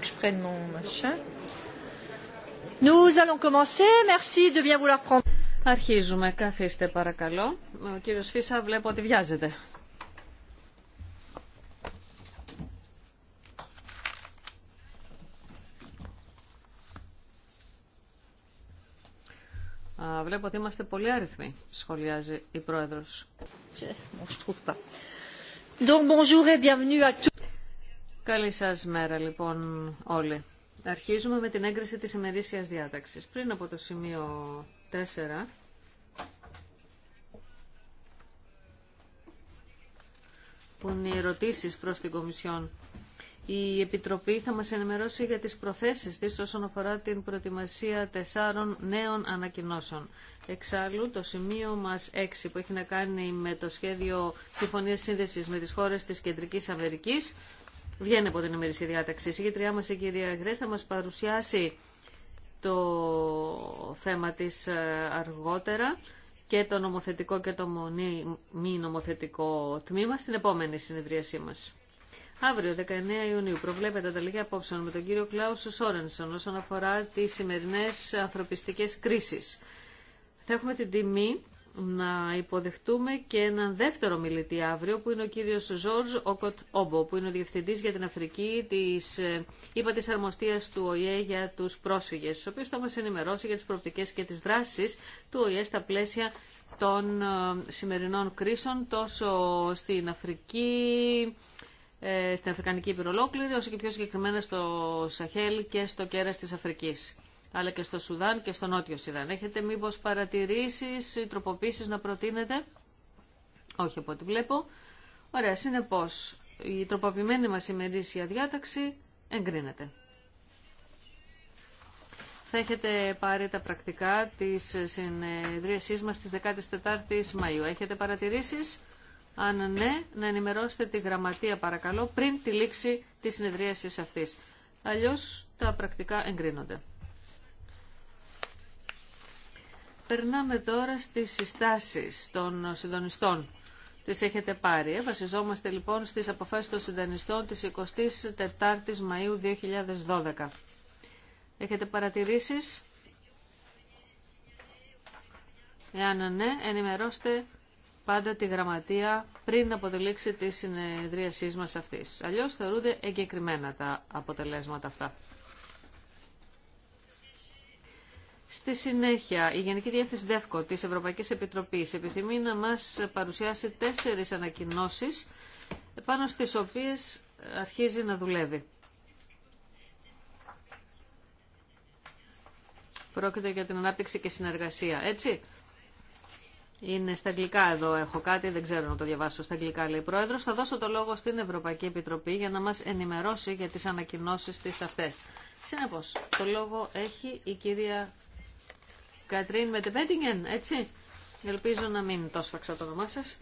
faut que je Αρχίζουμε. Καθίστε παρακαλώ. Ο κύριος Φίσα βλέπω ότι βιάζεται. Βλέπω ότι είμαστε πολύ άριθμοι, σχολιάζει η Πρόεδρος. Καλή σας μέρα λοιπόν όλοι. Αρχίζουμε με την έγκριση της ημερήσιας διάταξης. Πριν από το σημείο 4... που είναι οι ερωτήσεις προς την Κομισιόν. Η Επιτροπή θα μας ενημερώσει για τις προθέσεις της όσον αφορά την προετοιμασία τεσσάρων νέων ανακοινώσεων. Εξάλλου, το σημείο μας 6 που έχει να κάνει με το σχέδιο Συμφωνίας Σύνδεσης με τις χώρες της Κεντρικής Αμερικής βγαίνει από την ημερήσια διάταξη. Η συγκεντριά μα η κυρία Γκρέσ, θα μας παρουσιάσει το θέμα τη ε, αργότερα και το νομοθετικό και το μη νομοθετικό τμήμα στην επόμενη συνεδρίασή μας. Αύριο, 19 Ιουνίου, προβλέπεται ανταλλαγή απόψεων με τον κύριο Κλάου Σόρενσον όσον αφορά τις σημερινές ανθρωπιστικέ κρίσει. Θα έχουμε την τιμή να υποδεχτούμε και έναν δεύτερο μιλητή αύριο που είναι ο κύριος Ζόρζ Όκοτ Όμπο που είναι ο Διευθυντής για την Αφρική της ΥΠΑ ε, της αρμοστίας του ΟΗΕ για τους πρόσφυγες ο οποίος θα μας ενημερώσει για τις προοπτικές και τις δράσεις του ΟΗΕ στα πλαίσια των ε, σημερινών κρίσεων τόσο στην Αφρική ε, στην Αφρικανική Υπηρολόκληρη όσο και πιο συγκεκριμένα στο Σαχέλ και στο κέρας της Αφρικής αλλά και στο Σουδάν και στο Νότιο Σουδάν. Έχετε μήπως παρατηρήσεις ή τροποποίησεις να προτείνετε. Όχι από ό,τι βλέπω. Ωραία, συνεπώς η τροποποιημένη μας ημερήσια διάταξη εγκρίνεται. Θα έχετε πάρει τα πρακτικά της συνεδρίασής μας της 14ης Μαΐου. Έχετε παρατηρήσεις. Αν ναι, να ενημερώσετε τη γραμματεία παρακαλώ πριν τη λήξη της συνεδρίασης αυτής. Αλλιώς τα πρακτικά εγκρίνονται. Περνάμε τώρα στις συστάσεις των συντονιστών. Τις έχετε πάρει. Ε? Βασιζόμαστε λοιπόν στις αποφάσεις των συντονιστών της 24ης Μαΐου 2012. Έχετε παρατηρήσεις. Εάν ναι, ενημερώστε πάντα τη γραμματεία πριν αποτελήξει τη συνεδρίασή συνεδρίασής μας αυτής. Αλλιώς θεωρούνται εγκεκριμένα τα αποτελέσματα αυτά. Στη συνέχεια, η Γενική Διεύθυνση ΔΕΦΚΟ της Ευρωπαϊκής Επιτροπής επιθυμεί να μας παρουσιάσει τέσσερις ανακοινώσεις πάνω στις οποίες αρχίζει να δουλεύει. Πρόκειται για την ανάπτυξη και συνεργασία, έτσι. Είναι στα αγγλικά εδώ, έχω κάτι, δεν ξέρω να το διαβάσω στα αγγλικά, λέει η Πρόεδρος. Θα δώσω το λόγο στην Ευρωπαϊκή Επιτροπή για να μας ενημερώσει για τις ανακοινώσεις της αυτές. Συνεπώς, το λόγο έχει η κυρία Κατρίν Μετεβέντιγεν, έτσι. Ελπίζω να μην το σφαξα το όνομά σας.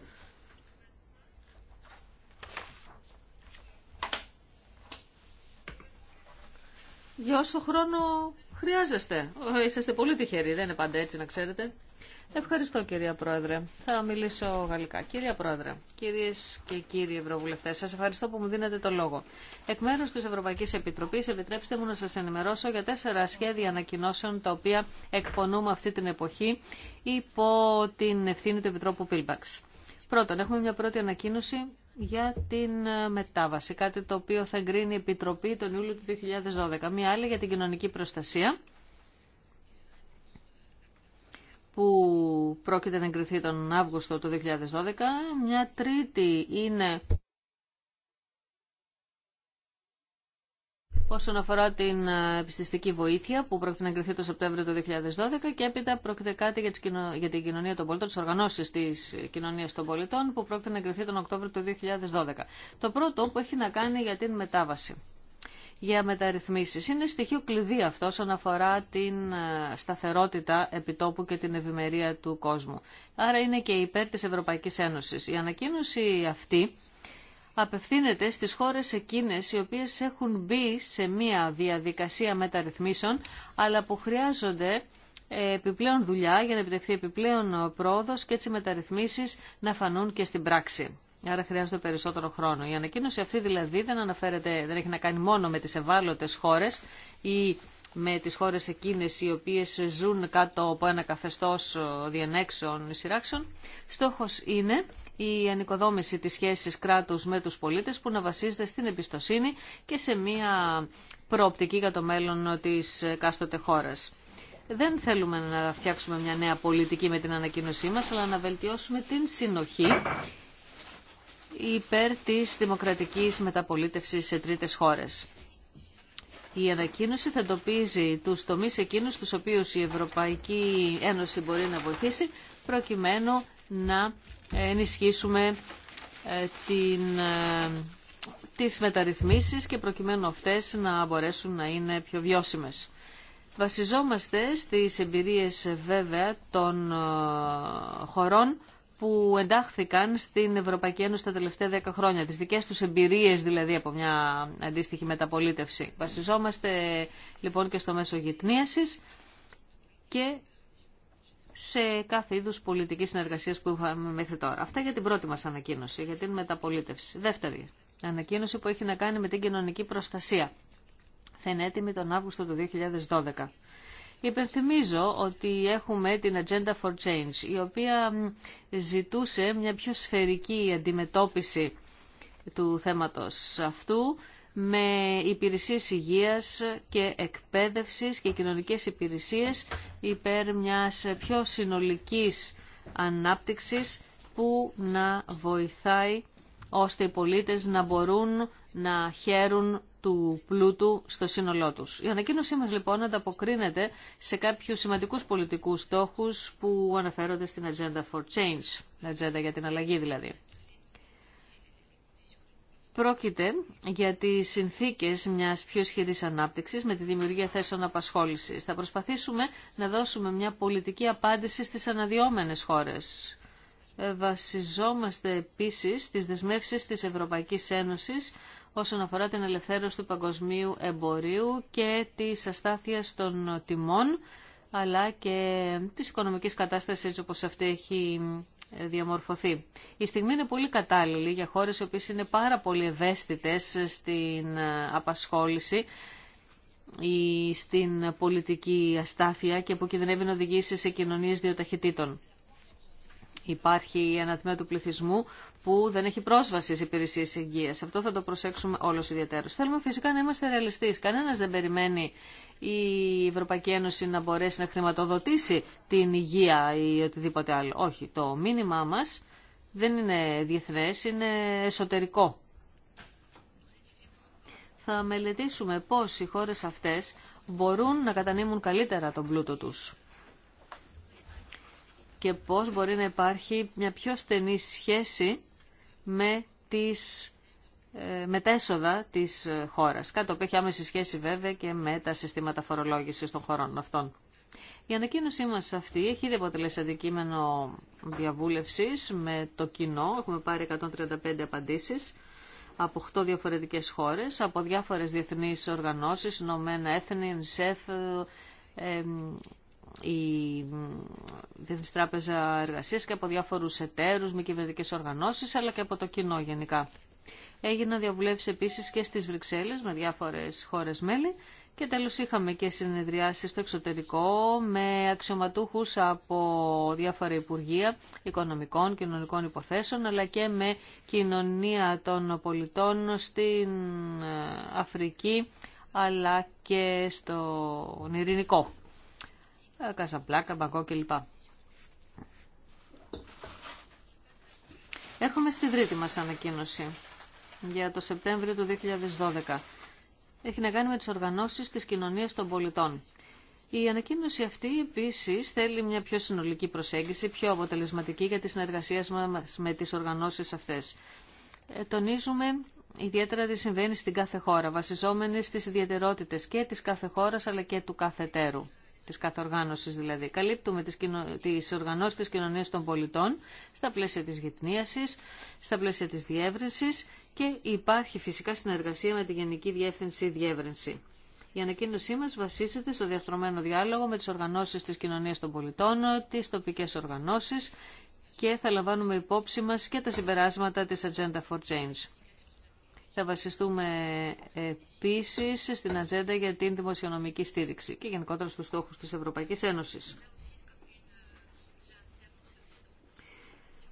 Για όσο χρόνο χρειάζεστε. Είσαστε πολύ τυχεροί, δεν είναι πάντα έτσι να ξέρετε. Ευχαριστώ κυρία Πρόεδρε. Θα μιλήσω γαλλικά. Κυρία Πρόεδρε, κυρίε και κύριοι Ευρωβουλευτέ, σα ευχαριστώ που μου δίνετε το λόγο. Εκ μέρου τη Ευρωπαϊκή Επιτροπή, επιτρέψτε μου να σα ενημερώσω για τέσσερα σχέδια ανακοινώσεων τα οποία εκπονούμε αυτή την εποχή υπό την ευθύνη του Επιτρόπου Πίλμπαξ. Πρώτον, έχουμε μια πρώτη ανακοίνωση για την ε, μετάβαση, κάτι το οποίο θα εγκρίνει η Επιτροπή τον Ιούλιο του 2012. Μια άλλη για την κοινωνική προστασία που πρόκειται να εγκριθεί τον Αύγουστο του 2012. Μια τρίτη είναι όσον αφορά την ε, επιστηστική βοήθεια που πρόκειται να εγκριθεί το Σεπτέμβριο του 2012 και έπειτα πρόκειται κάτι για, την κοινωνία των πολιτών, τις οργανώσεις της κοινωνίας των πολιτών που πρόκειται να εγκριθεί τον Οκτώβριο του 2012. Το πρώτο που έχει να κάνει για την μετάβαση για μεταρρυθμίσεις. Είναι στοιχείο κλειδί αυτό όσον αφορά την ε, σταθερότητα επιτόπου και την ευημερία του κόσμου. Άρα είναι και υπέρ της Ευρωπαϊκής Ένωσης. Η ανακοίνωση αυτή απευθύνεται στις χώρες εκείνες οι οποίες έχουν μπει σε μία διαδικασία μεταρρυθμίσεων, αλλά που χρειάζονται ε, επιπλέον δουλειά για να επιτευχθεί επιπλέον πρόοδος και έτσι μεταρρυθμίσεις να φανούν και στην πράξη. Άρα χρειάζεται περισσότερο χρόνο. Η ανακοίνωση αυτή δηλαδή δεν αναφέρεται, δεν έχει να κάνει μόνο με τις ευάλωτες χώρες ή με τις χώρες εκείνες οι οποίες ζουν κάτω από ένα καθεστώς ε, διενέξεων σειράξεων. Στόχος είναι η ανοικοδόμηση της σχέσης κράτους με τους πολίτες που να βασίζεται στην εμπιστοσύνη και σε μια προοπτική για το μέλλον της κάστοτε χώρας. Δεν θέλουμε να φτιάξουμε μια νέα πολιτική με την ανακοίνωσή μας, αλλά να βελτιώσουμε την συνοχή υπέρ της δημοκρατικής μεταπολίτευσης σε τρίτες χώρες. Η ανακοίνωση θα εντοπίζει τους τομείς εκείνους τους οποίους η Ευρωπαϊκή Ένωση μπορεί να βοηθήσει προκειμένου να ενισχύσουμε ε, την, ε, τις μεταρρυθμίσεις και προκειμένου αυτές να μπορέσουν να είναι πιο βιώσιμες. Βασιζόμαστε στις εμπειρίες βέβαια των ε, χωρών που εντάχθηκαν στην Ευρωπαϊκή Ένωση τα τελευταία δέκα χρόνια, τις δικές τους εμπειρίες δηλαδή από μια αντίστοιχη μεταπολίτευση. Βασιζόμαστε λοιπόν και στο μέσο γυτνίασης και σε κάθε είδους πολιτική συνεργασία που είχαμε μέχρι τώρα. Αυτά για την πρώτη μας ανακοίνωση, για την μεταπολίτευση. Δεύτερη ανακοίνωση που έχει να κάνει με την κοινωνική προστασία. Θα είναι έτοιμη τον Αύγουστο του 2012. Υπενθυμίζω ότι έχουμε την Agenda for Change, η οποία ζητούσε μια πιο σφαιρική αντιμετώπιση του θέματος αυτού με υπηρεσίες υγείας και εκπαίδευσης και κοινωνικές υπηρεσίες υπέρ μιας πιο συνολικής ανάπτυξης που να βοηθάει ώστε οι πολίτες να μπορούν να χαίρουν του πλούτου στο σύνολό τους. Η ανακοίνωσή μας λοιπόν ανταποκρίνεται σε κάποιους σημαντικούς πολιτικούς στόχους που αναφέρονται στην Agenda for Change, την Agenda για την αλλαγή δηλαδή. Πρόκειται για τις συνθήκες μιας πιο ισχυρή ανάπτυξης με τη δημιουργία θέσεων απασχόλησης. Θα προσπαθήσουμε να δώσουμε μια πολιτική απάντηση στις αναδυόμενες χώρες. Ε, βασιζόμαστε επίσης στις δεσμεύσεις της Ευρωπαϊκής Ένωσης όσον αφορά την ελευθέρωση του παγκοσμίου εμπορίου και τη αστάθειας των τιμών, αλλά και της οικονομική κατάστασης έτσι όπως αυτή έχει διαμορφωθεί. Η στιγμή είναι πολύ κατάλληλη για χώρες οι οποίες είναι πάρα πολύ ευαίσθητες στην απασχόληση ή στην πολιτική αστάθεια και που κινδυνεύει να οδηγήσει σε κοινωνίες δύο Υπάρχει η ανατμία του πληθυσμού που δεν έχει πρόσβαση σε υπηρεσίε υγεία. Αυτό θα το προσέξουμε όλο ιδιαίτερω. Θέλουμε φυσικά να είμαστε ρεαλιστέ. Κανένα δεν περιμένει η Ευρωπαϊκή Ένωση να μπορέσει να χρηματοδοτήσει την υγεία ή οτιδήποτε άλλο. Όχι. Το μήνυμά μα δεν είναι διεθνέ, είναι εσωτερικό. Θα μελετήσουμε πώ οι χώρε αυτέ μπορούν να κατανείμουν καλύτερα τον πλούτο τους και πώς μπορεί να υπάρχει μια πιο στενή σχέση με, τις, ε, με τα έσοδα της ε, χώρας. Κάτι που έχει άμεση σχέση βέβαια και με τα συστήματα φορολόγησης των χωρών αυτών. Η ανακοίνωσή μας αυτή έχει ήδη αποτελέσει αντικείμενο διαβούλευσης με το κοινό. Έχουμε πάρει 135 απαντήσεις από 8 διαφορετικές χώρες, από διάφορες διεθνείς οργανώσεις, Ηνωμένα Έθνη, ΕΝΣΕΦ, η Διεθνής Τράπεζα Εργασίας και από διάφορους εταίρους με κυβερνητικέ οργανώσεις αλλά και από το κοινό γενικά. Έγιναν διαβουλεύσεις επίσης και στις Βρυξέλλες με διάφορες χώρες μέλη και τέλος είχαμε και συνεδριάσεις στο εξωτερικό με αξιωματούχους από διάφορα Υπουργεία Οικονομικών, Κοινωνικών Υποθέσεων αλλά και με κοινωνία των πολιτών στην ε, Αφρική αλλά και στον Ειρηνικό. Ε, Καζαπλάκα, Μπαγκό κλπ. Έχουμε στη δρίτη μας ανακοίνωση για το Σεπτέμβριο του 2012. Έχει να κάνει με τις οργανώσεις της κοινωνίας των πολιτών. Η ανακοίνωση αυτή επίσης θέλει μια πιο συνολική προσέγγιση, πιο αποτελεσματική για τη συνεργασία μας με τις οργανώσεις αυτές. Ε, τονίζουμε ιδιαίτερα τι συμβαίνει στην κάθε χώρα, βασιζόμενη στις ιδιαιτερότητες και της κάθε χώρας αλλά και του κάθε τέρου της οργάνωση δηλαδή. Καλύπτουμε τις, κοινο... τις οργανώσεις της των πολιτών στα πλαίσια της γυτνίαση, στα πλαίσια της διεύρυνση και υπάρχει φυσικά συνεργασία με τη Γενική Διεύθυνση Διεύρυνση. Η ανακοίνωσή μα βασίζεται στο διαστρωμένο διάλογο με τις οργανώσεις της κοινωνίας των πολιτών, τις τοπικέ οργανώσει, και θα λαμβάνουμε υπόψη μα και τα συμπεράσματα τη Agenda for Change. Θα βασιστούμε επίσης στην ατζέντα για την δημοσιονομική στήριξη και γενικότερα στους στόχους της Ευρωπαϊκής Ένωσης.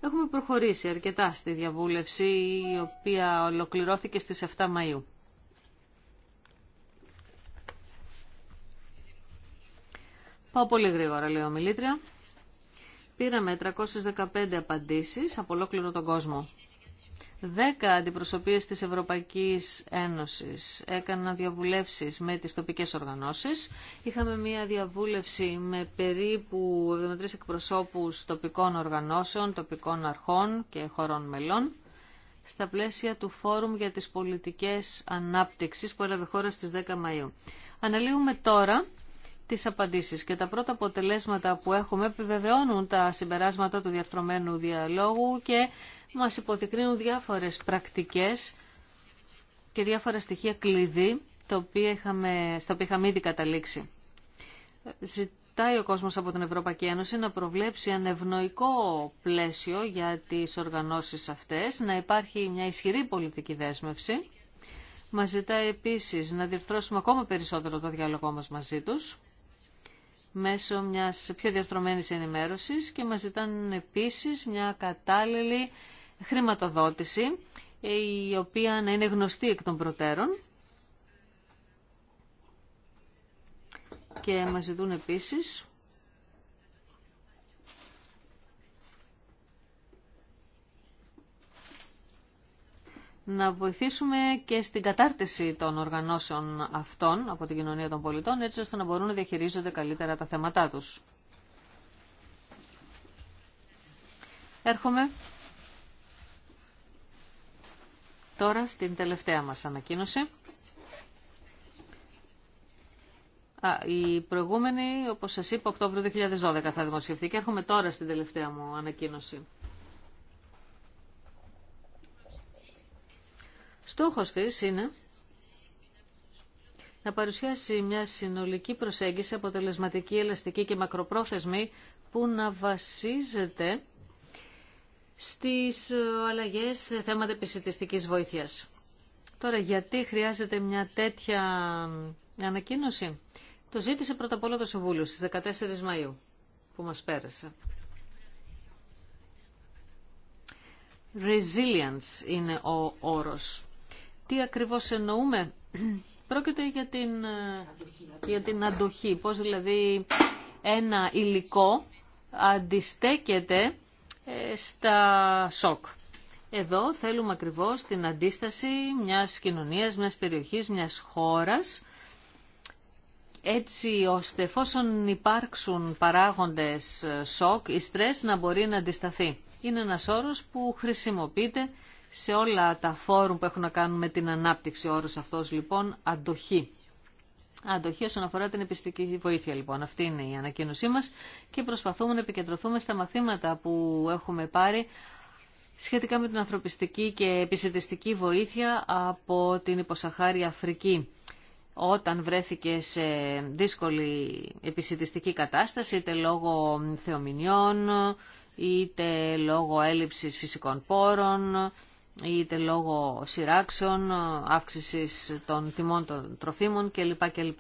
Έχουμε προχωρήσει αρκετά στη διαβούλευση η οποία ολοκληρώθηκε στις 7 Μαΐου. Πάω πολύ γρήγορα, λέει ο Μιλήτρια. Πήραμε 315 απαντήσεις από ολόκληρο τον κόσμο. Δέκα αντιπροσωπείες της Ευρωπαϊκής Ένωσης έκαναν διαβουλεύσεις με τις τοπικές οργανώσεις. Είχαμε μία διαβούλευση με περίπου 73 εκπροσώπους τοπικών οργανώσεων, τοπικών αρχών και χωρών μελών στα πλαίσια του Φόρουμ για τις Πολιτικές Ανάπτυξης που έλαβε χώρα στις 10 Μαΐου. Αναλύουμε τώρα τις απαντήσεις και τα πρώτα αποτελέσματα που έχουμε επιβεβαιώνουν τα συμπεράσματα του διαρθρωμένου διαλόγου και μας υποδεικνύουν διάφορες πρακτικές και διάφορα στοιχεία κλειδί οποία είχαμε, στα οποία είχαμε ήδη καταλήξει. Ζητάει ο κόσμος από την Ευρωπαϊκή Ένωση να προβλέψει ανευνοϊκό πλαίσιο για τις οργανώσεις αυτές, να υπάρχει μια ισχυρή πολιτική δέσμευση. Μας ζητάει επίσης να διευθρώσουμε ακόμα περισσότερο το διάλογό μας μαζί τους μέσω μιας πιο διαρθρωμένης ενημέρωσης και μας ζητάνε επίσης μια κατάλληλη χρηματοδότηση η οποία να είναι γνωστή εκ των προτέρων και μας ζητούν επίσης να βοηθήσουμε και στην κατάρτιση των οργανώσεων αυτών από την κοινωνία των πολιτών, έτσι ώστε να μπορούν να διαχειρίζονται καλύτερα τα θέματά τους. Έρχομαι Τώρα στην τελευταία μας ανακοίνωση. Α, η προηγούμενη, όπως σας είπα, Οκτώβριο 2012 θα δημοσιευθεί και έρχομαι τώρα στην τελευταία μου ανακοίνωση. Στόχος της είναι να παρουσιάσει μια συνολική προσέγγιση αποτελεσματική, ελαστική και μακροπρόθεσμη που να βασίζεται στις ε, αλλαγές θέματα επισητιστικής βοήθειας. Τώρα, γιατί χρειάζεται μια τέτοια ε, ανακοίνωση. Το ζήτησε πρώτα απ' όλα το Συμβούλιο στις 14 Μαΐου που μας πέρασε. Resilience είναι ο όρος. Τι ακριβώς εννοούμε. Πρόκειται για την, αντοχή. Ε, για την αντοχή. Πώς δηλαδή ένα υλικό αντιστέκεται ε, στα σοκ. Εδώ θέλουμε ακριβώς την αντίσταση μιας κοινωνίας, μιας περιοχής, μιας χώρας, έτσι ώστε εφόσον υπάρξουν παράγοντες ε, σοκ, η στρες να μπορεί να αντισταθεί. Είναι ένας όρος που χρησιμοποιείται σε όλα τα φόρουμ που έχουν να κάνουν με την ανάπτυξη. Ο όρος αυτός λοιπόν αντοχή. Αντοχή όσον αφορά την επιστημική βοήθεια λοιπόν. Αυτή είναι η ανακοίνωσή μας και προσπαθούμε να επικεντρωθούμε στα μαθήματα που έχουμε πάρει σχετικά με την ανθρωπιστική και επισητιστική βοήθεια από την υποσαχάρη Αφρική όταν βρέθηκε σε δύσκολη επισητιστική κατάσταση είτε λόγω θεομηνιών είτε λόγω έλλειψης φυσικών πόρων είτε λόγω σειράξεων, αύξησης των τιμών των τροφίμων κλπ. κλπ.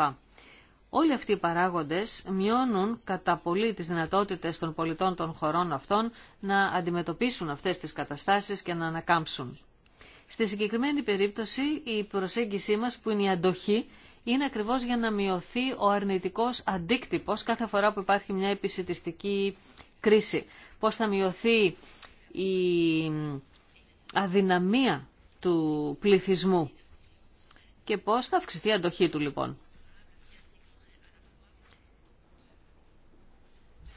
Όλοι αυτοί οι παράγοντες μειώνουν κατά πολύ τις δυνατότητες των πολιτών των χωρών αυτών να αντιμετωπίσουν αυτές τις καταστάσεις και να ανακάμψουν. Στη συγκεκριμένη περίπτωση η προσέγγιση μας που είναι η αντοχή είναι ακριβώς για να μειωθεί ο αρνητικός αντίκτυπος κάθε φορά που υπάρχει μια επισητιστική κρίση. Πώς θα μειωθεί η αδυναμία του πληθυσμού και πώς θα αυξηθεί η αντοχή του λοιπόν.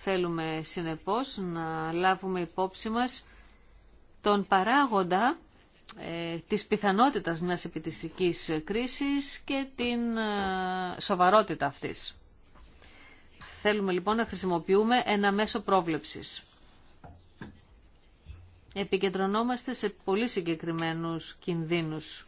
Θέλουμε συνεπώς να λάβουμε υπόψη μας τον παράγοντα ε, της πιθανότητας μιας επιτιστικής κρίσης και την ε, σοβαρότητα αυτής. Θέλουμε λοιπόν να χρησιμοποιούμε ένα μέσο πρόβλεψης επικεντρωνόμαστε σε πολύ συγκεκριμένους κινδύνους.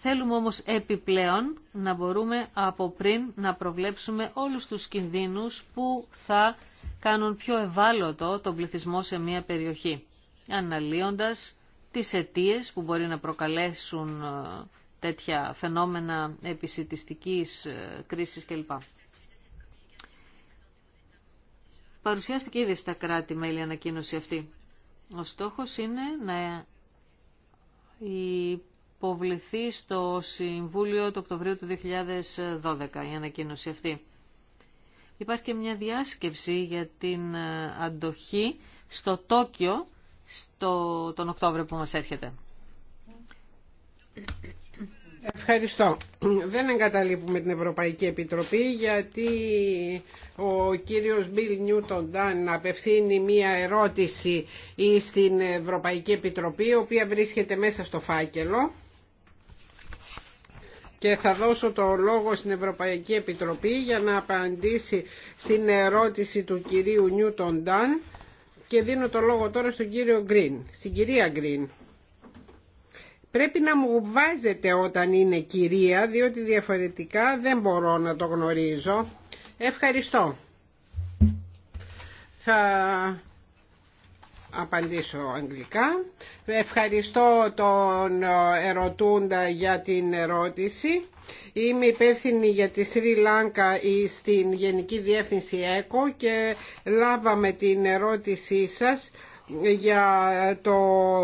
Θέλουμε όμως επιπλέον να μπορούμε από πριν να προβλέψουμε όλους τους κινδύνους που θα κάνουν πιο ευάλωτο τον πληθυσμό σε μια περιοχή, αναλύοντας τις αιτίες που μπορεί να προκαλέσουν ε, τέτοια φαινόμενα επισητιστικής ε, κρίσης κλπ. Παρουσιάστηκε ήδη στα κράτη-μέλη ανακοίνωση αυτή. Ο στόχος είναι να υποβληθεί στο Συμβούλιο του Οκτωβρίου του 2012 η ανακοίνωση αυτή. Υπάρχει και μια διάσκεψη για την ε, αντοχή στο Τόκιο στο, τον Οκτώβριο που μας έρχεται. Ευχαριστώ. Δεν εγκαταλείπουμε την Ευρωπαϊκή Επιτροπή γιατί ο κύριος Μπιλ Νιούτον Ντάν απευθύνει μία ερώτηση στην Ευρωπαϊκή Επιτροπή η οποία βρίσκεται μέσα στο φάκελο και θα δώσω το λόγο στην Ευρωπαϊκή Επιτροπή για να απαντήσει στην ερώτηση του κυρίου Νιούτον Ντάν και δίνω το λόγο τώρα στον κύριο Γκριν, στην κυρία Γκριν. Πρέπει να μου βάζετε όταν είναι κυρία, διότι διαφορετικά δεν μπορώ να το γνωρίζω. Ευχαριστώ. Θα απαντήσω αγγλικά. Ευχαριστώ τον ε, ερωτούντα για την ερώτηση. Είμαι υπεύθυνη για τη Σρι Λάνκα στην Γενική Διεύθυνση ΕΚΟ και λάβαμε την ερώτησή σας για το,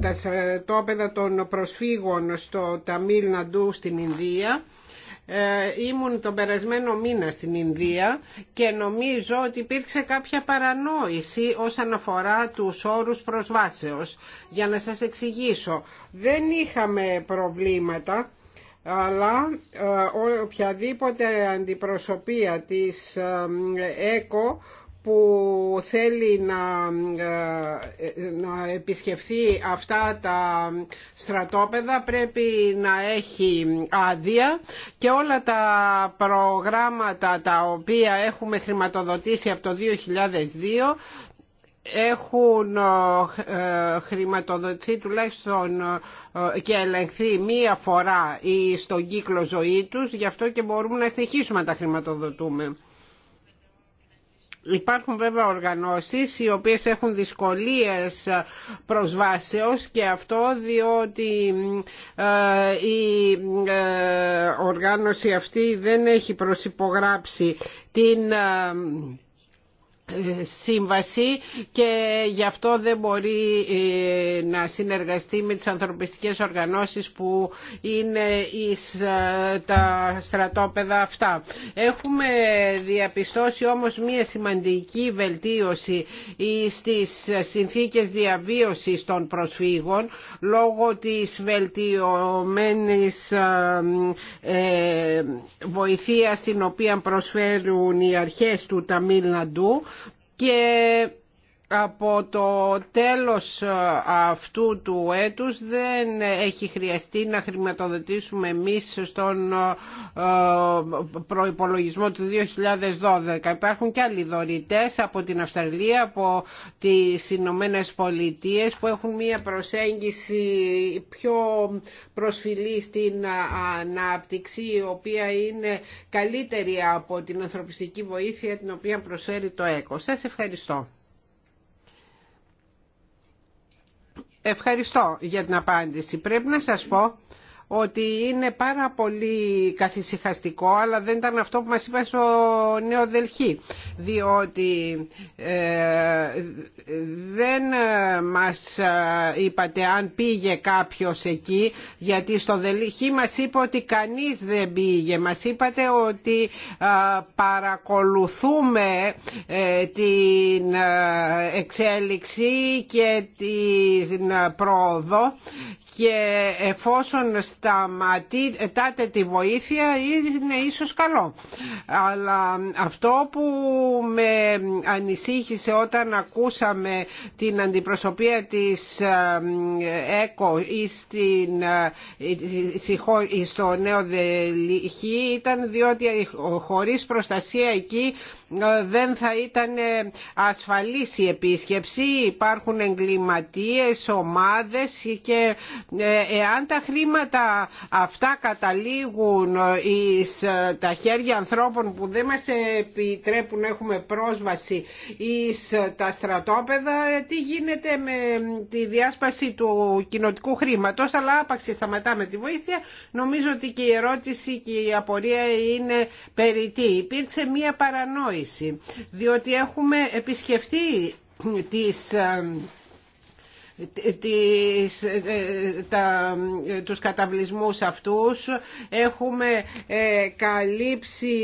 τα στρατόπεδα των προσφύγων στο Ταμίλ Ναντού στην Ινδία. Ε, ήμουν τον περασμένο μήνα στην Ινδία και νομίζω ότι υπήρξε κάποια παρανόηση όσον αφορά τους όρους προσβάσεως. Για να σας εξηγήσω, δεν είχαμε προβλήματα αλλά ε, οποιαδήποτε αντιπροσωπεία της ε, ΕΚΟ που θέλει να, ε, ε, να επισκεφθεί αυτά τα στρατόπεδα πρέπει να έχει άδεια και όλα τα προγράμματα τα οποία έχουμε χρηματοδοτήσει από το 2002 έχουν ε, χρηματοδοτηθεί τουλάχιστον και ελεγχθεί μία φορά στον κύκλο ζωή τους, γι' αυτό και μπορούμε να συνεχίσουμε να τα χρηματοδοτούμε. Υπάρχουν βέβαια οργανώσεις οι οποίες έχουν δυσκολίες προσβάσεως και αυτό διότι ε, η ε, οργάνωση αυτή δεν έχει προσυπογράψει την ε, σύμβαση και γι' αυτό δεν μπορεί ε, να συνεργαστεί με τις ανθρωπιστικές οργανώσεις που είναι ε, τα στρατόπεδα αυτά. Έχουμε διαπιστώσει όμως μία σημαντική βελτίωση στις συνθήκες διαβίωσης των προσφύγων λόγω της βελτιωμένης ε, βοηθείας την οποία προσφέρουν οι αρχές του Ταμίλ Ναντού και από το τέλος ε, αυτού του έτους δεν έχει χρειαστεί να χρηματοδοτήσουμε εμείς στον ε, προϋπολογισμό του 2012. Υπάρχουν και άλλοι δωρητές από την Αυστραλία, από τις Ηνωμένε Πολιτείε που έχουν μια προσέγγιση πιο προσφυλή στην ε, ανάπτυξη η οποία είναι καλύτερη από την ανθρωπιστική βοήθεια την οποία προσφέρει το ΕΚΟ. Σας ευχαριστώ. Ευχαριστώ για την απάντηση. Πρέπει να σας πω ότι είναι πάρα πολύ καθησυχαστικό αλλά δεν ήταν αυτό που μας είπα στο Νέο Δελχή διότι ε, δεν ε, μας ε, είπατε αν πήγε κάποιος εκεί γιατί στο Δελχή μας είπε ότι κανείς δεν πήγε μας είπατε ότι παρακολουθούμε την εξέλιξη και την προοδό και εφόσον σταματάτε τη βοήθεια είναι ίσως καλό. Αλλά αυτό που με ανησύχησε όταν ακούσαμε την αντιπροσωπεία της ε, ΕΚΟ ή στην, ε, στο Νέο Δελχή ήταν διότι χωρίς προστασία εκεί ε, δεν θα ήταν ε, ασφαλής η επίσκεψη. Υπάρχουν εγκληματίες, ομάδες και ε, εάν τα χρήματα αυτά καταλήγουν εις τα χέρια ανθρώπων που δεν μας επιτρέπουν έχουμε πρόσβαση εις τα στρατόπεδα, τι γίνεται με τη διάσπαση του κοινοτικού χρήματος, αλλά άπαξε σταματάμε τη βοήθεια. Νομίζω ότι και η ερώτηση και η απορία είναι περιττή. Υπήρξε μία παρανόηση διότι έχουμε επισκεφτεί τις ε, τις, ε, ε, τα, ε, τους καταβλισμούς αυτούς. Έχουμε καλύψει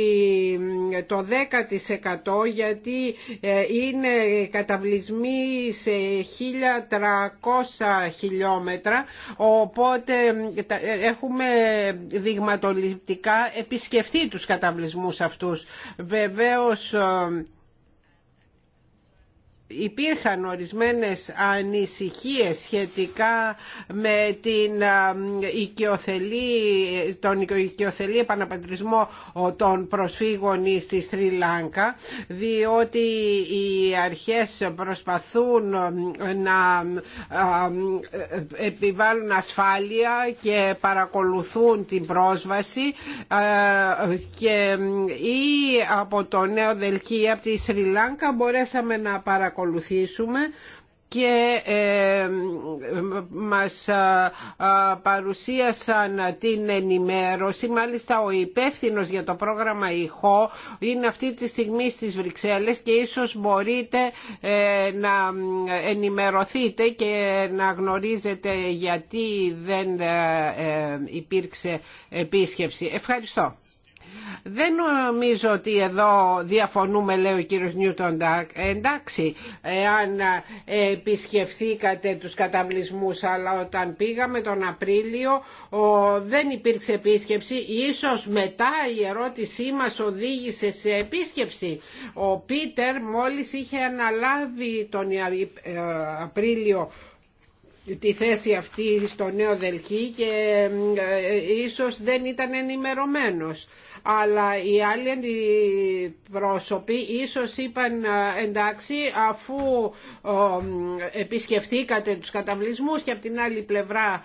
το 10% γιατί είναι καταβλισμοί σε 1300 χιλιόμετρα οπότε έχουμε δειγματοληπτικά επισκεφθεί τους καταβλισμούς αυτούς. Βεβαίως υπήρχαν ορισμένες ανησυχίες σχετικά με την οικειοθελή, τον οικειοθελή επαναπατρισμό των προσφύγων στη Σρι διότι οι αρχές προσπαθούν να επιβάλλουν ασφάλεια και παρακολουθούν την πρόσβαση και ή από το Νέο Δελκή από τη Σρι Λάνκα μπορέσαμε να παρακολουθούμε και ε, μας παρουσίασαν την ενημέρωση. Μάλιστα ο υπεύθυνο για το πρόγραμμα ηχό είναι αυτή τη στιγμή στις Βρυξέλλες και ίσως μπορείτε ε, να ενημερωθείτε και να γνωρίζετε γιατί δεν ε, υπήρξε επίσκεψη. Ευχαριστώ. Δεν νομίζω ότι εδώ διαφωνούμε, λέει ο κύριος Νιούτον ε, Εντάξει, αν ε, επισκεφθήκατε τους καταβλισμούς, αλλά όταν πήγαμε τον Απρίλιο δεν υπήρξε επίσκεψη. Ίσως μετά η ερώτησή μας οδήγησε σε επίσκεψη. Ο Πίτερ μόλις είχε αναλάβει τον ε, Απρίλιο τη θέση αυτή στο Νέο Δελχή και ίσως δεν ήταν ενημερωμένος αλλά οι άλλοι αντιπρόσωποι ίσως είπαν ε, εντάξει αφού ε, επισκεφθήκατε τους καταβλισμούς και από την άλλη πλευρά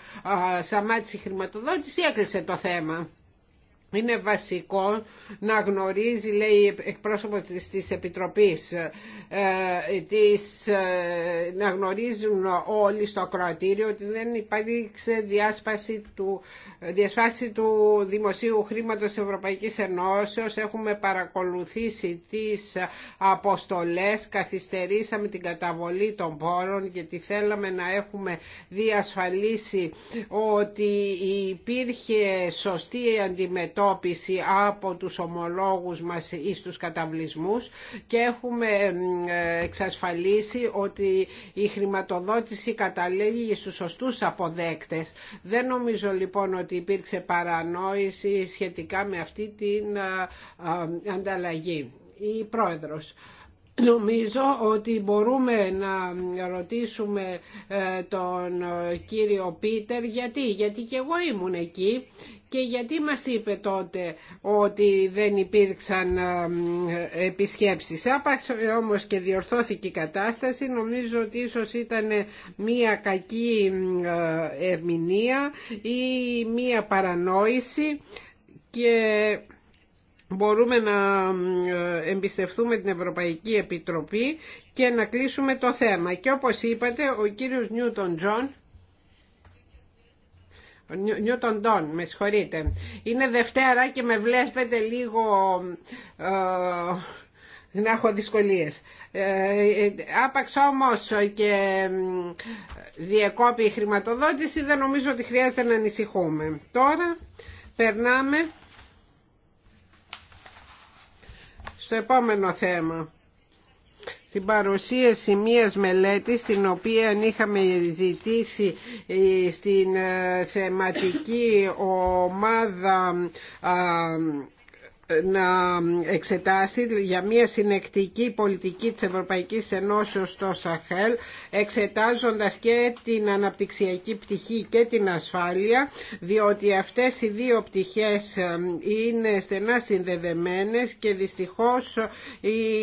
ε, σαμάτησε η χρηματοδότηση έκλεισε το θέμα. Είναι βασικό να γνωρίζει, λέει εκπρόσωπο της Επιτροπής, ε, της, ε, να γνωρίζουν όλοι στο ακροατήριο ότι δεν υπάρχει διάσπαση του, διασπάση του δημοσίου χρήματος της Ευρωπαϊκής Ενώσεως. Έχουμε παρακολουθήσει τις αποστολές, καθυστερήσαμε την καταβολή των πόρων γιατί θέλαμε να έχουμε διασφαλίσει ότι υπήρχε σωστή αντιμετώπιση αντιμετώπιση από τους ομολόγους μας ή στους καταβλισμούς και έχουμε εξασφαλίσει ότι η χρηματοδότηση καταλήγει στους σωστούς αποδέκτες. Δεν νομίζω λοιπόν ότι υπήρξε παρανόηση σχετικά με αυτή την ε, ε, ανταλλαγή. Η Πρόεδρος. Νομίζω ότι μπορούμε να ρωτήσουμε ε, τον ε, κύριο Πίτερ γιατί, γιατί και εγώ ήμουν εκεί και γιατί μας είπε τότε ότι δεν υπήρξαν ε, επισκέψεις. Άπαξ όμως και διορθώθηκε η κατάσταση. Νομίζω ότι ίσως ήταν μία κακή ερμηνεία ή μία παρανόηση και μπορούμε να ε, εμπιστευτούμε την Ευρωπαϊκή Επιτροπή και να κλείσουμε το θέμα. Και όπως είπατε, ο κύριος Νιούτον Τζον Νιούτον Τον, με συγχωρείτε. Είναι Δευτέρα και με βλέπετε λίγο ε, να έχω δυσκολίες. Ε, ε άπαξ όμως και διεκόπη η χρηματοδότηση δεν νομίζω ότι χρειάζεται να ανησυχούμε. Τώρα περνάμε στο επόμενο θέμα στην παρουσίαση μίας μελέτης την οποία είχαμε ζητήσει ε, στην ε, θεματική ομάδα να εξετάσει για μια συνεκτική πολιτική της Ευρωπαϊκής Ενώσεως στο Σαχέλ εξετάζοντας και την αναπτυξιακή πτυχή και την ασφάλεια διότι αυτές οι δύο πτυχές ε, είναι στενά συνδεδεμένες και δυστυχώς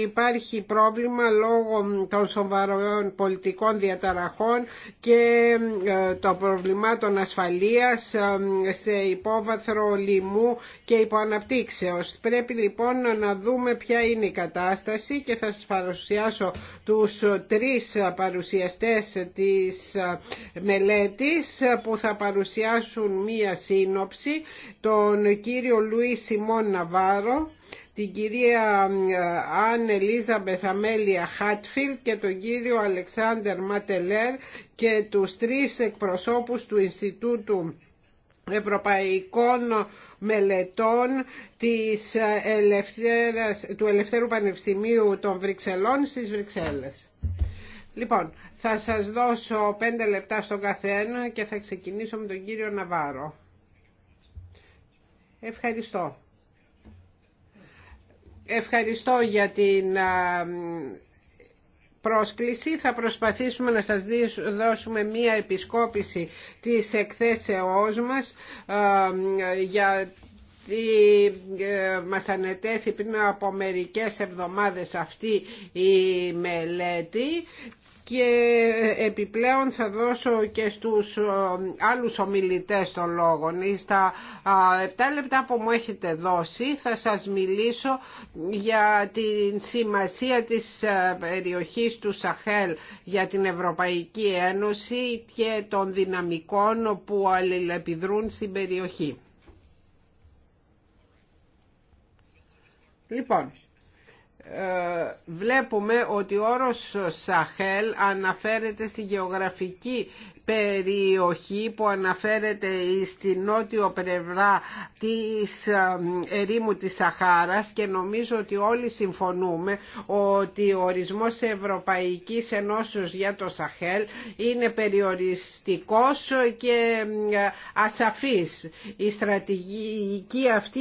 υπάρχει πρόβλημα λόγω των σοβαρών πολιτικών διαταραχών και ε, των προβλημάτων ασφαλείας ε, σε υπόβαθρο λοιμού και υποαναπτύξεως Πρέπει λοιπόν να δούμε ποια είναι η κατάσταση και θα σας παρουσιάσω τους τρεις παρουσιαστές της μελέτης που θα παρουσιάσουν μία σύνοψη, τον κύριο Λουί Σιμών Ναβάρο, την κυρία Αν Ελίζα Μπεθαμέλια Χάτφιλ και τον κύριο Αλεξάνδερ Ματελέρ και τους τρεις εκπροσώπους του Ινστιτούτου ευρωπαϊκών μελετών της του Ελευθέρου Πανεπιστημίου των Βρυξελών στις Βρυξέλλες. Λοιπόν, θα σας δώσω πέντε λεπτά στον καθένα και θα ξεκινήσω με τον κύριο Ναβάρο. Ευχαριστώ. Ευχαριστώ για την πρόσκληση. Θα προσπαθήσουμε να σας δώσουμε μία επισκόπηση της εκθέσεώς μας για ε, μας ανετέθη πριν από μερικές εβδομάδες αυτή η μελέτη και ε, επιπλέον θα δώσω και στους ε, άλλους ομιλητές των λόγων. Στα 7 λεπτά που μου έχετε δώσει θα σας μιλήσω για την σημασία της ε, περιοχής του Σαχέλ για την Ευρωπαϊκή Ένωση και των δυναμικών που αλληλεπιδρούν στην περιοχή. Λοιπόν, ε, βλέπουμε ότι ο όρος Σαχέλ αναφέρεται στη γεωγραφική περιοχή που αναφέρεται στην νότιο πλευρά της ερήμου της Σαχάρας και νομίζω ότι όλοι συμφωνούμε ότι ο ορισμός Ευρωπαϊκής Ενώσεως για το Σαχέλ είναι περιοριστικός και ασαφής. Η στρατηγική αυτή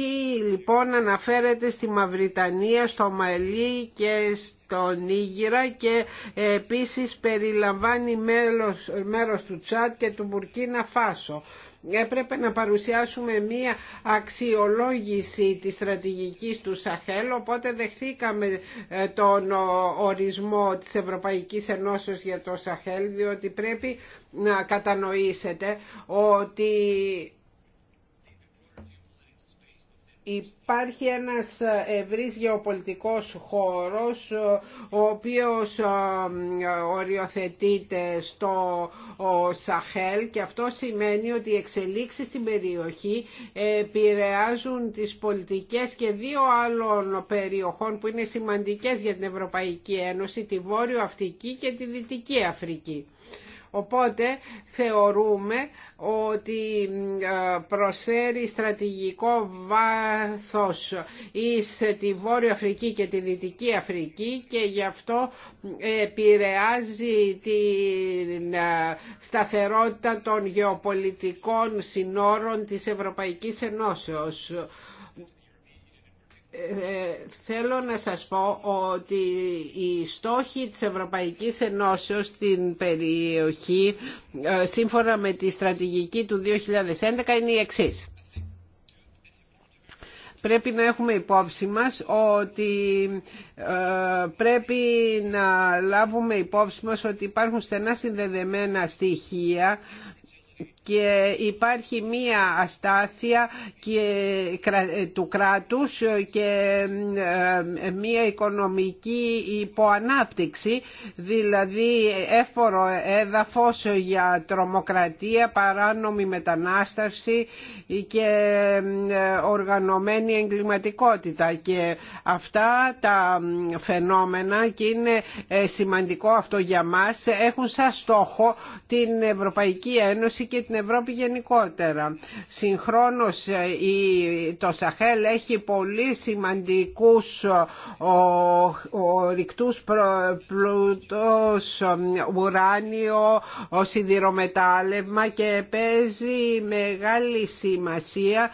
λοιπόν αναφέρεται στη Μαυριτανία, στο Μαλί και στο το Ήγηρα και επίσης περιλαμβάνει μέλος, μέρος του Τσάτ και του Μπουρκίνα Φάσο έπρεπε να παρουσιάσουμε μία αξιολόγηση της στρατηγικής του Σαχέλ, οπότε δεχθήκαμε ε, τον ορισμό της Ευρωπαϊκής Ενώσεως για το Σαχέλ, διότι πρέπει να κατανοήσετε ότι υπάρχει ένας ευρύς γεωπολιτικός χώρος ο οποίος οριοθετείται στο Σαχέλ και αυτό σημαίνει ότι οι εξελίξεις στην περιοχή επηρεάζουν τις πολιτικές και δύο άλλων περιοχών που είναι σημαντικές για την Ευρωπαϊκή Ένωση, τη Βόρειο Αφρική και τη Δυτική Αφρική. Οπότε θεωρούμε ότι προσφέρει στρατηγικό βάθος εις τη Βόρεια Αφρική και τη Δυτική Αφρική και γι' αυτό επηρεάζει τη σταθερότητα των γεωπολιτικών συνόρων της Ευρωπαϊκής Ενώσεως θέλω να σας πω ότι οι στόχοι της Ευρωπαϊκής Ενώσεως στην περιοχή ε, σύμφωνα με τη στρατηγική του 2011 είναι οι εξής. Πρέπει να έχουμε υπόψη μας ότι ε, πρέπει να λάβουμε υπόψη μας ότι υπάρχουν στενά συνδεδεμένα στοιχεία και υπάρχει μία αστάθεια του κράτους και ε, μία οικονομική υποανάπτυξη, δηλαδή έφορο έδαφος για τρομοκρατία, παράνομη μετανάστευση και ε, οργανωμένη εγκληματικότητα και αυτά τα φαινόμενα και είναι ε, σημαντικό αυτό για μας έχουν σαν στόχο την Ευρωπαϊκή Ένωση και την Ευρώπη γενικότερα. Συγχρόνως ε, το Σαχέλ έχει πολύ σημαντικούς ορυκτούς πλούτος, ουράνιο, σιδηρομετάλλευμα και παίζει μεγάλη σημασία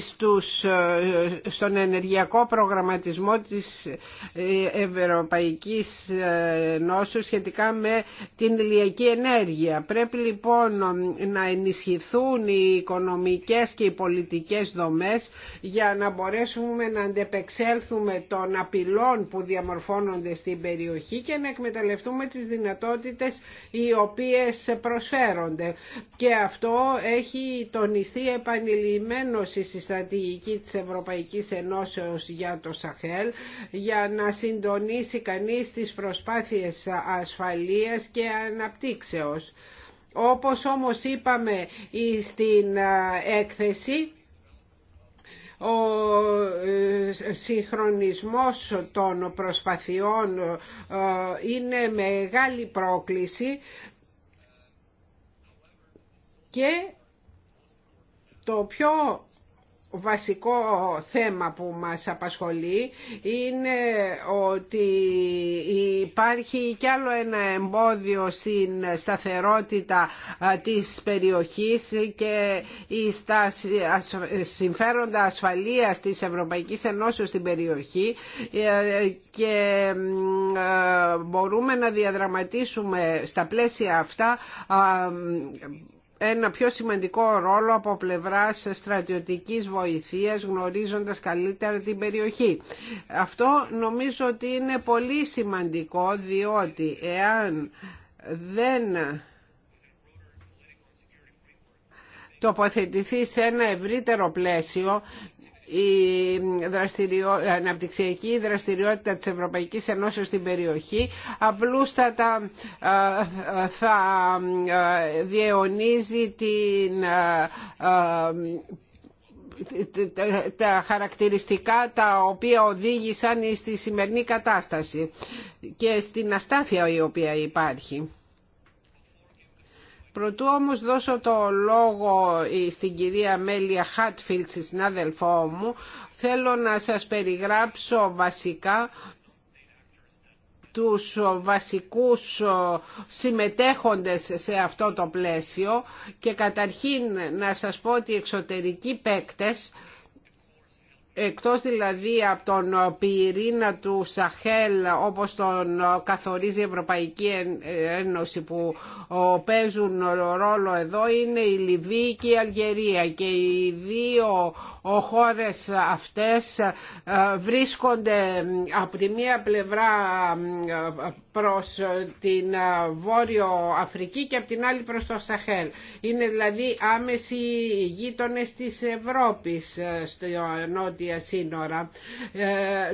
στους, ε, στον ενεργειακό προγραμματισμό της ε, Ευρωπαϊκής Νόσου σχετικά με την ηλιακή ενέργεια. Πρέπει λοιπόν να ενισχυθούν οι οικονομικές και οι πολιτικές δομές για να μπορέσουμε να αντεπεξέλθουμε των απειλών που διαμορφώνονται στην περιοχή και να εκμεταλλευτούμε τις δυνατότητες οι οποίες προσφέρονται. Και αυτό έχει τονιστεί επανειλημμένος στη στρατηγική της Ευρωπαϊκής Ενώσεως για το Σαχέλ για να συντονίσει κανείς τις προσπάθειες ασφαλείας και αναπτύξεως. Όπως όμως είπαμε στην έκθεση, ο ε, συγχρονισμός των προσπαθειών ε, είναι μεγάλη πρόκληση και το πιο βασικό θέμα που μας απασχολεί είναι ότι υπάρχει κι άλλο ένα εμπόδιο στην σταθερότητα της περιοχής και στα συμφέροντα ασφαλείας της Ευρωπαϊκής Ενώσεως στην περιοχή ε, και ε, μπορούμε να διαδραματίσουμε στα πλαίσια αυτά ένα πιο σημαντικό ρόλο από πλευράς στρατιωτικής βοηθείας γνωρίζοντας καλύτερα την περιοχή. Αυτό νομίζω ότι είναι πολύ σημαντικό διότι εάν δεν τοποθετηθεί σε ένα ευρύτερο πλαίσιο η δραστηριο... αναπτυξιακή δραστηριότητα της Ευρωπαϊκής Ενώσεως στην περιοχή απλούστατα ε, θα ε, διαιωνίζει την ε, τα χαρακτηριστικά τα οποία οδήγησαν στη σημερινή κατάσταση και στην αστάθεια η οποία υπάρχει. Προτού όμως δώσω το λόγο στην κυρία Μέλια Χάτφιλτ, στη συνάδελφό μου, θέλω να σας περιγράψω βασικά τους βασικούς συμμετέχοντες σε αυτό το πλαίσιο και καταρχήν να σας πω ότι οι εξωτερικοί παίκτες εκτός δηλαδή από τον πυρήνα του Σαχέλ όπως τον καθορίζει η Ευρωπαϊκή Ένωση που παίζουν ρόλο εδώ είναι η Λιβύη και η Αλγερία και οι δύο χώρες αυτές ε, βρίσκονται από τη μία πλευρά προς την ε, Βόρειο Αφρική και από την άλλη προς το Σαχέλ. Είναι δηλαδή άμεση γείτονες της Ευρώπης ε, στο ε,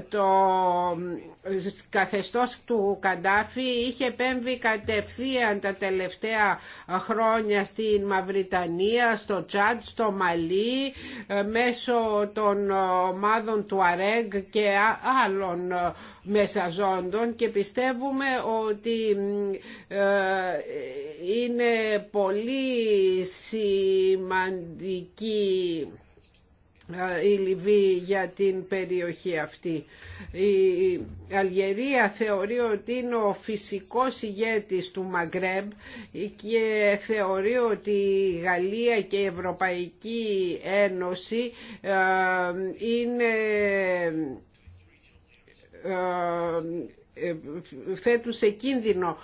το καθεστώς του Καντάφη είχε επέμβει κατευθείαν τα τελευταία χρόνια στην Μαυριτανία, στο Τσάντ, στο Μαλί, ε, μέσω των ομάδων του Αρέγ και άλλων ε, μεσαζόντων και πιστεύουμε ότι είναι πολύ σημαντική η Λιβύη για την περιοχή αυτή. Η Αλγερία θεωρεί ότι είναι ο φυσικός ηγέτης του Μαγκρέμ και θεωρεί ότι η Γαλλία και η Ευρωπαϊκή Ένωση είναι θέτουν σε κίνδυνο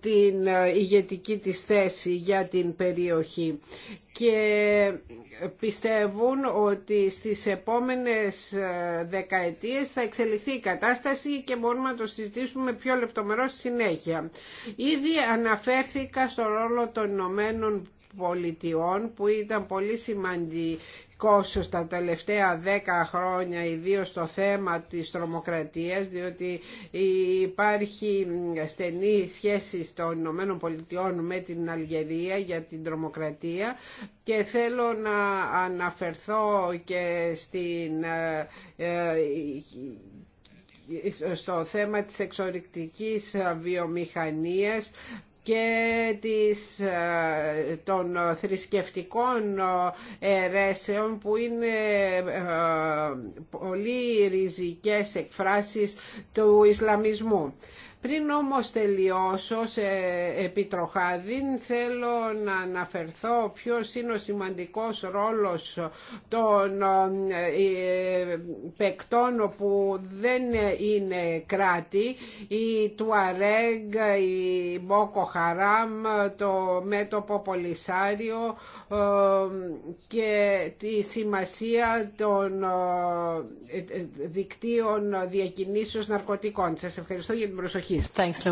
την ε, ηγετική της θέση για την περιοχή και πιστεύουν ότι στις επόμενες ε, δεκαετίες θα εξελιχθεί η κατάσταση και μπορούμε να το συζητήσουμε πιο λεπτομερώς στη συνέχεια. Ήδη αναφέρθηκα στο ρόλο των Ηνωμένων πολιτιών που ήταν πολύ σημαντικό στα τελευταία δέκα χρόνια ιδίως στο θέμα της τρομοκρατίας διότι υπάρχει στενή σχέση των Ηνωμένων Πολιτειών με την Αλγερία για την τρομοκρατία και θέλω να αναφερθώ και στην ε, ε, στο θέμα της εξορρυκτικής βιομηχανίας και της, ε, των θρησκευτικών ε, αιρέσεων που είναι ε, πολύ ριζικές εκφράσεις του Ισλαμισμού. Πριν όμως τελειώσω σε επιτροχάδιν θέλω να αναφερθώ ποιος είναι ο σημαντικός ρόλος των ε, ε, παικτών που δεν είναι κράτη η Τουαρέγ, η Μπόκο Χαράμ, το μέτωπο Πολυσάριο ε, και τη σημασία των δικτύων διακινήσεως ναρκωτικών. Σας ευχαριστώ για την προσοχή. Ευχαριστώ,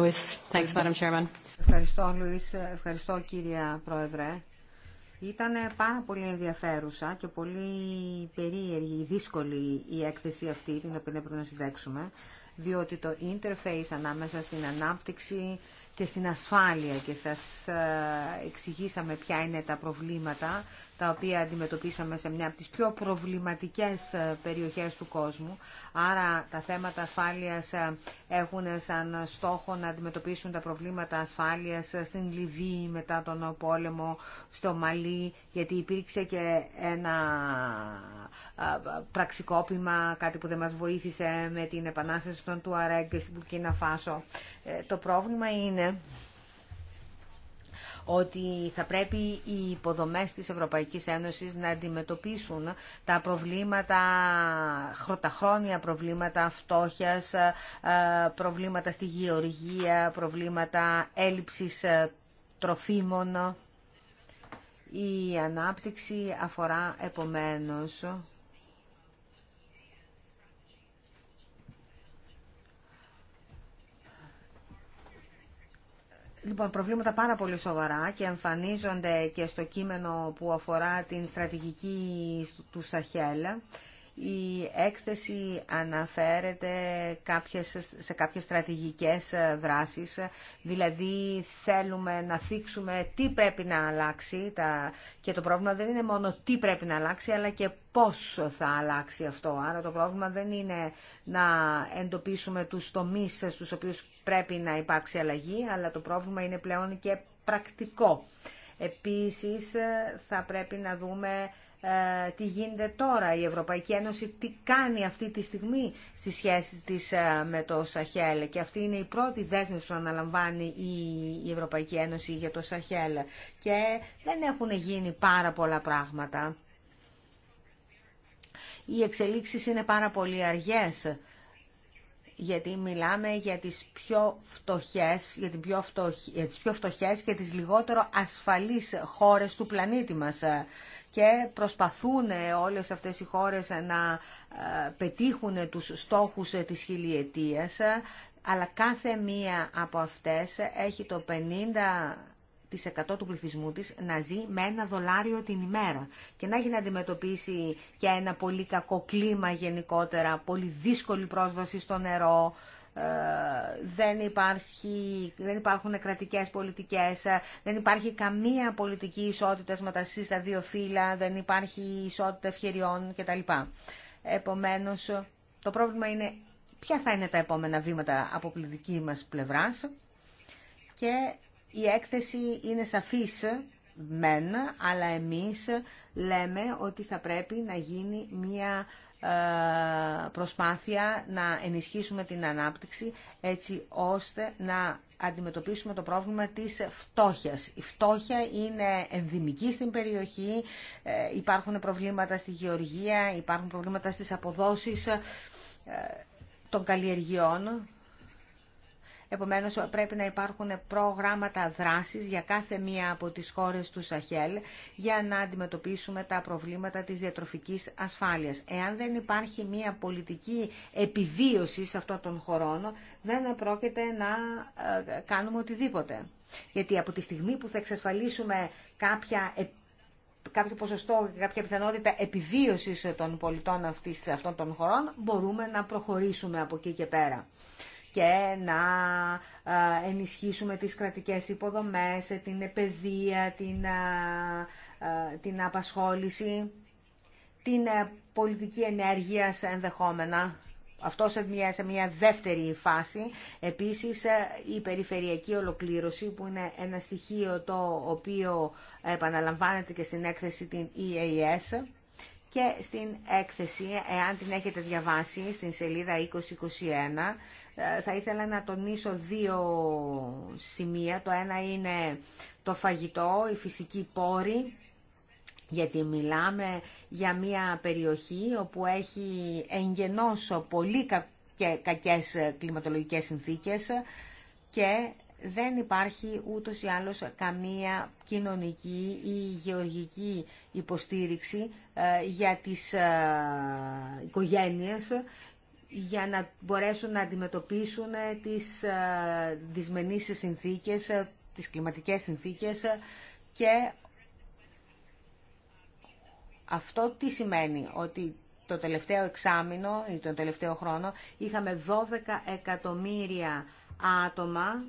Λουίς. Ευχαριστώ, κύρια Πρόεδρε. Ήταν πάρα πολύ ενδιαφέρουσα και πολύ περίεργη, δύσκολη η έκθεση αυτή την οποία πρέπει να συνδέξουμε, διότι το interface ανάμεσα στην ανάπτυξη και στην ασφάλεια και σας ε, εξηγήσαμε ποια είναι τα προβλήματα τα οποία αντιμετωπίσαμε σε μια από τις πιο προβληματικές ε, περιοχές του κόσμου Άρα τα θέματα ασφάλειας ε, έχουν σαν στόχο να αντιμετωπίσουν τα προβλήματα ασφάλειας στην Λιβύη μετά τον πόλεμο, στο Μαλί, γιατί υπήρξε και ένα ε, πραξικόπημα, κάτι που δεν μας βοήθησε με την επανάσταση των του Αρέγκ στην Πουρκίνα Φάσο. Ε, το πρόβλημα είναι ότι θα πρέπει οι υποδομές της Ευρωπαϊκής Ένωσης να αντιμετωπίσουν τα προβλήματα, τα χρόνια προβλήματα φτώχειας, ε, προβλήματα στη γεωργία, προβλήματα έλλειψης ε, τροφίμων. Η ανάπτυξη αφορά επομένως Λοιπόν, προβλήματα πάρα πολύ σοβαρά και εμφανίζονται και στο κείμενο που αφορά την στρατηγική του Σαχέλα η έκθεση αναφέρεται κάποιες, σε κάποιες στρατηγικές δράσεις, δηλαδή θέλουμε να θίξουμε τι πρέπει να αλλάξει τα... και το πρόβλημα δεν είναι μόνο τι πρέπει να αλλάξει, αλλά και πώς θα αλλάξει αυτό. Άρα το πρόβλημα δεν είναι να εντοπίσουμε τους τομείς στους οποίους πρέπει να υπάρξει αλλαγή, αλλά το πρόβλημα είναι πλέον και πρακτικό. Επίσης θα πρέπει να δούμε ε, τι γίνεται τώρα η Ευρωπαϊκή Ένωση, τι κάνει αυτή τη στιγμή στη σχέση της ε, με το Σαχέλ. Και αυτή είναι η πρώτη δέσμευση που αναλαμβάνει η Ευρωπαϊκή Ένωση για το Σαχέλ. Και δεν έχουν γίνει πάρα πολλά πράγματα. Οι εξελίξεις είναι πάρα πολύ αργές γιατί μιλάμε για τις πιο φτωχές, για, την πιο φτωχ... για τις πιο φτωχές και τις λιγότερο ασφαλείς χώρες του πλανήτη μας και προσπαθούν όλες αυτές οι χώρες να ε, πετύχουν τους στόχους ε, της χιλιετίας, ε, αλλά κάθε μία από αυτές έχει το 50% του πληθυσμού της να ζει με ένα δολάριο την ημέρα και να έχει να αντιμετωπίσει και ένα πολύ κακό κλίμα γενικότερα, πολύ δύσκολη πρόσβαση στο νερό, ε, δεν, υπάρχει, δεν υπάρχουν κρατικές πολιτικές, ε, δεν υπάρχει καμία πολιτική ισότητα μεταξύ στα δύο φύλλα, δεν υπάρχει ισότητα τα κτλ. Επομένως, το πρόβλημα είναι ποια θα είναι τα επόμενα βήματα από πληθυντική μας πλευράς και η έκθεση είναι σαφής μεν, αλλά εμείς λέμε ότι θα πρέπει να γίνει μια ε, προσπάθεια να ενισχύσουμε την ανάπτυξη έτσι ώστε να αντιμετωπίσουμε το πρόβλημα της φτώχειας. Η φτώχεια είναι ενδυμική στην περιοχή, ε, υπάρχουν προβλήματα στη γεωργία, υπάρχουν προβλήματα στις αποδόσεις ε, των καλλιεργειών Επομένως πρέπει να υπάρχουν προγράμματα δράσης για κάθε μία από τις χώρες του Σαχέλ για να αντιμετωπίσουμε τα προβλήματα της διατροφικής ασφάλειας. Εάν δεν υπάρχει μία πολιτική επιβίωση σε αυτόν τον χωρό, δεν πρόκειται να ε, κάνουμε οτιδήποτε. Γιατί από τη στιγμή που θα εξασφαλίσουμε κάποια κάποιο ποσοστό, κάποια πιθανότητα επιβίωσης των πολιτών αυτών των χωρών, μπορούμε να προχωρήσουμε από εκεί και πέρα και να ε, ενισχύσουμε τις κρατικές υποδομές, ε, την επαιδεία, ε, την, απασχόληση, την πολιτική ενέργεια ενδεχόμενα. Αυτό σε μια, σε μια δεύτερη φάση. Επίσης η περιφερειακή ολοκλήρωση που είναι ένα στοιχείο το οποίο επαναλαμβάνεται και στην έκθεση την EAS και στην έκθεση, εάν την έχετε διαβάσει, στην σελίδα 2021, ε, θα ήθελα να τονίσω δύο σημεία. Το ένα είναι το φαγητό, η φυσική πόρη, γιατί μιλάμε για μια περιοχή όπου έχει εγγενώς πολύ κακές κλιματολογικές συνθήκες και δεν υπάρχει ούτως ή άλλως καμία κοινωνική ή γεωργική υποστήριξη ε, για τις ε, οικογένειες για να μπορέσουν να αντιμετωπίσουν ε, τις ε, δυσμενείς συνθήκες, ε, τις κλιματικές συνθήκες και αυτό τι σημαίνει, ότι το τελευταίο εξάμεινο ή τον τελευταίο χρόνο είχαμε 12 εκατομμύρια άτομα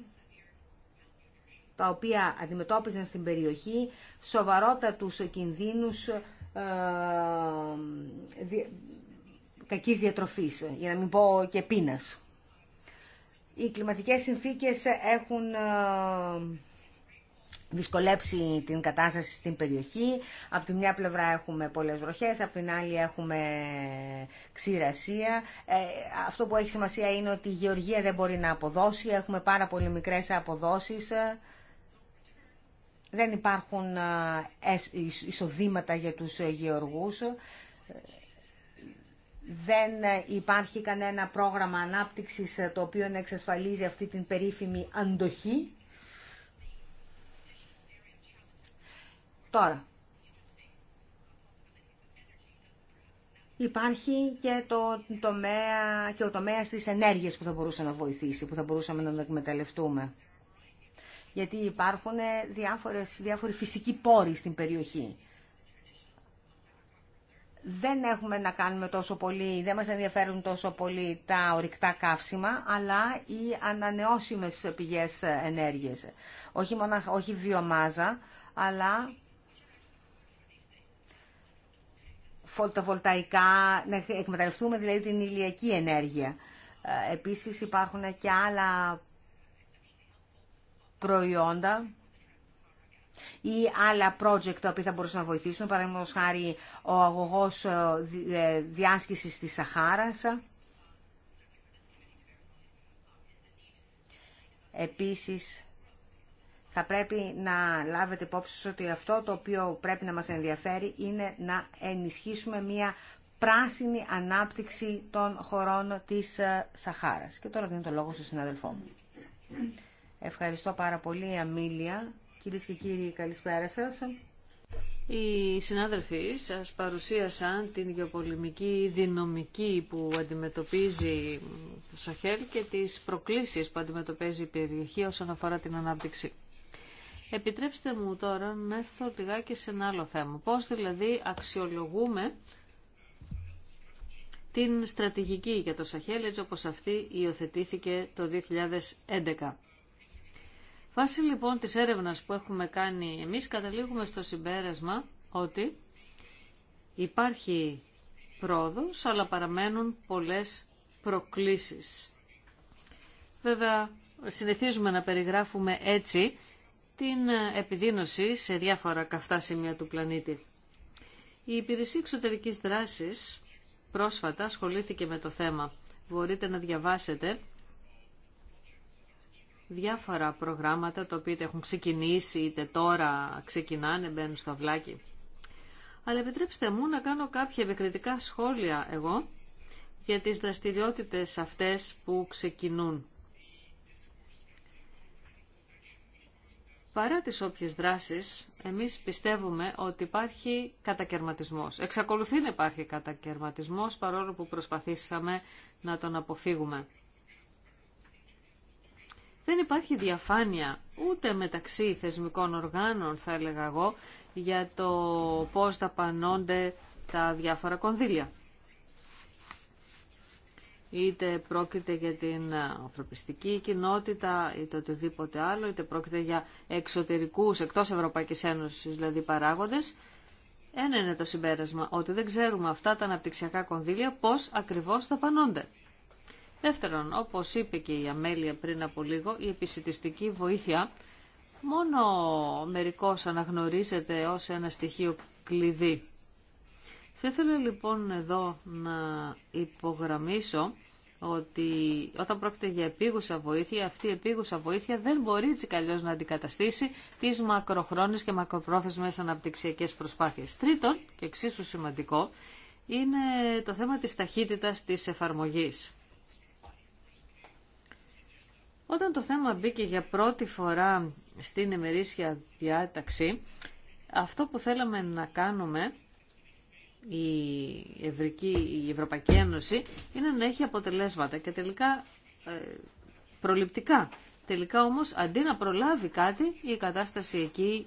τα οποία αντιμετώπιζαν στην περιοχή σοβαρότατους κινδύνους κακής διατροφής, για να μην πω και πείνας. Οι κλιματικές συνθήκες έχουν ε, δυσκολέψει την κατάσταση στην περιοχή. Από τη μια πλευρά έχουμε πολλές βροχές, από την άλλη έχουμε ξηρασία. Ε, αυτό που έχει σημασία είναι ότι η γεωργία δεν μπορεί να αποδώσει, έχουμε πάρα πολύ μικρές αποδόσεις. Δεν υπάρχουν εισοδήματα ε, για τους γεωργούς δεν υπάρχει κανένα πρόγραμμα ανάπτυξης ε, το οποίο να εξασφαλίζει αυτή την περίφημη αντοχή. Τώρα, υπάρχει και, το τομέα, και ο τομέας της ενέργειας που θα μπορούσε να βοηθήσει, που θα μπορούσαμε να τον εκμεταλλευτούμε. Γιατί υπάρχουν ε, διάφορες, διάφοροι φυσικοί πόροι στην περιοχή δεν έχουμε να κάνουμε τόσο πολύ, δεν μας ενδιαφέρουν τόσο πολύ τα ορυκτά καύσιμα, αλλά οι ανανεώσιμες πηγές ενέργειας. Όχι, μόνο όχι βιομάζα, αλλά φωτοβολταϊκά, να εκμεταλλευτούμε δηλαδή την ηλιακή ενέργεια. Ε, επίσης υπάρχουν και άλλα προϊόντα ή άλλα project που θα μπορούσαν να βοηθήσουν, παραδείγματος χάρη ο αγωγό ε, ε, διάσκηση της Σαχάρα. Επίση, θα πρέπει να λάβετε υπόψη ότι αυτό το οποίο πρέπει να μας ενδιαφέρει είναι να ενισχύσουμε μια πράσινη ανάπτυξη των χωρών της ε, Σαχάρας. Και τώρα δίνω το λόγο στον συναδελφό μου. Ευχαριστώ πάρα πολύ, Αμίλια. Κυρίε και κύριοι, καλησπέρα σα. Οι συνάδελφοί σας παρουσίασαν την γεωπολιμική δυναμική που αντιμετωπίζει το Σαχέλ και τις προκλήσεις που αντιμετωπίζει η περιοχή όσον αφορά την ανάπτυξη. Επιτρέψτε μου τώρα να έρθω λιγάκι σε ένα άλλο θέμα. Πώς δηλαδή αξιολογούμε την στρατηγική για το Σαχέλ έτσι όπως αυτή υιοθετήθηκε το 2011. Βάσει λοιπόν της έρευνας που έχουμε κάνει εμείς καταλήγουμε στο συμπέρασμα ότι υπάρχει πρόοδος αλλά παραμένουν πολλές προκλήσεις. Βέβαια συνεχίζουμε να περιγράφουμε έτσι την επιδείνωση σε διάφορα καυτά σημεία του πλανήτη. Η Υπηρεσία Εξωτερικής Δράσης πρόσφατα ασχολήθηκε με το θέμα. Μπορείτε να διαβάσετε διάφορα προγράμματα τα οποία έχουν ξεκινήσει είτε τώρα ξεκινάνε, μπαίνουν στο αυλάκι. Αλλά επιτρέψτε μου να κάνω κάποια επικριτικά σχόλια εγώ για τις δραστηριότητες αυτές που ξεκινούν. Παρά τις όποιες δράσεις, εμείς πιστεύουμε ότι υπάρχει κατακαιρματισμός. Εξακολουθεί να υπάρχει κατακαιρματισμός παρόλο που προσπαθήσαμε να τον αποφύγουμε. Δεν υπάρχει διαφάνεια ούτε μεταξύ θεσμικών οργάνων, θα έλεγα εγώ, για το πώς πανώνται τα διάφορα κονδύλια. Είτε πρόκειται για την ανθρωπιστική κοινότητα, είτε οτιδήποτε άλλο, είτε πρόκειται για εξωτερικούς, εκτός Ευρωπαϊκής Ένωσης δηλαδή παράγοντες, ένα είναι το συμπέρασμα, ότι δεν ξέρουμε αυτά τα αναπτυξιακά κονδύλια πώς ακριβώς πανώνται. Δεύτερον, όπως είπε και η Αμέλεια πριν από λίγο, η επισητιστική βοήθεια μόνο μερικώς αναγνωρίζεται ως ένα στοιχείο κλειδί. Θα ήθελα λοιπόν εδώ να υπογραμμίσω ότι όταν πρόκειται για επίγουσα βοήθεια, αυτή η επίγουσα βοήθεια δεν μπορεί έτσι καλώ να αντικαταστήσει τις μακροχρόνιες και μακροπρόθεσμε αναπτυξιακέ προσπάθειε. Τρίτον, και εξίσου σημαντικό, είναι το θέμα τη ταχύτητα τη εφαρμογή. Όταν το θέμα μπήκε για πρώτη φορά στην Εμερήσια διάταξη, αυτό που θέλαμε να κάνουμε η, Ευρική, η Ευρωπαϊκή Ένωση είναι να έχει αποτελέσματα και τελικά ε, προληπτικά. Τελικά όμως αντί να προλάβει κάτι η κατάσταση εκεί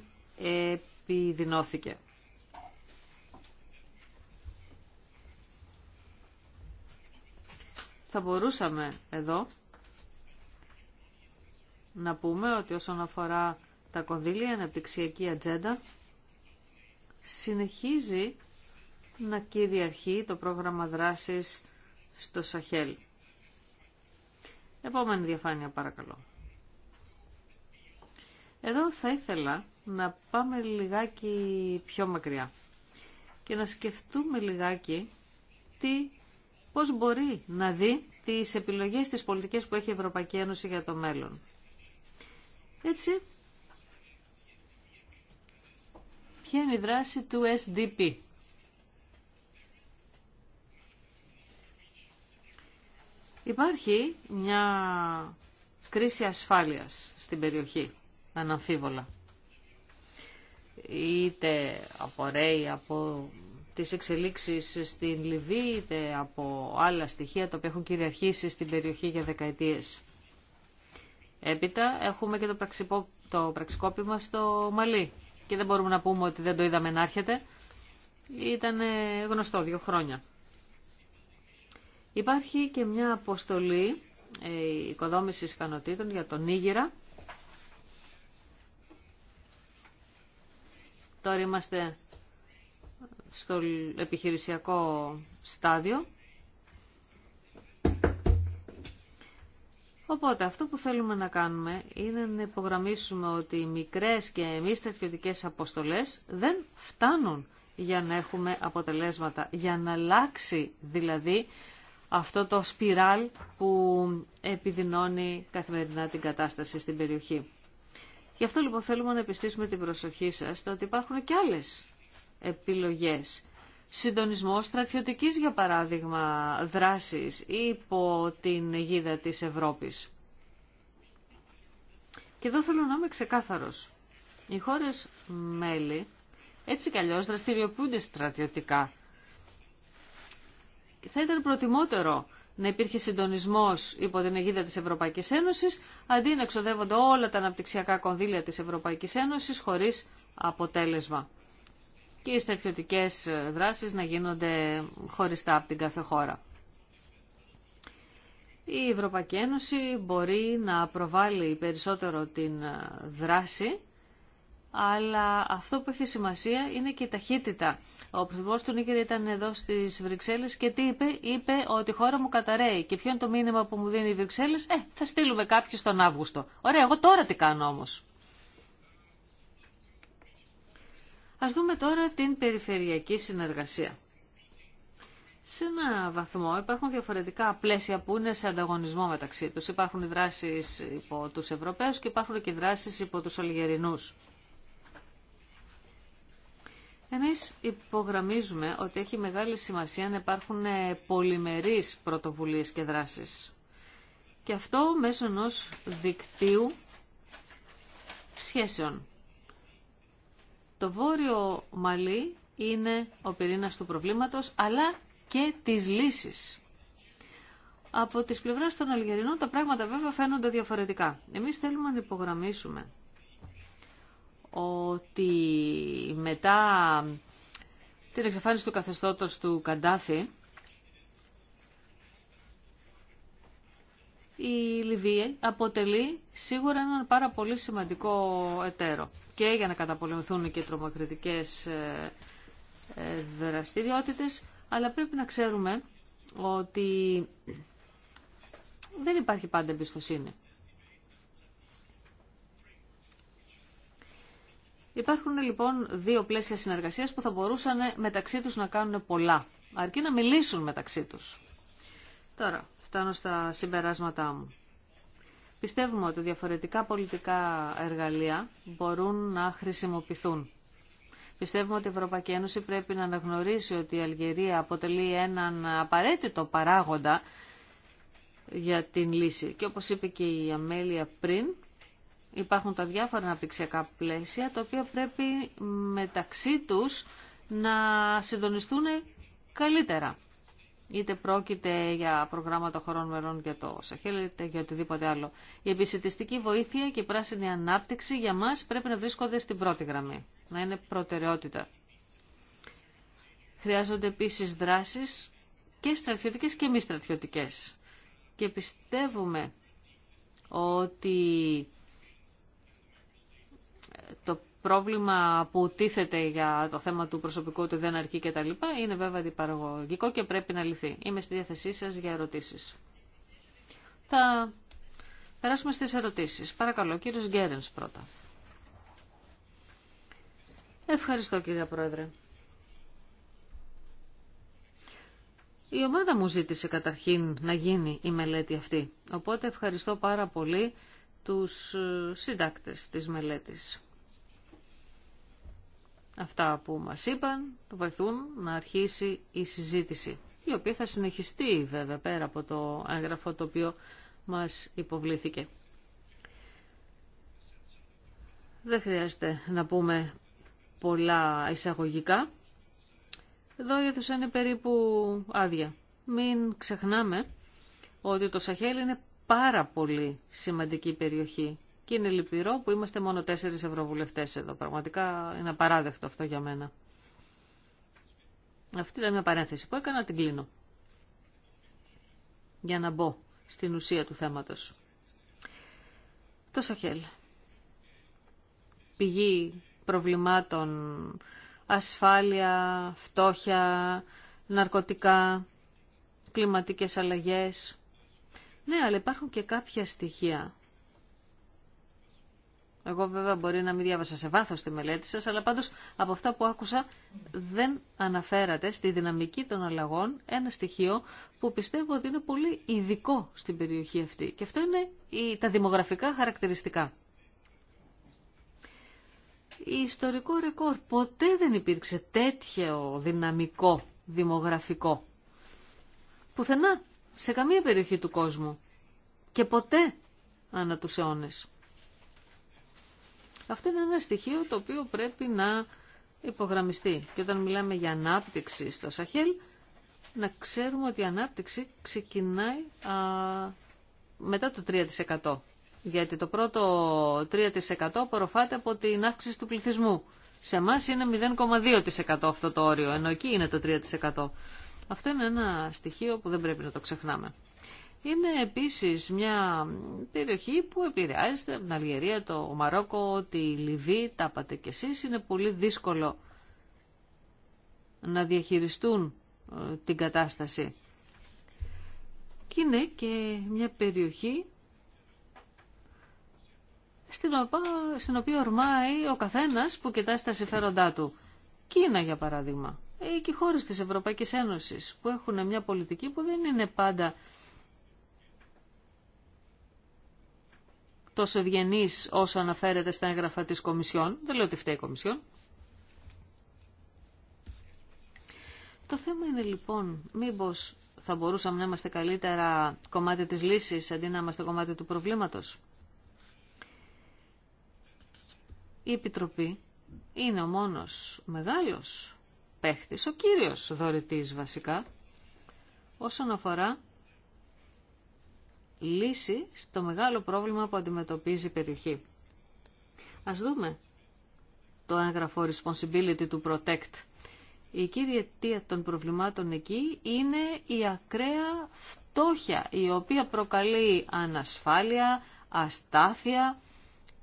επιδεινώθηκε. Θα μπορούσαμε εδώ να πούμε ότι όσον αφορά τα κονδύλια, η αναπτυξιακή ατζέντα συνεχίζει να κυριαρχεί το πρόγραμμα δράσης στο Σαχέλ. Επόμενη διαφάνεια παρακαλώ. Εδώ θα ήθελα να πάμε λιγάκι πιο μακριά και να σκεφτούμε λιγάκι τι, πώς μπορεί να δει τις επιλογές της πολιτικής που έχει η Ευρωπαϊκή Ένωση για το μέλλον. Έτσι, ποια είναι η δράση του SDP. Υπάρχει μια κρίση ασφάλειας στην περιοχή, αναμφίβολα. Είτε απορρέει από τις εξελίξεις στην Λιβύη, είτε από άλλα στοιχεία τα οποία έχουν κυριαρχήσει στην περιοχή για δεκαετίες. Έπειτα έχουμε και το, πραξικό, το πραξικόπημα στο Μαλί και δεν μπορούμε να πούμε ότι δεν το είδαμε να έρχεται. Ήταν γνωστό δύο χρόνια. Υπάρχει και μια αποστολή ε, οικοδόμησης ικανοτήτων για τον Ήγηρα. Τώρα είμαστε στο επιχειρησιακό στάδιο Οπότε αυτό που θέλουμε να κάνουμε είναι να υπογραμμίσουμε ότι οι μικρές και μη στρατιωτικές αποστολές δεν φτάνουν για να έχουμε αποτελέσματα, για να αλλάξει δηλαδή αυτό το σπιράλ που επιδεινώνει καθημερινά την κατάσταση στην περιοχή. Γι' αυτό λοιπόν θέλουμε να επιστήσουμε την προσοχή σας στο ότι υπάρχουν και άλλες επιλογές συντονισμό στρατιωτικής, για παράδειγμα, δράσης υπό την αιγίδα της Ευρώπης. Και εδώ θέλω να είμαι ξεκάθαρος. Οι χώρες μέλη έτσι κι αλλιώς δραστηριοποιούνται στρατιωτικά. Θα ήταν προτιμότερο να υπήρχε συντονισμός υπό την αιγίδα της Ευρωπαϊκής Ένωσης, αντί να εξοδεύονται όλα τα αναπτυξιακά κονδύλια της Ευρωπαϊκής Ένωσης χωρίς αποτέλεσμα και οι στρατιωτικές δράσεις να γίνονται χωριστά από την κάθε χώρα. Η Ευρωπαϊκή Ένωση μπορεί να προβάλλει περισσότερο την δράση, αλλά αυτό που έχει σημασία είναι και η ταχύτητα. Ο πρωθυπουργός του Νίκερ ήταν εδώ στι Βρυξέλλε και τι είπε, είπε ότι η χώρα μου καταραίει. Και ποιο είναι το μήνυμα που μου δίνει η Βρυξέλλε, Ε, θα στείλουμε κάποιου τον Αύγουστο. Ωραία, εγώ τώρα τι κάνω όμω. Ας δούμε τώρα την περιφερειακή συνεργασία. Σε ένα βαθμό υπάρχουν διαφορετικά πλαίσια που είναι σε ανταγωνισμό μεταξύ τους. Υπάρχουν δράσεις υπό τους Ευρωπαίους και υπάρχουν και δράσεις υπό τους Αλγερινούς. Εμείς υπογραμμίζουμε ότι έχει μεγάλη σημασία να υπάρχουν πολυμερείς πρωτοβουλίες και δράσεις. Και αυτό μέσω ενό δικτύου σχέσεων το Βόρειο Μαλί είναι ο πυρήνας του προβλήματος, αλλά και της λύσης. Από τις πλευράς των Αλγερινών τα πράγματα βέβαια φαίνονται διαφορετικά. Εμείς θέλουμε να υπογραμμίσουμε ότι μετά την εξαφάνιση του καθεστώτος του Καντάφη η Λιβύη αποτελεί σίγουρα έναν πάρα πολύ σημαντικό εταίρο και για να καταπολεμηθούν και τρομακριτικές ε, ε, δραστηριότητες, αλλά πρέπει να ξέρουμε ότι δεν υπάρχει πάντα εμπιστοσύνη. Υπάρχουν λοιπόν δύο πλαίσια συνεργασίας που θα μπορούσαν ε, μεταξύ τους να κάνουν πολλά, αρκεί να μιλήσουν μεταξύ τους. Τώρα, φτάνω στα συμπεράσματά μου. Πιστεύουμε ότι διαφορετικά πολιτικά εργαλεία μπορούν να χρησιμοποιηθούν. Πιστεύουμε ότι η Ευρωπαϊκή Ένωση πρέπει να αναγνωρίσει ότι η Αλγερία αποτελεί έναν απαραίτητο παράγοντα για την λύση. Και όπως είπε και η Αμέλεια πριν, υπάρχουν τα διάφορα αναπτυξιακά πλαίσια, τα οποία πρέπει μεταξύ τους να συντονιστούν καλύτερα είτε πρόκειται για προγράμματα χωρών μερών για το Σαχέλ, είτε για οτιδήποτε άλλο. Η επισητιστική βοήθεια και η πράσινη ανάπτυξη για μας πρέπει να βρίσκονται στην πρώτη γραμμή, να είναι προτεραιότητα. Χρειάζονται επίσης δράσεις και στρατιωτικές και μη στρατιωτικές. Και πιστεύουμε ότι το πρόβλημα που τίθεται για το θέμα του προσωπικού ότι δεν αρκεί κτλ. είναι βέβαια αντιπαραγωγικό και πρέπει να λυθεί. Είμαι στη διάθεσή σα για ερωτήσει. Θα περάσουμε στι ερωτήσει. Παρακαλώ, Κύριο Γκέρεν πρώτα. Ευχαριστώ κύριε Πρόεδρε. Η ομάδα μου ζήτησε καταρχήν να γίνει η μελέτη αυτή, οπότε ευχαριστώ πάρα πολύ τους συντάκτες της μελέτης αυτά που μας είπαν βοηθούν να αρχίσει η συζήτηση, η οποία θα συνεχιστεί βέβαια πέρα από το έγγραφο το οποίο μας υποβλήθηκε. Δεν χρειάζεται να πούμε πολλά εισαγωγικά. Εδώ η αίθουσα είναι περίπου άδεια. Μην ξεχνάμε ότι το Σαχέλ είναι πάρα πολύ σημαντική περιοχή και είναι λυπηρό που είμαστε μόνο τέσσερις ευρωβουλευτές εδώ. Πραγματικά είναι απαράδεκτο αυτό για μένα. Αυτή ήταν μια παρένθεση που έκανα, την κλείνω. Για να μπω στην ουσία του θέματος. Το Σαχέλ. Πηγή προβλημάτων, ασφάλεια, φτώχεια, ναρκωτικά, κλιματικές αλλαγές. Ναι, αλλά υπάρχουν και κάποια στοιχεία εγώ βέβαια μπορεί να μην διάβασα σε βάθος τη μελέτη σας, αλλά πάντως από αυτά που άκουσα δεν αναφέρατε στη δυναμική των αλλαγών ένα στοιχείο που πιστεύω ότι είναι πολύ ειδικό στην περιοχή αυτή. Και αυτό είναι τα δημογραφικά χαρακτηριστικά. Η ιστορικό ρεκόρ. Ποτέ δεν υπήρξε τέτοιο δυναμικό δημογραφικό. Πουθενά, σε καμία περιοχή του κόσμου. Και ποτέ ανά τους αιώνες. Αυτό είναι ένα στοιχείο το οποίο πρέπει να υπογραμμιστεί. Και όταν μιλάμε για ανάπτυξη στο Σαχέλ, να ξέρουμε ότι η ανάπτυξη ξεκινάει α, μετά το 3%. Γιατί το πρώτο 3% απορροφάται από την αύξηση του πληθυσμού. Σε εμά είναι 0,2% αυτό το όριο, ενώ εκεί είναι το 3%. Αυτό είναι ένα στοιχείο που δεν πρέπει να το ξεχνάμε. Είναι επίσης μια περιοχή που επηρεάζεται από την Αλγερία, το Μαρόκο, τη Λιβύη, τα είπατε κι εσείς. Είναι πολύ δύσκολο να διαχειριστούν ε, την κατάσταση. Και είναι και μια περιοχή στην οποία ορμάει ο καθένας που κοιτάζει τα συμφέροντά του. Κίνα για παράδειγμα ε, και χώρες της Ευρωπαϊκής Ένωσης που έχουν μια πολιτική που δεν είναι πάντα τόσο ευγενή όσο αναφέρεται στα έγγραφα της Κομισιόν. Δεν λέω ότι φταίει η Κομισιόν. Το θέμα είναι λοιπόν μήπως θα μπορούσαμε να είμαστε καλύτερα κομμάτι της λύσης αντί να είμαστε κομμάτι του προβλήματος. Η Επιτροπή είναι ο μόνος μεγάλος παίχτης, ο κύριος δωρητής βασικά, όσον αφορά λύση στο μεγάλο πρόβλημα που αντιμετωπίζει η περιοχή. Ας δούμε το έγγραφο Responsibility του Protect. Η κύρια αιτία των προβλημάτων εκεί είναι η ακραία φτώχεια, η οποία προκαλεί ανασφάλεια, αστάθεια,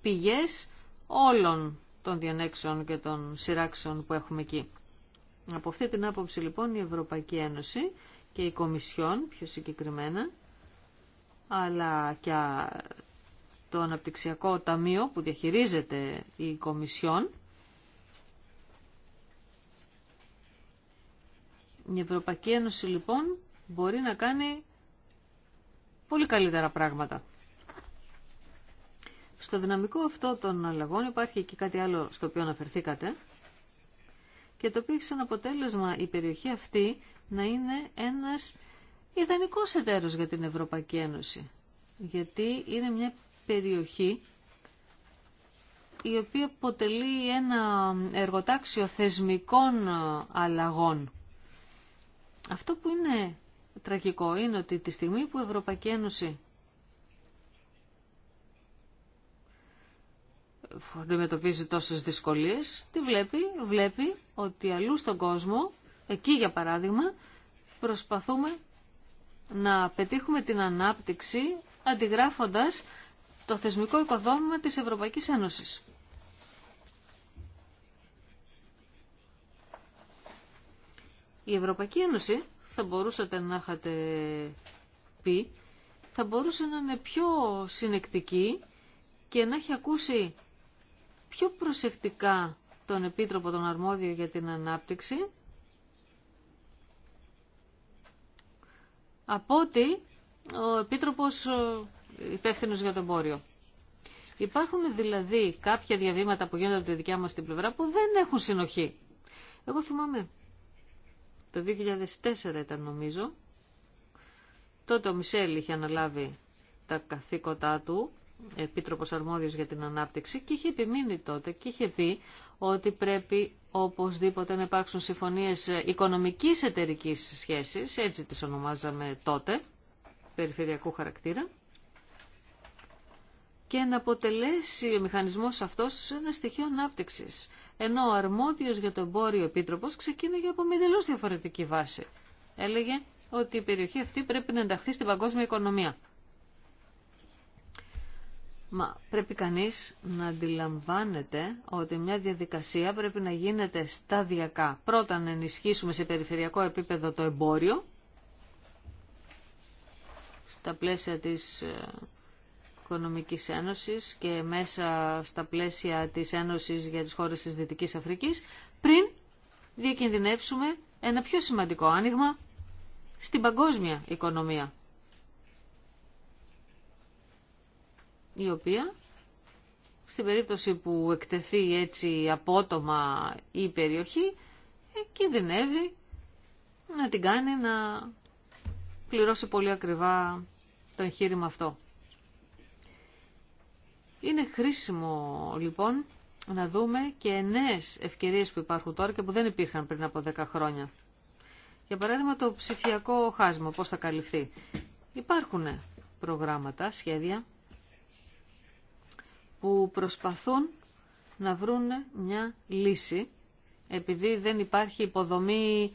πηγές όλων των διανέξεων και των σειράξεων που έχουμε εκεί. Από αυτή την άποψη λοιπόν η Ευρωπαϊκή Ένωση και η Κομισιόν πιο συγκεκριμένα αλλά και το Αναπτυξιακό Ταμείο που διαχειρίζεται η Κομισιόν. Η Ευρωπαϊκή Ένωση λοιπόν μπορεί να κάνει πολύ καλύτερα πράγματα. Στο δυναμικό αυτό των αλλαγών υπάρχει και κάτι άλλο στο οποίο αναφερθήκατε και το οποίο έχει σαν αποτέλεσμα η περιοχή αυτή να είναι ένας ιδανικός εταίρος για την Ευρωπαϊκή Ένωση. Γιατί είναι μια περιοχή η οποία αποτελεί ένα εργοτάξιο θεσμικών ε, αλλαγών. Αυτό που είναι τραγικό είναι ότι τη στιγμή που η Ευρωπαϊκή Ένωση αντιμετωπίζει τόσες δυσκολίες, τι βλέπει, βλέπει ότι αλλού στον κόσμο, εκεί για παράδειγμα, προσπαθούμε να πετύχουμε την ανάπτυξη αντιγράφοντας το θεσμικό οικοδόμημα της Ευρωπαϊκής Ένωσης. Η Ευρωπαϊκή Ένωση, θα μπορούσατε να είχατε πει, θα μπορούσε να είναι πιο συνεκτική και να έχει ακούσει πιο προσεκτικά τον Επίτροπο τον Αρμόδιο για την Ανάπτυξη από ότι ο Επίτροπος υπεύθυνο για το εμπόριο. Υπάρχουν δηλαδή κάποια διαβήματα που γίνονται από τη δικιά μας την πλευρά που δεν έχουν συνοχή. Εγώ θυμάμαι, το 2004 ήταν νομίζω, τότε ο Μισελ είχε αναλάβει τα καθήκοντά του Επίτροπος Αρμόδιος για την Ανάπτυξη και είχε επιμείνει τότε και είχε πει ότι πρέπει οπωσδήποτε να υπάρξουν συμφωνίες οικονομικής οικονομικής-ετερικής σχέσης, έτσι τις ονομάζαμε τότε, περιφερειακού χαρακτήρα, και να αποτελέσει ο μηχανισμός αυτός ένα στοιχείο ανάπτυξης. Ενώ ο αρμόδιος για το εμπόριο επίτροπος ξεκίνησε από μια διαφορετική βάση. Έλεγε ότι η περιοχή αυτή πρέπει να ενταχθεί στην παγκόσμια οικονομία. Μα πρέπει κανείς να αντιλαμβάνεται ότι μια διαδικασία πρέπει να γίνεται σταδιακά. Πρώτα να ενισχύσουμε σε περιφερειακό επίπεδο το εμπόριο, στα πλαίσια της ε, Οικονομικής Ένωσης και μέσα στα πλαίσια της Ένωσης για τις χώρες της Δυτικής Αφρικής, πριν διακινδυνεύσουμε ένα πιο σημαντικό άνοιγμα στην παγκόσμια οικονομία. η οποία στην περίπτωση που εκτεθεί έτσι απότομα η περιοχή ε, κινδυνεύει να την κάνει να πληρώσει πολύ ακριβά το εγχείρημα αυτό. Είναι χρήσιμο λοιπόν να δούμε και νέες ευκαιρίες που υπάρχουν τώρα και που δεν υπήρχαν πριν από 10 χρόνια. Για παράδειγμα το ψηφιακό χάσμα, πώς θα καλυφθεί. Υπάρχουν προγράμματα, σχέδια που προσπαθούν να βρούνε μια λύση επειδή δεν υπάρχει υποδομή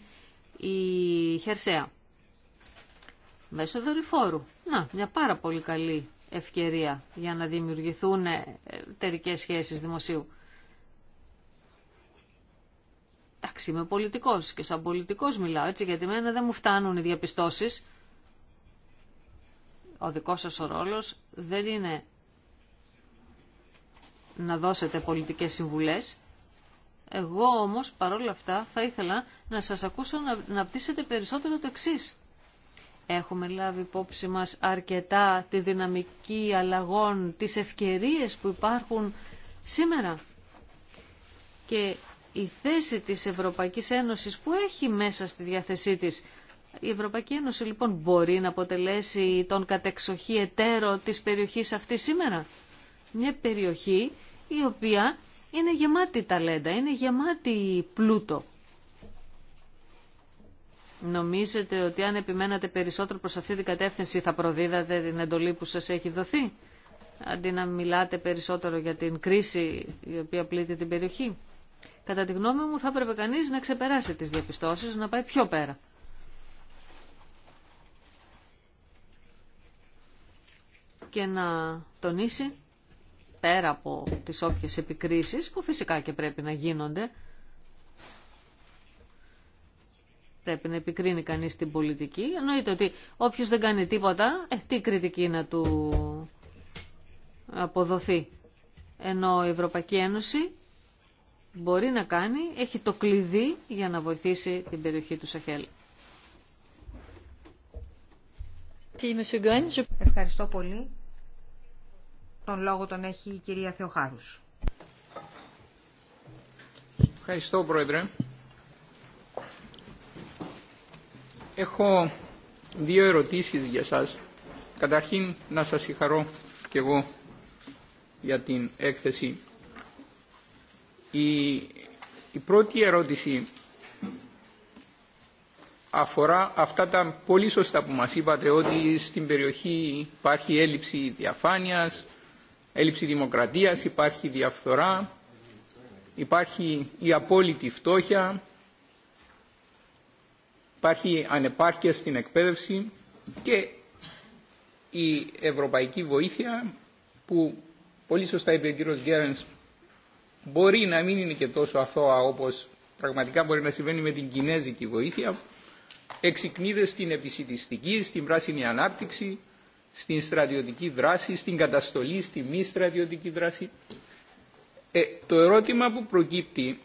η χερσαία. Μέσω δορυφόρου. Να, μια πάρα πολύ καλή ευκαιρία για να δημιουργηθούν ε, τερικέ σχέσεις δημοσίου. Εντάξει, είμαι πολιτικός και σαν πολιτικός μιλάω, έτσι, γιατί μένα δεν μου φτάνουν οι διαπιστώσεις. Ο δικός σας ο ρόλος δεν είναι να δώσετε πολιτικές συμβουλές. Εγώ όμως παρόλα αυτά θα ήθελα να σας ακούσω να, να πτήσετε περισσότερο το εξή. Έχουμε λάβει υπόψη μας αρκετά τη δυναμική αλλαγών, τις ευκαιρίες που υπάρχουν σήμερα. Και η θέση της Ευρωπαϊκής Ένωσης που έχει μέσα στη διάθεσή της. Η Ευρωπαϊκή Ένωση λοιπόν μπορεί να αποτελέσει τον κατεξοχή εταίρο της περιοχής αυτή σήμερα. Μια περιοχή η οποία είναι γεμάτη ταλέντα, είναι γεμάτη πλούτο. Νομίζετε ότι αν επιμένατε περισσότερο προς αυτή την κατεύθυνση θα προδίδατε την εντολή που σας έχει δοθεί, αντί να μιλάτε περισσότερο για την κρίση η οποία πλήττει την περιοχή. Κατά τη γνώμη μου θα έπρεπε κανείς να ξεπεράσει τις διαπιστώσεις, να πάει πιο πέρα. Και να τονίσει πέρα από τις όποιες επικρίσεις που φυσικά και πρέπει να γίνονται. Πρέπει να επικρίνει κανείς την πολιτική. Εννοείται ότι όποιος δεν κάνει τίποτα, ε, τι κριτική να του αποδοθεί. Ενώ η Ευρωπαϊκή Ένωση μπορεί να κάνει, έχει το κλειδί για να βοηθήσει την περιοχή του Σαχέλ. Ευχαριστώ πολύ. Τον λόγο τον έχει η κυρία Θεοχάρους. Ευχαριστώ, Πρόεδρε. Έχω δύο ερωτήσεις για σας. Καταρχήν, να σας συγχαρώ κι εγώ για την έκθεση. Η, η πρώτη ερώτηση αφορά αυτά τα πολύ σωστά που μας είπατε ότι στην περιοχή υπάρχει έλλειψη διαφάνειας, έλλειψη δημοκρατίας, υπάρχει διαφθορά, υπάρχει η απόλυτη φτώχεια, υπάρχει ανεπάρκεια στην εκπαίδευση και η ευρωπαϊκή βοήθεια που πολύ σωστά είπε ο κύριος Γκέρενς μπορεί να μην είναι και τόσο αθώα όπως πραγματικά μπορεί να συμβαίνει με την κινέζικη βοήθεια εξυκνίδες στην επισητιστική, στην πράσινη ανάπτυξη, στην στρατιωτική δράση, στην καταστολή, στη μη στρατιωτική δράση. Ε, το ερώτημα που προκύπτει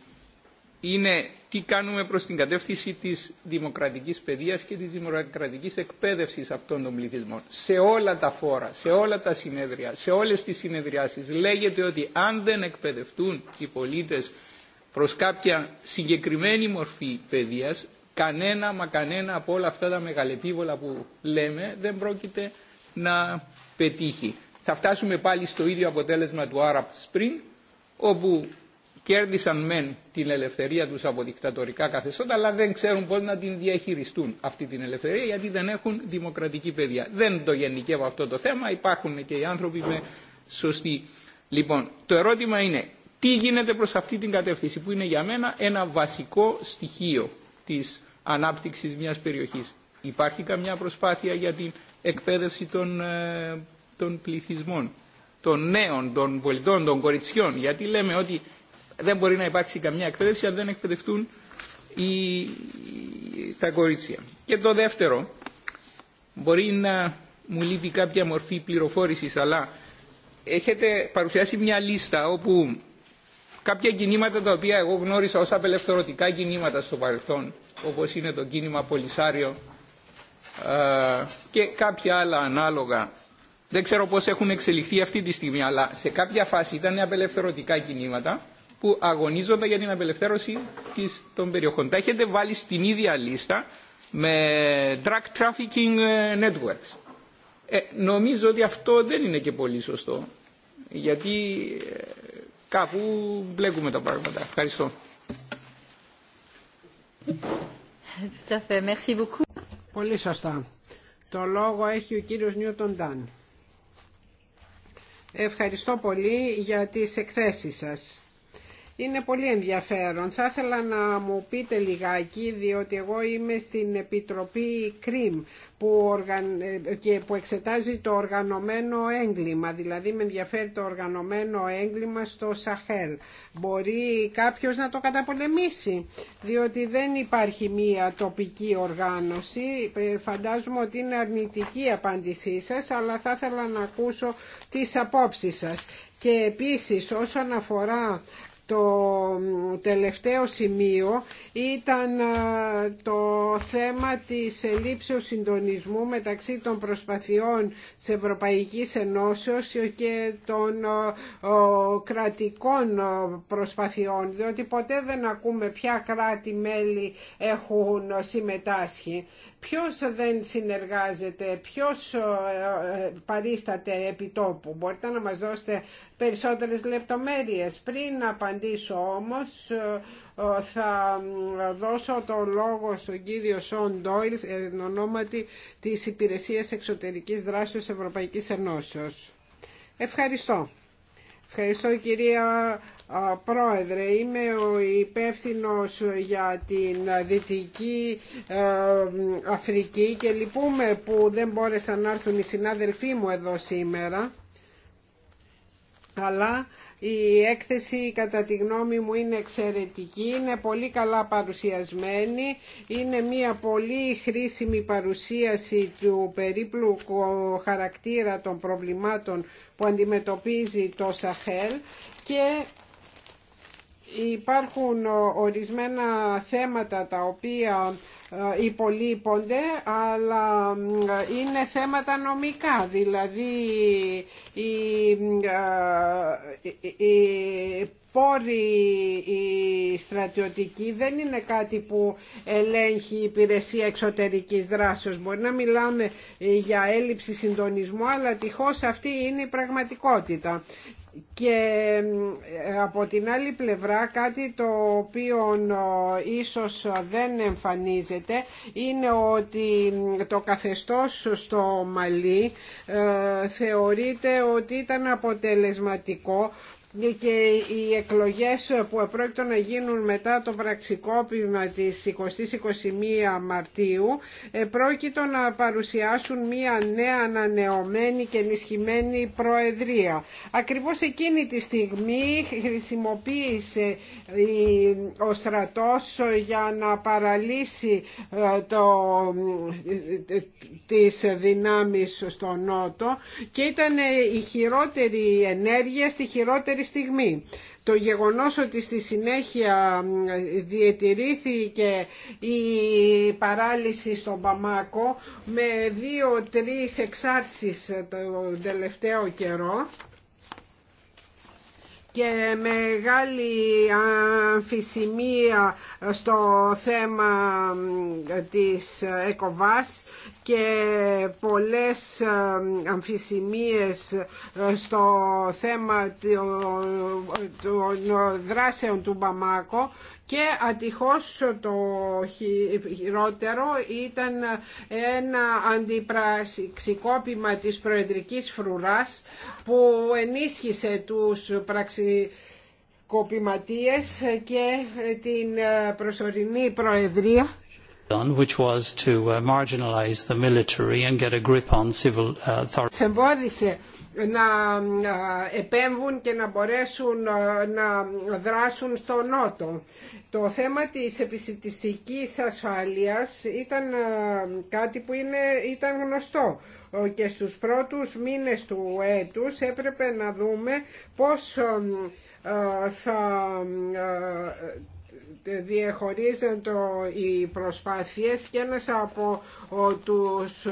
είναι τι κάνουμε προς την κατεύθυνση της δημοκρατικής παιδείας και της δημοκρατικής εκπαίδευσης αυτών των πληθυσμών. Σε όλα τα φόρα, σε όλα τα συνέδρια, σε όλες τις συνεδριάσεις λέγεται ότι αν δεν εκπαιδευτούν οι πολίτες προς κάποια συγκεκριμένη μορφή παιδείας, κανένα μα κανένα από όλα αυτά τα μεγαλεπίβολα που λέμε δεν πρόκειται να πετύχει. Θα φτάσουμε πάλι στο ίδιο αποτέλεσμα του Arab Spring, όπου κέρδισαν μεν την ελευθερία τους από δικτατορικά καθεστώτα, αλλά δεν ξέρουν πώς να την διαχειριστούν αυτή την ελευθερία, γιατί δεν έχουν δημοκρατική παιδεία. Δεν το γενικεύω αυτό το θέμα, υπάρχουν και οι άνθρωποι με σωστή. Λοιπόν, το ερώτημα είναι, τι γίνεται προς αυτή την κατεύθυνση, που είναι για μένα ένα βασικό στοιχείο της ανάπτυξης μιας περιοχής. Υπάρχει καμιά προσπάθεια για την εκπαίδευση ε, των, πληθυσμών, των νέων, των πολιτών, των κοριτσιών. Γιατί λέμε ότι δεν μπορεί να υπάρξει καμιά εκπαίδευση αν δεν εκπαιδευτούν οι, τα κορίτσια. Και το δεύτερο, μπορεί να μου λείπει κάποια μορφή πληροφόρησης, αλλά έχετε παρουσιάσει μια λίστα όπου κάποια κινήματα τα οποία εγώ γνώρισα ως απελευθερωτικά κινήματα στο παρελθόν, όπως είναι το κίνημα Πολυσάριο, ε, και κάποια άλλα ανάλογα. Δεν ξέρω πώς έχουν εξελιχθεί αυτή τη στιγμή, αλλά σε κάποια φάση ήταν απελευθερωτικά κινήματα που αγωνίζονται για την απελευθέρωση της, των περιοχών. Τα έχετε βάλει στην ίδια λίστα με drug trafficking ε, networks. Ε, νομίζω ότι αυτό δεν είναι και πολύ σωστό, γιατί κάπου μπλέκουμε τα πράγματα. Ευχαριστώ. Πολύ σωστά. Το λόγο έχει ο κύριος Νιούτον Ντάν. Ευχαριστώ πολύ για τις εκθέσεις σας είναι πολύ ενδιαφέρον. Θα ήθελα να μου πείτε λιγάκι, διότι εγώ είμαι στην Επιτροπή ΚΡΙΜ που, ε, και που εξετάζει το οργανωμένο έγκλημα, δηλαδή με ενδιαφέρει το οργανωμένο έγκλημα στο Σαχέλ. Μπορεί κάποιος να το καταπολεμήσει, διότι δεν υπάρχει μία τοπική οργάνωση. Ε, φαντάζομαι ότι είναι αρνητική απάντησή σας, αλλά θα ήθελα να ακούσω τις απόψεις σας. Και επίσης όσον αφορά το τελευταίο σημείο ήταν το θέμα της ελήψεως συντονισμού μεταξύ των προσπαθειών της Ευρωπαϊκής Ενώσεως και των κρατικών προσπαθειών, διότι ποτέ δεν ακούμε ποια κράτη-μέλη έχουν συμμετάσχει. Ποιος δεν συνεργάζεται, ποιος παρίσταται επί Μπορείτε να μας δώσετε περισσότερες λεπτομέρειες. Πριν απαντήσω όμως ε, θα δώσω το λόγο στον κύριο Σον Ντόιλ εν ονόματι της Υπηρεσίας Εξωτερικής Δράσης Ευρωπαϊκής Ενώσεως. Ευχαριστώ. Ευχαριστώ κυρία ε, Πρόεδρε, είμαι ο υπεύθυνο για την Δυτική ε, Αφρική και λυπούμε που δεν μπόρεσαν να έρθουν οι συνάδελφοί μου εδώ σήμερα αλλά η έκθεση κατά τη γνώμη μου είναι εξαιρετική, είναι πολύ καλά παρουσιασμένη, είναι μια πολύ χρήσιμη παρουσίαση του περίπλου χαρακτήρα των προβλημάτων που αντιμετωπίζει το Σαχέλ και υπάρχουν ορισμένα θέματα τα οποία υπολείπονται ε, αλλά είναι θέματα νομικά δηλαδή η, η ε, πόροι στρατιωτικοί δεν είναι κάτι που ελέγχει η υπηρεσία εξωτερικής δράσεως. Μπορεί να μιλάμε για έλλειψη συντονισμού, αλλά τυχώς αυτή είναι η πραγματικότητα και ε, από την άλλη πλευρά κάτι το οποίο ε, ίσως δεν εμφανίζεται είναι ότι το καθεστώς στο Μαλί ε, θεωρείται ότι ήταν αποτελεσματικό και οι εκλογές που επρόκειτο να γίνουν μετά το πραξικόπημα της 20-21 Μαρτίου ε, πρόκειτο να παρουσιάσουν μια νέα ανανεωμένη και ενισχυμένη προεδρία. Ακριβώς εκείνη τη στιγμή χρησιμοποίησε ε, ο στρατός για να παραλύσει ε, το, τις δυνάμεις στο Νότο και ήταν η χειρότερη ενέργεια στη χειρότερη στιγμή. Το γεγονός ότι στη συνέχεια διατηρήθηκε η παράλυση στον Παμάκο με δύο-τρεις εξάρσεις το τελευταίο καιρό και μεγάλη αμφισημία στο θέμα της ΕΚΟΒΑΣ και πολλές αμφισημίες στο θέμα των δράσεων του Μπαμάκο και ατυχώς το χειρότερο ήταν ένα αντιπραξικόπημα της προεδρικής φρουράς που ενίσχυσε τους πραξικόπηματίες και την προσωρινή προεδρία σε was να επέμβουν και να μπορέσουν να δράσουν στο Νότο. Το θέμα της επισητιστικής ασφάλειας ήταν κάτι που είναι, ήταν γνωστό και στους πρώτους μήνες του έτους έπρεπε να δούμε πώς θα το οι προσπάθειες και ένας από, τους,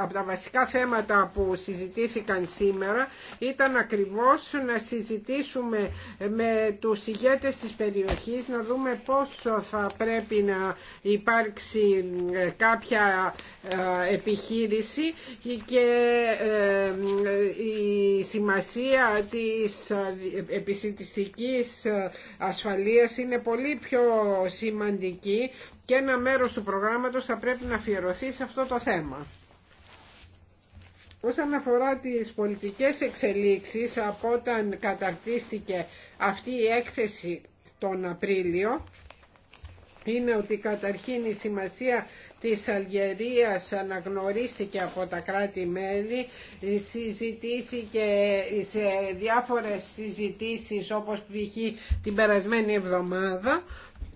από τα βασικά θέματα που συζητήθηκαν σήμερα ήταν ακριβώς να συζητήσουμε με τους ηγέτες της περιοχής να δούμε πόσο θα πρέπει να υπάρξει ε, κάποια ε, επιχείρηση και ε, η σημασία της ε, επιστημιστικής ασφαλείας είναι πολύ πιο σημαντική και ένα μέρος του προγράμματος θα πρέπει να αφιερωθεί σε αυτό το θέμα. Όσον αφορά τις πολιτικές εξελίξεις από όταν καταρτίστηκε αυτή η έκθεση τον Απρίλιο, είναι ότι καταρχήν η σημασία της Αλγερίας αναγνωρίστηκε από τα κράτη-μέλη, συζητήθηκε σε διάφορες συζητήσεις όπως π.χ. την περασμένη εβδομάδα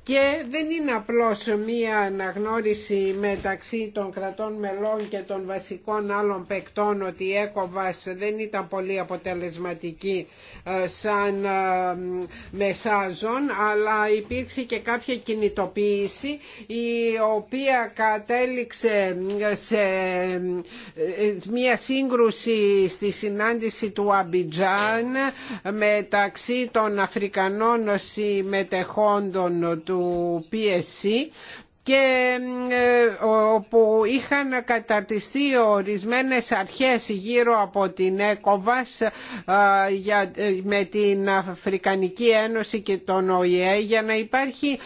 και δεν είναι απλώς μία αναγνώριση μεταξύ των κρατών μελών και των βασικών άλλων παικτών ότι η ΕΚΟΒΑΣ δεν ήταν πολύ αποτελεσματική ε, σαν ε, μεσάζων αλλά υπήρξε και κάποια κινητοποίηση η οποία κατέληξε ε, σε μία σύγκρουση στη συνάντηση του Αμπιτζάν μεταξύ των Αφρικανών συμμετεχόντων του του PSC και ε, όπου είχαν καταρτιστεί ορισμένες αρχές γύρω από την ΕΚΟΒΑΣ ε, ε, με την Αφρικανική Ένωση και τον ΟΗΕ για να υπάρχει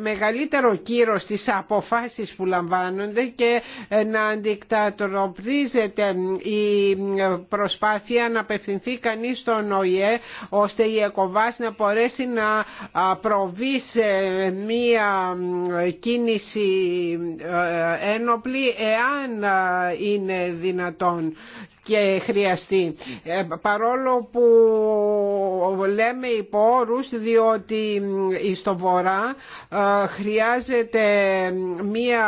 μεγαλύτερο κύρος στις αποφάσεις που λαμβάνονται και να αντικτατροπρίζεται η προσπάθεια να απευθυνθεί κανείς στον ΟΗΕ ώστε η ΕΚΟΒΑΣ να μπορέσει να προβεί σε μία κίνηση ε, ένοπλη εάν ε, είναι δυνατόν και χρειαστεί. Ε, παρόλο που λέμε υπόρους διότι στο βορρά ε, χρειάζεται μία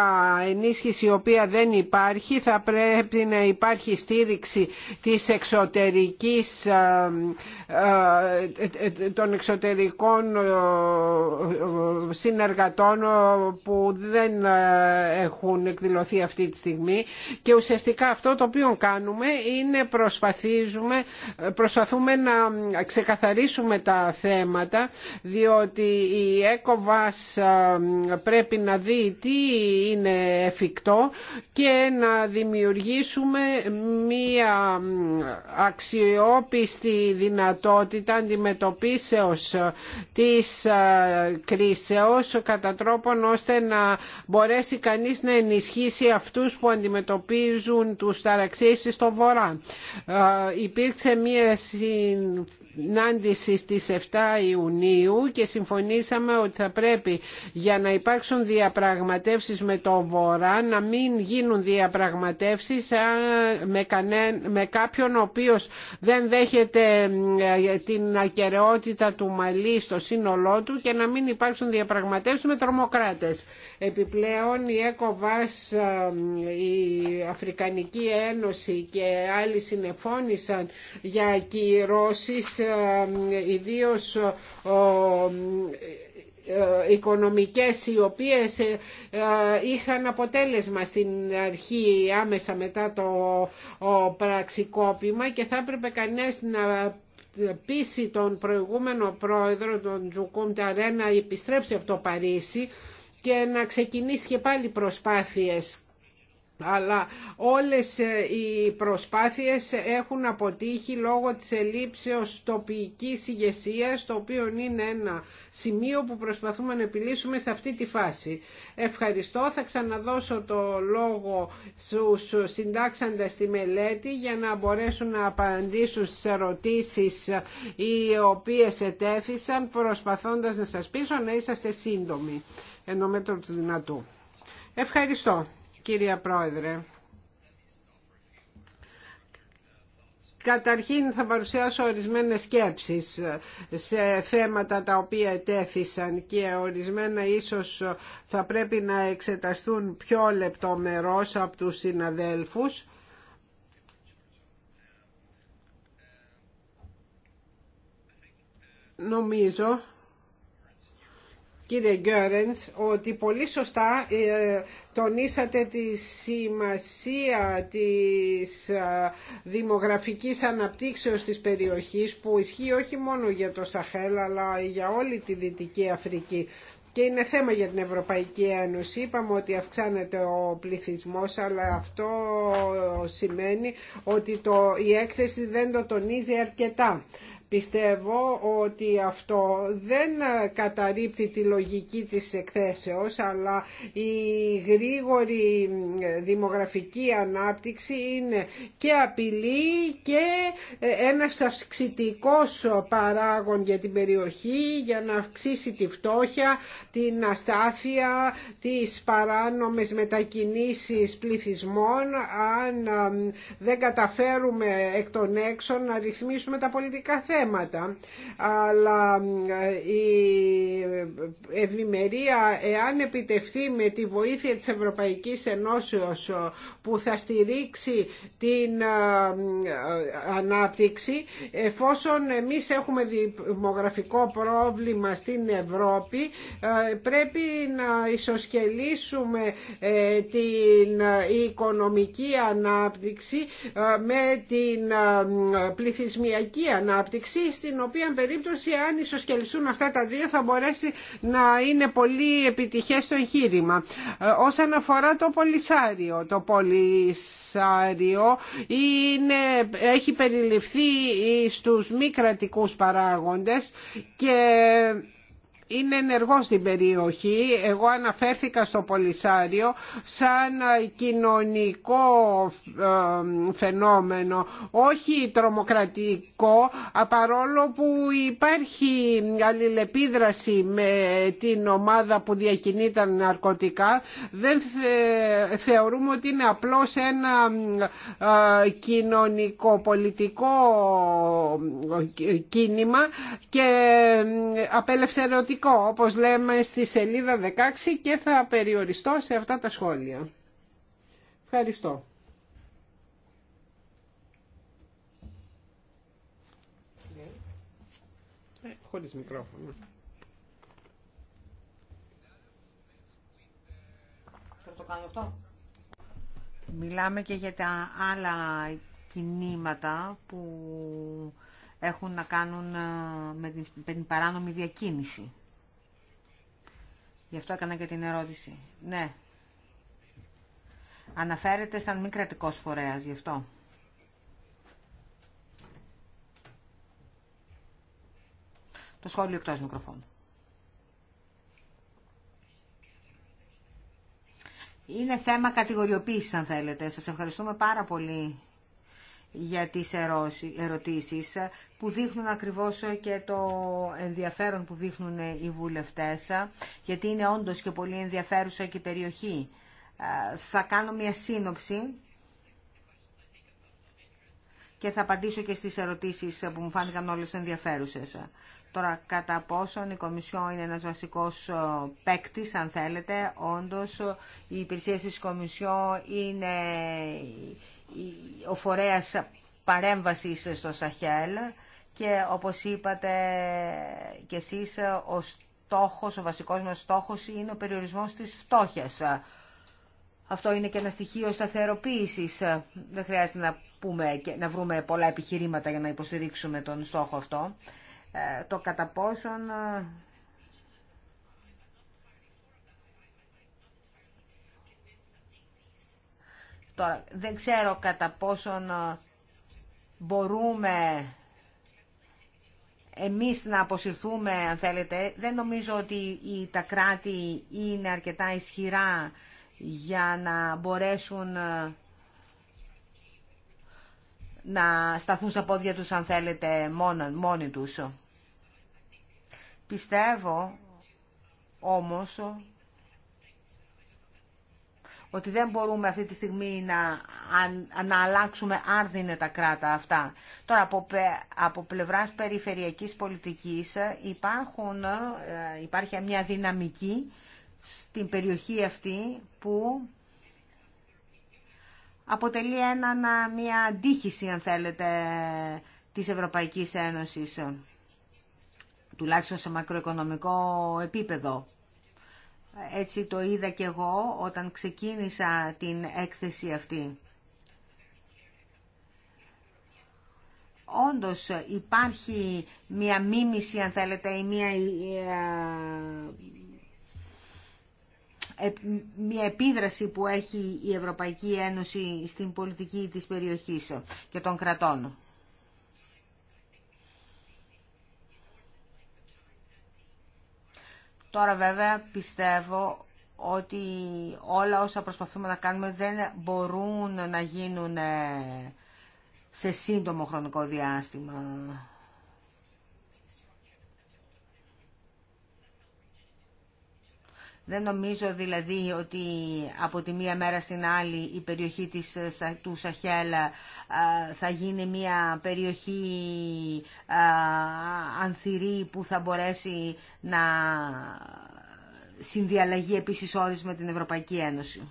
ενίσχυση η οποία δεν υπάρχει θα πρέπει να υπάρχει στήριξη της εξωτερικής ε, των εξωτερικών συνεργατών που δεν έχουν εκδηλωθεί αυτή τη στιγμή και ουσιαστικά αυτό το οποίο κάνουμε είναι προσπαθίζουμε, προσπαθούμε να ξεκαθαρίσουμε τα θέματα διότι η ΕΚΟΒΑΣ πρέπει να δει τι είναι εφικτό και να δημιουργήσουμε μία αξιόπιστη δυνατότητα αντιμετωπίσεως της κρίσεως κατά τρόπον ώστε να μπορέσει κανείς να ενισχύσει αυτούς που αντιμετωπίζουν τους ταραξίσεις στο βόρειο φορά. Ε, Υπήρξε μια συν, συνάντηση στις 7 Ιουνίου και συμφωνήσαμε ότι θα πρέπει για να υπάρξουν διαπραγματεύσεις με το Βορρά να μην γίνουν διαπραγματεύσεις με, κάποιον ο οποίος δεν δέχεται ε, την ακαιρεότητα του Μαλή στο σύνολό του και να μην υπάρξουν διαπραγματεύσεις με τρομοκράτες. Επιπλέον η ΕΚΟΒΑΣ, η Αφρικανική Ένωση και άλλοι συνεφώνησαν για ακυρώσεις ιδίως ε, οικονομικές οι οποίες ε, είχαν αποτέλεσμα στην αρχή άμεσα μετά το πραξικόπημα και θα έπρεπε κανένας να πείσει τον προηγούμενο πρόεδρο τον Τζουκούμ Ταρέ να επιστρέψει από το Παρίσι και να ξεκινήσει και πάλι προσπάθειες αλλά όλες ε, οι προσπάθειες έχουν αποτύχει λόγω της ελλείψεως τοπικής ηγεσία, το οποίο είναι ένα σημείο που προσπαθούμε να επιλύσουμε σε αυτή τη φάση. Ευχαριστώ, θα ξαναδώσω το λόγο στους συντάξαντες τη μελέτη για να μπορέσουν να απαντήσουν στις ερωτήσεις οι οποίες ετέθησαν προσπαθώντας να σας πείσω να είσαστε σύντομοι ενώ μέτρο του δυνατού. Ευχαριστώ κύριε Πρόεδρε. Καταρχήν θα παρουσιάσω ορισμένες σκέψεις σε θέματα τα οποία ετέθησαν και ορισμένα ίσως θα πρέπει να εξεταστούν πιο λεπτομερώς από τους συναδέλφους. Νομίζω κύριε Γκέρενς ότι πολύ σωστά ε, τονίσατε τη σημασία της ε, δημογραφικής αναπτύξεως της περιοχής που ισχύει όχι μόνο για το Σαχέλ αλλά για όλη τη Δυτική Αφρική και είναι θέμα για την Ευρωπαϊκή Ένωση. Είπαμε ότι αυξάνεται ο πληθυσμός, αλλά αυτό σημαίνει ότι το, η έκθεση δεν το τονίζει αρκετά. Πιστεύω ότι αυτό δεν καταρρύπτει τη λογική της εκθέσεως, αλλά η γρήγορη δημογραφική ανάπτυξη είναι και απειλή και ένας αυξητικός παράγων για την περιοχή για να αυξήσει τη φτώχεια, την αστάθεια, τις παράνομες μετακινήσεις πληθυσμών αν ε, δεν καταφέρουμε εκ των έξω να ρυθμίσουμε τα πολιτικά θέματα θέματα. Αλλά ε, η ευημερία, εάν επιτευχθεί με τη βοήθεια της Ευρωπαϊκής Ενώσεως ε, που θα στηρίξει την ε, ανάπτυξη, εφόσον εμείς έχουμε δημογραφικό πρόβλημα στην Ευρώπη, πρέπει να ισοσκελίσουμε την οικονομική ανάπτυξη με την πληθυσμιακή ανάπτυξη στην οποία περίπτωση αν ισοσκελιστούν αυτά τα δύο θα μπορέσει να είναι πολύ επιτυχές το εγχείρημα. Ε, όσον αφορά το πολυσάριο, το πολυσάριο είναι, έχει περιληφθεί στους μη κρατικούς παράγοντες και είναι ενεργό στην περιοχή. Εγώ αναφέρθηκα στο Πολυσάριο σαν κοινωνικό ε, φαινόμενο, όχι τρομοκρατικό, παρόλο που υπάρχει αλληλεπίδραση με την ομάδα που διακινεί τα ναρκωτικά. Δεν θεωρούμε ότι είναι απλώς ένα ε, κοινωνικό, πολιτικό ε, κίνημα και απελευθερωτικό Όπω όπως λέμε στη σελίδα 16 και θα περιοριστώ σε αυτά τα σχόλια. Ευχαριστώ. Ε, χωρίς μικρόφωνο. το κάνω αυτό. Μιλάμε και για τα άλλα κινήματα που έχουν να κάνουν ε, με την παράνομη διακίνηση. Γι' αυτό έκανα και την ερώτηση. Ναι. Αναφέρεται σαν μη κρατικό φορέα, γι' αυτό. Το σχόλιο εκτό μικροφώνου. Είναι θέμα κατηγοριοποίησης, αν θέλετε. Σας ευχαριστούμε πάρα πολύ για τις ερωτήσεις που δείχνουν ακριβώς και το ενδιαφέρον που δείχνουν οι βουλευτές γιατί είναι όντως και πολύ ενδιαφέρουσα και η περιοχή. Θα κάνω μια σύνοψη και θα απαντήσω και στις ερωτήσεις που μου φάνηκαν όλες ενδιαφέρουσες. Τώρα, κατά πόσον η Κομισιό είναι ένας βασικός παίκτη, αν θέλετε, όντως η υπηρεσία της Κομισιό είναι ο φορέας παρέμβασης στο Σαχέλ και όπως είπατε και εσείς ο στόχος, ο βασικός μας στόχος είναι ο περιορισμός της φτώχειας. Αυτό είναι και ένα στοιχείο σταθεροποίησης. Δεν χρειάζεται να, πούμε και να βρούμε πολλά επιχειρήματα για να υποστηρίξουμε τον στόχο αυτό. Ε, το κατά πόσον Τώρα, δεν ξέρω κατά πόσον ε, μπορούμε εμείς να αποσυρθούμε, αν θέλετε. Δεν νομίζω ότι τα κράτη είναι αρκετά ισχυρά για να μπορέσουν ε, να σταθούν στα πόδια τους, αν θέλετε, μόνοι τους. Πιστεύω όμως ότι δεν μπορούμε αυτή τη στιγμή να, να αλλάξουμε άρδινε τα κράτα αυτά. Τώρα, από, από πλευράς περιφερειακής πολιτικής ε, υπάρχουν, ε, υπάρχει μια δυναμική στην περιοχή αυτή που αποτελεί ένα, μια αντίχηση, αν θέλετε, της Ευρωπαϊκής Ένωσης, ε, τουλάχιστον σε μακροοικονομικό επίπεδο. Έτσι το είδα και εγώ όταν ξεκίνησα την έκθεση αυτή. Όντως υπάρχει μία μίμηση, αν θέλετε, ή μία ε, ε, μια επίδραση που έχει η Ευρωπαϊκή Ένωση στην πολιτική της περιοχής και των κρατών. Τώρα βέβαια πιστεύω ότι όλα όσα προσπαθούμε να κάνουμε δεν μπορούν να γίνουν ε, σε σύντομο χρονικό διάστημα. Δεν νομίζω δηλαδή ότι από τη μία μέρα στην άλλη η περιοχή της, του Σαχέλ θα γίνει μια περιοχή ανθυρή που θα μπορέσει να συνδιαλλαγεί επίσης όρις με την Ευρωπαϊκή Ένωση.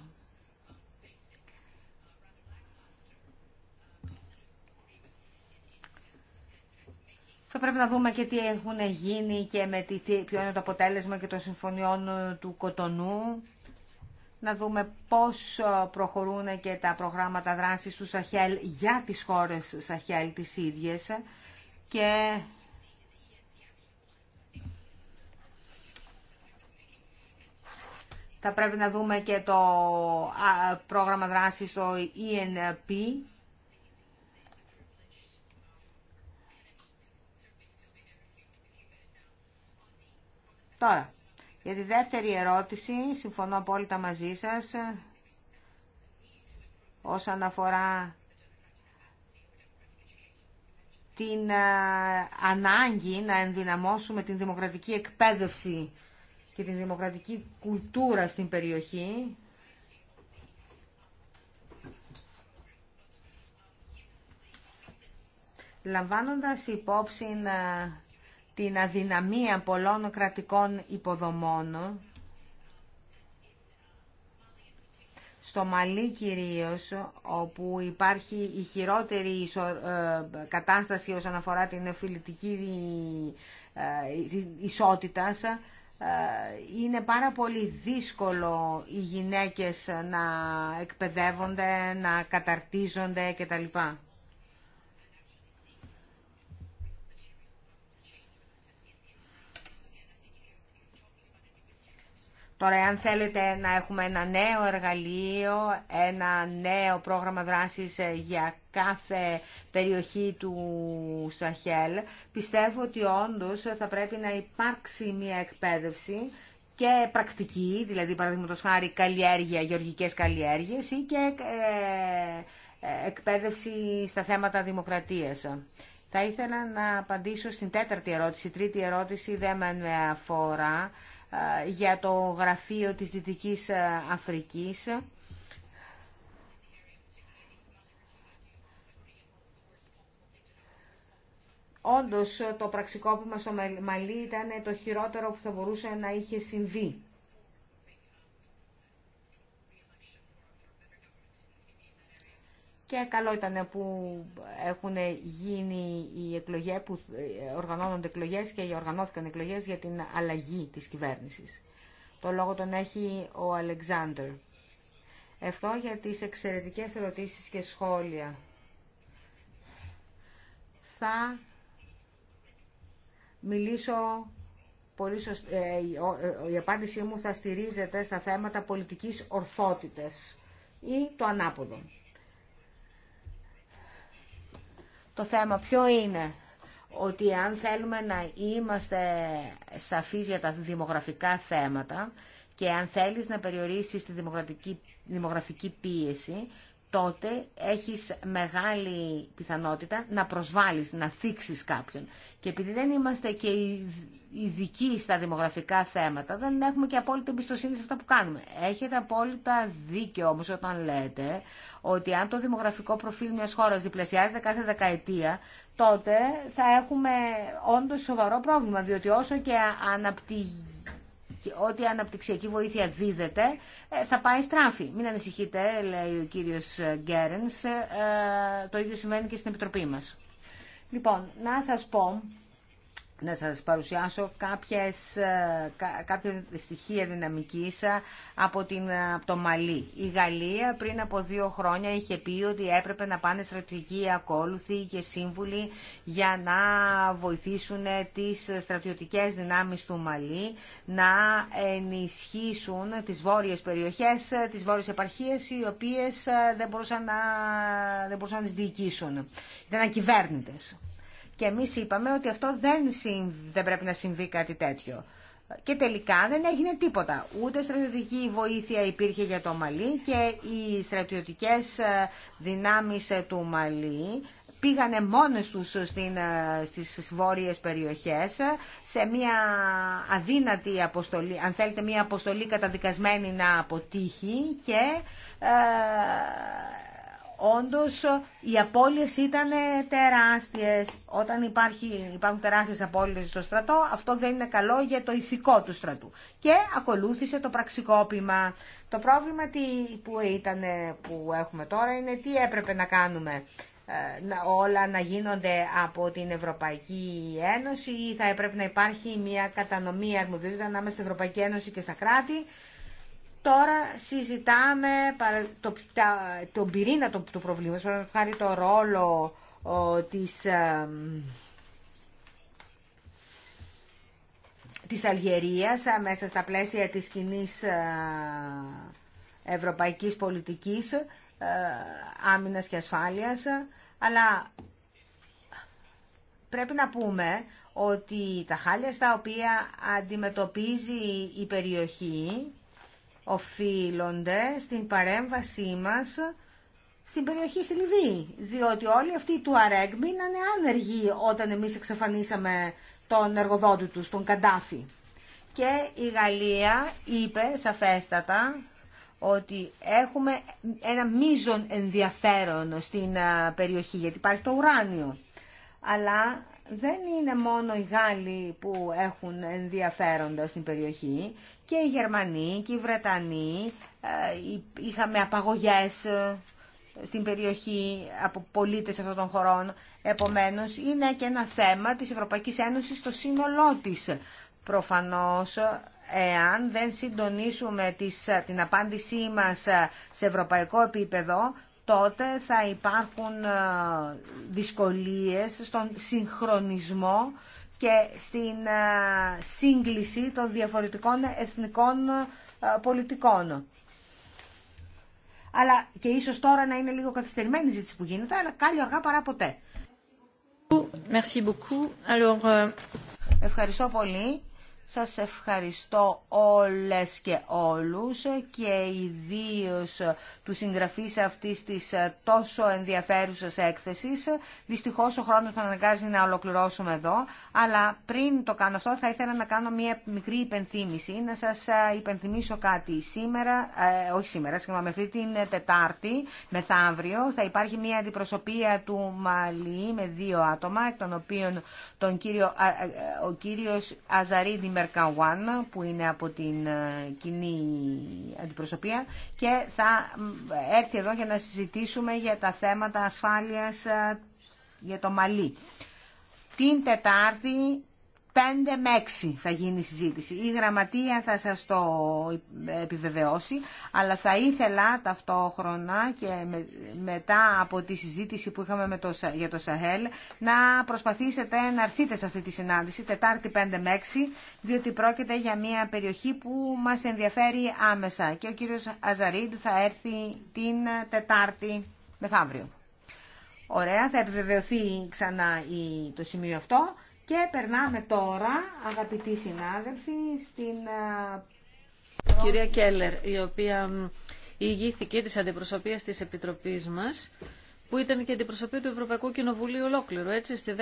Θα πρέπει να δούμε και τι έχουν γίνει και με τι, ποιο είναι το αποτέλεσμα και των συμφωνιών ε, του Κοτονού. Να δούμε πώς ε, προχωρούν και τα προγράμματα δράσης του Σαχέλ για τις χώρες Σαχέλ τις ίδιες. Και θα πρέπει να δούμε και το πρόγραμμα δράσης του ENP Τώρα, για τη δεύτερη ερώτηση, συμφωνώ απόλυτα μαζί σας, όσον αφορά την ε, ανάγκη να ενδυναμώσουμε την δημοκρατική εκπαίδευση και την δημοκρατική κουλτούρα στην περιοχή. Λαμβάνοντας υπόψη ε, την αδυναμία πολλών κρατικών υποδομών στο Μαλί κυρίως, όπου υπάρχει η χειρότερη ε, κατάσταση όσον αφορά την φιλητική ε, ισότητα, ε, είναι πάρα πολύ δύσκολο οι γυναίκες να εκπαιδεύονται, να καταρτίζονται κτλ. Τώρα, αν θέλετε να έχουμε ένα νέο εργαλείο, ένα νέο πρόγραμμα δράσης ε, για κάθε περιοχή του Σαχέλ, πιστεύω ότι όντως θα πρέπει να υπάρξει μια εκπαίδευση και πρακτική, δηλαδή παραδείγματο χάρη καλλιέργεια, γεωργικές καλλιέργειες ή και ε, ε, εκπαίδευση στα θέματα δημοκρατίας. Θα ήθελα να απαντήσω στην τέταρτη ερώτηση. Η τρίτη ερώτηση δεν με αφορά για το γραφείο της Δυτικής ε, Αφρικής. Όντως το πραξικόπημα στο Μαλί ήταν το χειρότερο που θα μπορούσε να είχε συμβεί. και καλό ήταν που έχουν γίνει οι εκλογές, που ε, οργανώνονται εκλογές και οργανώθηκαν εκλογές για την αλλαγή της κυβέρνησης. Το λόγο τον έχει ο Αλεξάνδρ. Ευτό για τις εξαιρετικές ερωτήσεις και σχόλια. Θα μιλήσω πολύ ε, ε, η απάντησή μου θα στηρίζεται στα θέματα πολιτικής ορθότητας ή το ανάποδο. Το θέμα ποιο είναι ότι αν θέλουμε να είμαστε σαφείς για τα δημογραφικά θέματα και αν θέλεις να περιορίσεις τη δημογραφική πίεση, τότε έχεις μεγάλη πιθανότητα να προσβάλλεις, να θίξεις κάποιον. Και επειδή δεν είμαστε και ειδικοί στα δημογραφικά θέματα, δεν έχουμε και απόλυτη εμπιστοσύνη σε αυτά που κάνουμε. Έχετε απόλυτα δίκιο όμως όταν λέτε ότι αν το δημογραφικό προφίλ μιας χώρας διπλασιάζεται κάθε δεκαετία, τότε θα έχουμε όντως σοβαρό πρόβλημα, διότι όσο και αναπτυγεί ό,τι αναπτυξιακή βοήθεια δίδεται ε, θα πάει στράφη. Μην ανησυχείτε, λέει ο κύριος Γκέρενς, ε, ε, το ίδιο σημαίνει και στην Επιτροπή μας. Λοιπόν, να σας πω να σας παρουσιάσω κάποιες, ε, κάποια στοιχεία δυναμικής ε, από, την, ε, από το Μαλί. Η Γαλλία πριν από δύο χρόνια είχε πει ότι έπρεπε να πάνε στρατηγικοί ακόλουθοι και σύμβουλοι για να βοηθήσουν τις στρατιωτικές δυνάμεις του Μαλί να ενισχύσουν τις βόρειες περιοχές, τις βόρειες επαρχίες οι οποίες δεν μπορούσαν να, δεν μπορούσαν να τις διοικήσουν. Ήταν ακυβέρνητες. Και εμεί είπαμε ότι αυτό δεν, δεν πρέπει να συμβεί κάτι τέτοιο. Και τελικά δεν έγινε τίποτα. Ούτε στρατιωτική βοήθεια υπήρχε για το Μαλί και οι στρατιωτικές ε, δυνάμεις ε, του Μαλί πήγανε μόνες τους στην, ε, στις βόρειες περιοχές σε μια αδύνατη αποστολή, αν θέλετε μια αποστολή καταδικασμένη να αποτύχει και όντως οι απώλειες ήταν τεράστιες. Όταν υπάρχει, υπάρχουν τεράστιες απώλειες στο στρατό, αυτό δεν είναι καλό για το ηθικό του στρατού. Και ακολούθησε το πραξικόπημα. Το πρόβλημα τι, που, ήταν, που έχουμε τώρα είναι τι έπρεπε να κάνουμε. Ε, όλα να γίνονται από την Ευρωπαϊκή Ένωση ή θα έπρεπε να υπάρχει μια κατανομή αρμοδιότητα ανάμεσα στην Ευρωπαϊκή Ένωση και στα κράτη Τώρα συζητάμε το, τον πυρήνα του, το προβλήματος, χάρη το ρόλο ο, της, της Αλγερίας ε, μέσα στα πλαίσια της κοινή ε, ευρωπαϊκής πολιτικής α, ε, άμυνας και ασφάλειας, αλλά πρέπει να πούμε ότι τα χάλια στα οποία αντιμετωπίζει η περιοχή οφείλονται στην παρέμβασή μας στην περιοχή στη Λιβύη, διότι όλοι αυτοί του να είναι άνεργοι όταν εμείς εξαφανίσαμε τον εργοδότη τους, τον Καντάφη. Και η Γαλλία είπε σαφέστατα ότι έχουμε ένα μείζον ενδιαφέρον στην περιοχή, γιατί υπάρχει το ουράνιο. Αλλά δεν είναι μόνο οι Γάλλοι που έχουν ενδιαφέροντα στην περιοχή και οι Γερμανοί και οι Βρετανοί ε, είχαμε απαγωγές ε, στην περιοχή από πολίτες αυτών των χωρών. Επομένως, είναι και ένα θέμα της Ευρωπαϊκής Ένωσης στο σύνολό της. Προφανώς, εάν δεν συντονίσουμε την απάντησή μας σε ευρωπαϊκό επίπεδο, τότε θα υπάρχουν ε, δυσκολίες στον συγχρονισμό και στην ε, σύγκληση των διαφορετικών εθνικών ε, πολιτικών. Αλλά και ίσως τώρα να είναι λίγο καθυστερημένη η ζήτηση που γίνεται, αλλά κάλλιο αργά παρά ποτέ. Euh, Ευχαριστώ πολύ. Σας ευχαριστώ όλες και όλους και ιδίω του συγγραφείς αυτής της τόσο ενδιαφέρουσας έκθεσης. Δυστυχώς ο χρόνος θα αναγκάζει να ολοκληρώσουμε εδώ, αλλά πριν το κάνω αυτό θα ήθελα να κάνω μια μικρή υπενθύμηση, να σας υπενθυμίσω κάτι. Σήμερα, ε, όχι σήμερα, σχεδόν με αυτή την Τετάρτη, μεθαύριο, θα υπάρχει μια αντιπροσωπεία του Μαλή με δύο άτομα, εκ των οποίων τον κύριο, ε, ε, ο κύριος Αζαρίδη που είναι από την ε, κοινή αντιπροσωπεία και θα έρθει εδώ για να συζητήσουμε για τα θέματα ασφάλειας ε, για το Μαλί. Την Τετάρτη 5 με 6 θα γίνει η συζήτηση. Η γραμματεία θα σας το επιβεβαιώσει, αλλά θα ήθελα ταυτόχρονα και μετά από τη συζήτηση που είχαμε με το, για το ΣΑΧΕΛ να προσπαθήσετε να έρθετε σε αυτή τη συνάντηση, Τετάρτη 5 με 6, διότι πρόκειται για μια περιοχή που μας ενδιαφέρει άμεσα και ο κύριος Αζαρίντ θα έρθει την Τετάρτη μεθαύριο. Ωραία, θα επιβεβαιωθεί ξανά το σημείο αυτό. Και περνάμε τώρα, αγαπητοί συνάδελφοι, στην... Ε, Κυρία Κέλλερ, η οποία ηγήθηκε της αντιπροσωπείας της Επιτροπής μας, που ήταν και αντιπροσωπεία του Ευρωπαϊκού Κοινοβουλίου ολόκληρου, έτσι, στη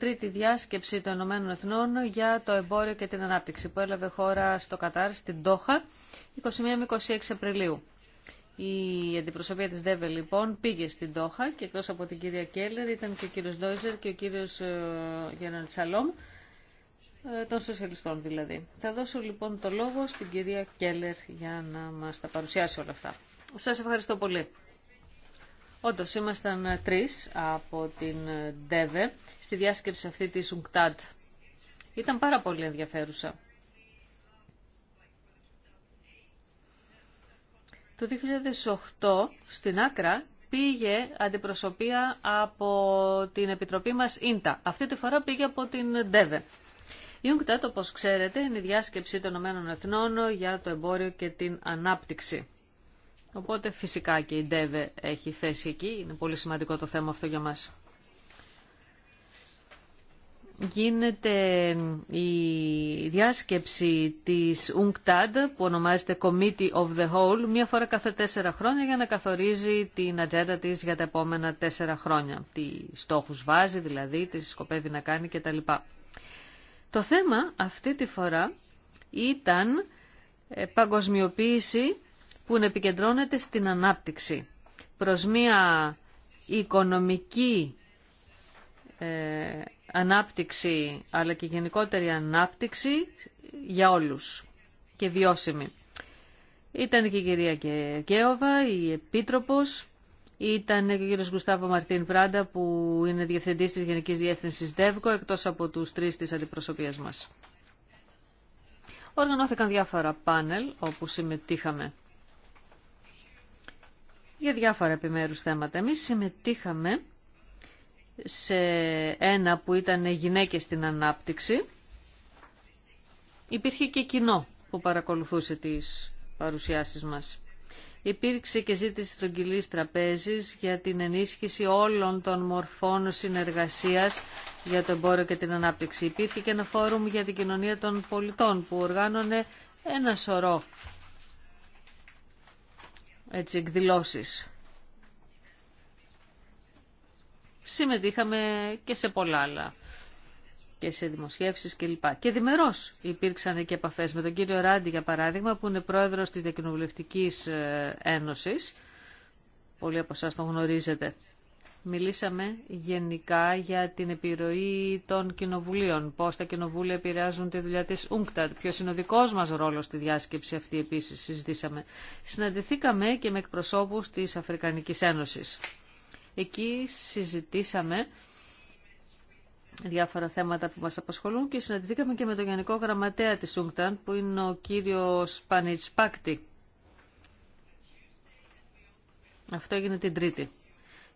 13η διάσκεψη των Ηνωμένων Εθνών για το εμπόριο και την ανάπτυξη, που έλαβε χώρα στο Κατάρ, στην Τόχα, 21 26 Απριλίου. Η αντιπροσωπεία της ΔΕΒΕ λοιπόν πήγε στην Τόχα και εκτός από την κυρία Κέλλερ ήταν και ο κύριος Ντόιζερ και ο κύριος ε, Γιάνναν Σαλόμ ε, των σοσιαλιστών δηλαδή. Θα δώσω λοιπόν το λόγο στην κυρία Κέλλερ για να μας τα παρουσιάσει όλα αυτά. Σας ευχαριστώ πολύ. Όντω ήμασταν τρεις από την ΔΕΒΕ στη διάσκεψη αυτή τη Ουγκτάντ. Ήταν πάρα πολύ ενδιαφέρουσα. Το 2008 στην Άκρα πήγε αντιπροσωπεία από την Επιτροπή μας ΙΝΤΑ. Αυτή τη φορά πήγε από την ΔΕΒΕ. Η ΟΚΤΑΤ, όπως ξέρετε, είναι η διάσκεψη των Ηνωμένων Εθνών για το εμπόριο και την ανάπτυξη. Οπότε φυσικά και η ΔΕΒΕ έχει θέση εκεί. Είναι πολύ σημαντικό το θέμα αυτό για μας γίνεται η διάσκεψη της UNCTAD που ονομάζεται Committee of the Whole μία φορά κάθε τέσσερα χρόνια για να καθορίζει την ατζέντα της για τα επόμενα τέσσερα χρόνια. Τι στόχους βάζει δηλαδή, τι σκοπεύει να κάνει κτλ. Το θέμα αυτή τη φορά ήταν ε, παγκοσμιοποίηση που επικεντρώνεται στην ανάπτυξη προς μία οικονομική ε, ανάπτυξη αλλά και γενικότερη ανάπτυξη για όλους και βιώσιμη. Ήταν και η κυρία Κέοβα, η Επίτροπος, ήταν και ο κύριος Γκουστάβο Μαρτίν Πράντα που είναι Διευθυντής της Γενικής Διεύθυνσης ΔΕΒΚΟ εκτός από τους τρεις της αντιπροσωπείας μας. Οργανώθηκαν διάφορα πάνελ όπου συμμετείχαμε για διάφορα επιμέρους θέματα. Εμείς συμμετείχαμε σε ένα που ήταν γυναίκες στην ανάπτυξη, υπήρχε και κοινό που παρακολουθούσε τις παρουσιάσεις μας. Υπήρξε και ζήτηση κοιλής τραπέζης για την ενίσχυση όλων των μορφών συνεργασίας για το εμπόριο και την ανάπτυξη. Υπήρχε και ένα φόρουμ για την κοινωνία των πολιτών που οργάνωνε ένα σωρό έτσι, εκδηλώσεις. συμμετείχαμε και σε πολλά άλλα και σε δημοσιεύσεις κλπ. Και διμερώς υπήρξαν και επαφές με τον κύριο Ράντι για παράδειγμα που είναι πρόεδρος της Διακοινοβουλευτικής ε, Ένωσης. Πολλοί από εσά τον γνωρίζετε. Μιλήσαμε γενικά για την επιρροή των κοινοβουλίων, πώς τα κοινοβούλια επηρεάζουν τη δουλειά της UNCTAD, ποιος είναι ο δικός μας ρόλος στη διάσκεψη αυτή επίσης συζητήσαμε. Συναντηθήκαμε και με εκπροσώπους της Αφρικανικής Ένωσης. Εκεί συζητήσαμε διάφορα θέματα που μας απασχολούν και συναντηθήκαμε και με τον Γενικό Γραμματέα της Ούγκταν που είναι ο κύριος Πανιτσπάκτη. Αυτό έγινε την Τρίτη.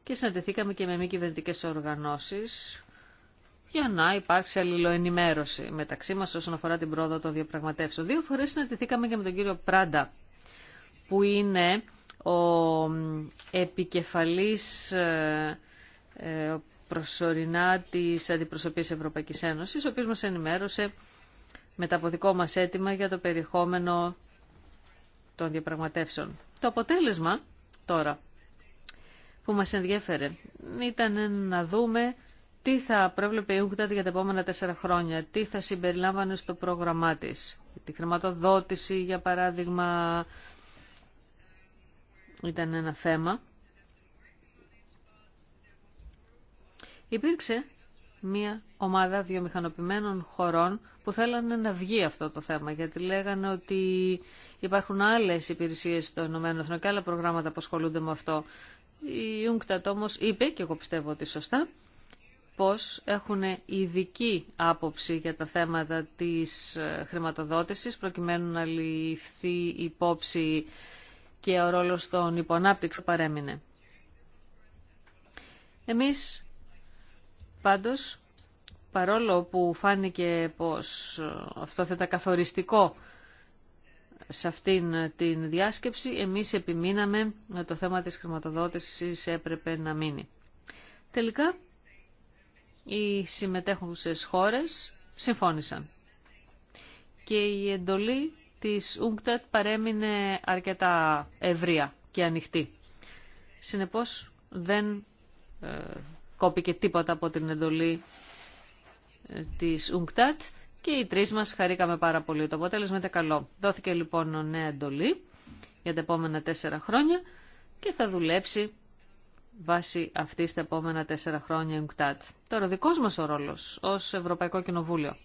Και συναντηθήκαμε και με μη κυβερνητικέ οργανώσεις για να υπάρξει αλληλοενημέρωση μεταξύ μας όσον αφορά την πρόοδο των διαπραγματεύσεων. Δύο φορές συναντηθήκαμε και με τον κύριο Πράντα που είναι ο επικεφαλής ε, ε, προσωρινά της Αντιπροσωπής Ευρωπαϊκής Ένωσης, ο οποίος μας ενημέρωσε με τα δικό μας αίτημα για το περιεχόμενο των διαπραγματεύσεων. Το αποτέλεσμα τώρα που μας ενδιέφερε ήταν να δούμε τι θα πρόβλεπε η UNCTAD για τα επόμενα τέσσερα χρόνια, τι θα συμπεριλάμβανε στο πρόγραμμά της. Τη χρηματοδότηση, για παράδειγμα, ήταν ένα θέμα. Υπήρξε μία ομάδα βιομηχανοποιημένων χωρών που θέλανε να βγει αυτό το θέμα, γιατί λέγανε ότι υπάρχουν άλλες υπηρεσίες στο ΕΕ και άλλα προγράμματα που ασχολούνται με αυτό. Η UNCTAD όμως είπε, και εγώ πιστεύω ότι σωστά, πως έχουν ειδική άποψη για τα θέματα της ε, χρηματοδότησης, προκειμένου να ληφθεί υπόψη και ο ρόλος των υπονάπτυξων παρέμεινε. Εμείς πάντως, παρόλο που φάνηκε πως ε, αυτό θα ήταν καθοριστικό σε αυτήν την διάσκεψη, εμείς επιμείναμε ότι το θέμα της χρηματοδότησης έπρεπε να μείνει. Τελικά, οι συμμετέχουσες χώρες συμφώνησαν και η εντολή της UNCTAD παρέμεινε αρκετά ευρεία και ανοιχτή. Συνεπώς δεν ε, κόπηκε τίποτα από την εντολή ε, της UNCTAD και οι τρεις μας χαρήκαμε πάρα πολύ. Το αποτέλεσμα ήταν καλό. Δόθηκε λοιπόν νέα εντολή για τα επόμενα τέσσερα χρόνια και θα δουλέψει βάσει αυτή τα επόμενα τέσσερα χρόνια UNCTAD. Τώρα δικός μας ο ρόλος ως Ευρωπαϊκό Κοινοβούλιο.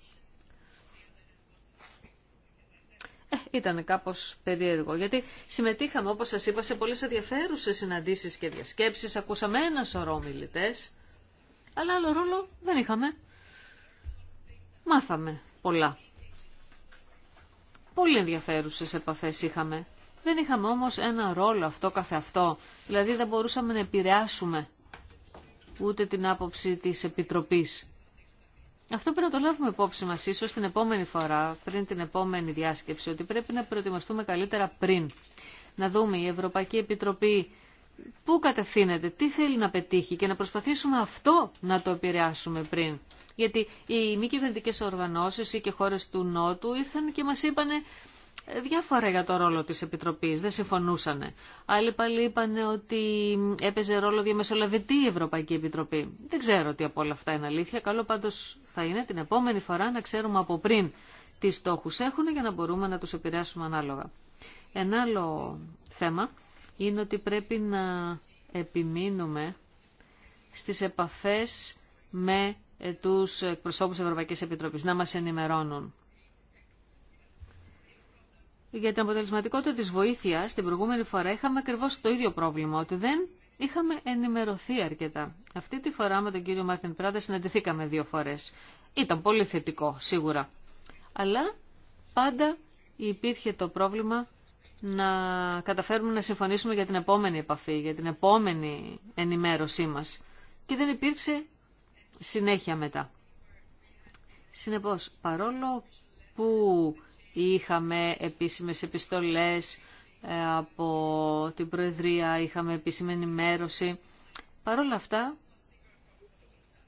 ήταν κάπως περίεργο, γιατί συμμετείχαμε, όπως σας είπα, σε πολλές ενδιαφέρουσες συναντήσεις και διασκέψεις, ακούσαμε ένα σωρό μιλητές, αλλά άλλο ρόλο δεν είχαμε. Μάθαμε πολλά. Πολύ ενδιαφέρουσες επαφές είχαμε. Δεν είχαμε όμως ένα ρόλο αυτό καθεαυτό, δηλαδή δεν μπορούσαμε να επηρεάσουμε ούτε την άποψη της Επιτροπής. Αυτό πρέπει να το λάβουμε υπόψη μας ίσως την επόμενη φορά, πριν την επόμενη διάσκεψη, ότι πρέπει να προετοιμαστούμε καλύτερα πριν. Να δούμε η Ευρωπαϊκή Επιτροπή πού κατευθύνεται, τι θέλει να πετύχει και να προσπαθήσουμε αυτό να το επηρεάσουμε πριν. Γιατί οι μη κυβερνητικέ οργανώσεις ή και χώρες του Νότου ήρθαν και μας είπανε διάφορα για το ρόλο της Επιτροπής, δεν συμφωνούσαν. Άλλοι πάλι είπαν ότι έπαιζε ρόλο διαμεσολαβητή η Ευρωπαϊκή Επιτροπή. Δεν ξέρω τι από όλα αυτά είναι αλήθεια, καλό πάντως θα είναι την επόμενη φορά να ξέρουμε από πριν τι στόχους έχουν για να μπορούμε να τους επηρεάσουμε ανάλογα. Ένα άλλο θέμα είναι ότι πρέπει να επιμείνουμε στις επαφές με τους εκπροσώπους Ευρωπαϊκής Επιτροπής, να μας ενημερώνουν για την αποτελεσματικότητα της βοήθειας την προηγούμενη φορά είχαμε ακριβώς το ίδιο πρόβλημα, ότι δεν είχαμε ενημερωθεί αρκετά. Αυτή τη φορά με τον κύριο Μάρτιν Πράτα συναντηθήκαμε δύο φορές. Ήταν πολύ θετικό, σίγουρα. Αλλά πάντα υπήρχε το πρόβλημα να καταφέρουμε να συμφωνήσουμε για την επόμενη επαφή, για την επόμενη ενημέρωσή μας. Και δεν υπήρξε συνέχεια μετά. Συνεπώς, παρόλο που είχαμε επίσημες επιστολές ε, από την Προεδρία, είχαμε επίσημη ενημέρωση. Παρ' όλα αυτά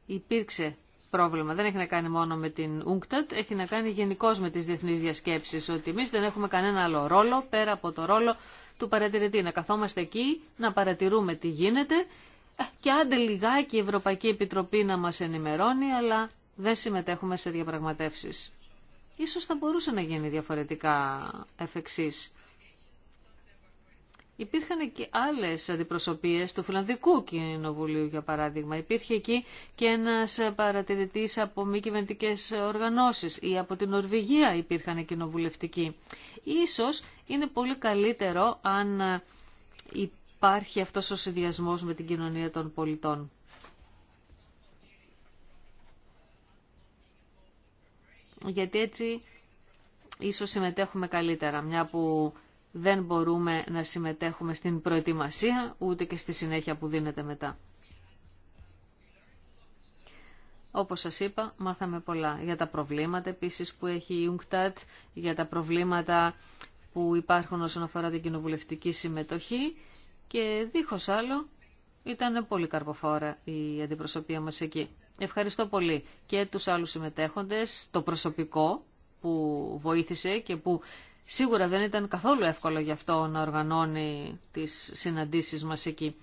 υπήρξε πρόβλημα. Δεν έχει να κάνει μόνο με την UNCTAD, έχει να κάνει γενικώ με τις διεθνείς διασκέψεις, ότι εμείς δεν έχουμε κανένα άλλο ρόλο πέρα από το ρόλο του παρατηρητή. Να καθόμαστε εκεί, να παρατηρούμε τι γίνεται ε, και άντε λιγάκι η Ευρωπαϊκή Επιτροπή να μας ενημερώνει, αλλά δεν συμμετέχουμε σε διαπραγματεύσεις. Ίσως θα μπορούσε να γίνει διαφορετικά εφ' Υπήρχαν και άλλες αντιπροσωπείες του Φιλανδικού Κοινοβουλίου, για παράδειγμα. Υπήρχε εκεί και ένας παρατηρητής από μη κυβερνητικέ οργανώσεις ή από την Νορβηγία υπήρχαν κοινοβουλευτικοί. Ίσως είναι πολύ καλύτερο αν υπάρχει αυτός ο συνδυασμός με την κοινωνία των πολιτών. γιατί έτσι ίσως συμμετέχουμε καλύτερα, μια που δεν μπορούμε να συμμετέχουμε στην προετοιμασία, ούτε και στη συνέχεια που δίνεται μετά. Όπως σας είπα, μάθαμε πολλά για τα προβλήματα επίσης που έχει η UNCTAD, για τα προβλήματα που υπάρχουν όσον αφορά την κοινοβουλευτική συμμετοχή και δίχως άλλο ήταν πολύ καρποφόρα η αντιπροσωπεία μας εκεί. Ευχαριστώ πολύ και τους άλλους συμμετέχοντες, το προσωπικό που βοήθησε και που σίγουρα δεν ήταν καθόλου εύκολο γι' αυτό να οργανώνει τις συναντήσεις μας εκεί.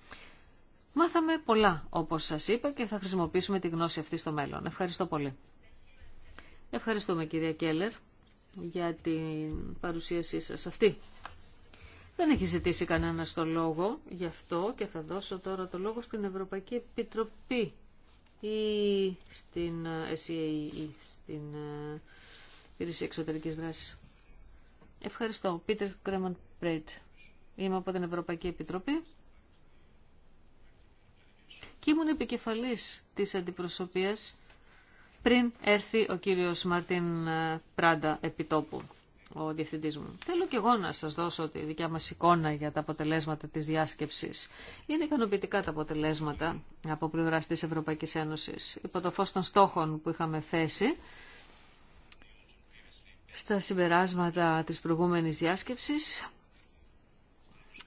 Μάθαμε πολλά, όπως σας είπα, και θα χρησιμοποιήσουμε τη γνώση αυτή στο μέλλον. Ευχαριστώ πολύ. Ευχαριστούμε κυρία Κέλλερ για την παρουσίασή σας αυτή. Δεν έχει ζητήσει κανένα το λόγο γι' αυτό και θα δώσω τώρα το λόγο στην Ευρωπαϊκή Επιτροπή ή στην SEAE, ε, ε, στην ε, Υπηρεσία Εξωτερική δράση. Ευχαριστώ. Πίτερ Κρέμαν Πρέιτ. Είμαι από την Ευρωπαϊκή Επιτροπή και ήμουν επικεφαλής της αντιπροσωπείας πριν έρθει ο κύριος Μαρτίν Πράντα επιτόπου ο μου. Θέλω και εγώ να σα δώσω τη δικιά μα εικόνα για τα αποτελέσματα τη διάσκεψης. Είναι ικανοποιητικά τα αποτελέσματα από πλευρά τη Ευρωπαϊκή Ένωση, Υπό το φω των στόχων που είχαμε θέσει, στα συμπεράσματα τη προηγούμενη διάσκεψης,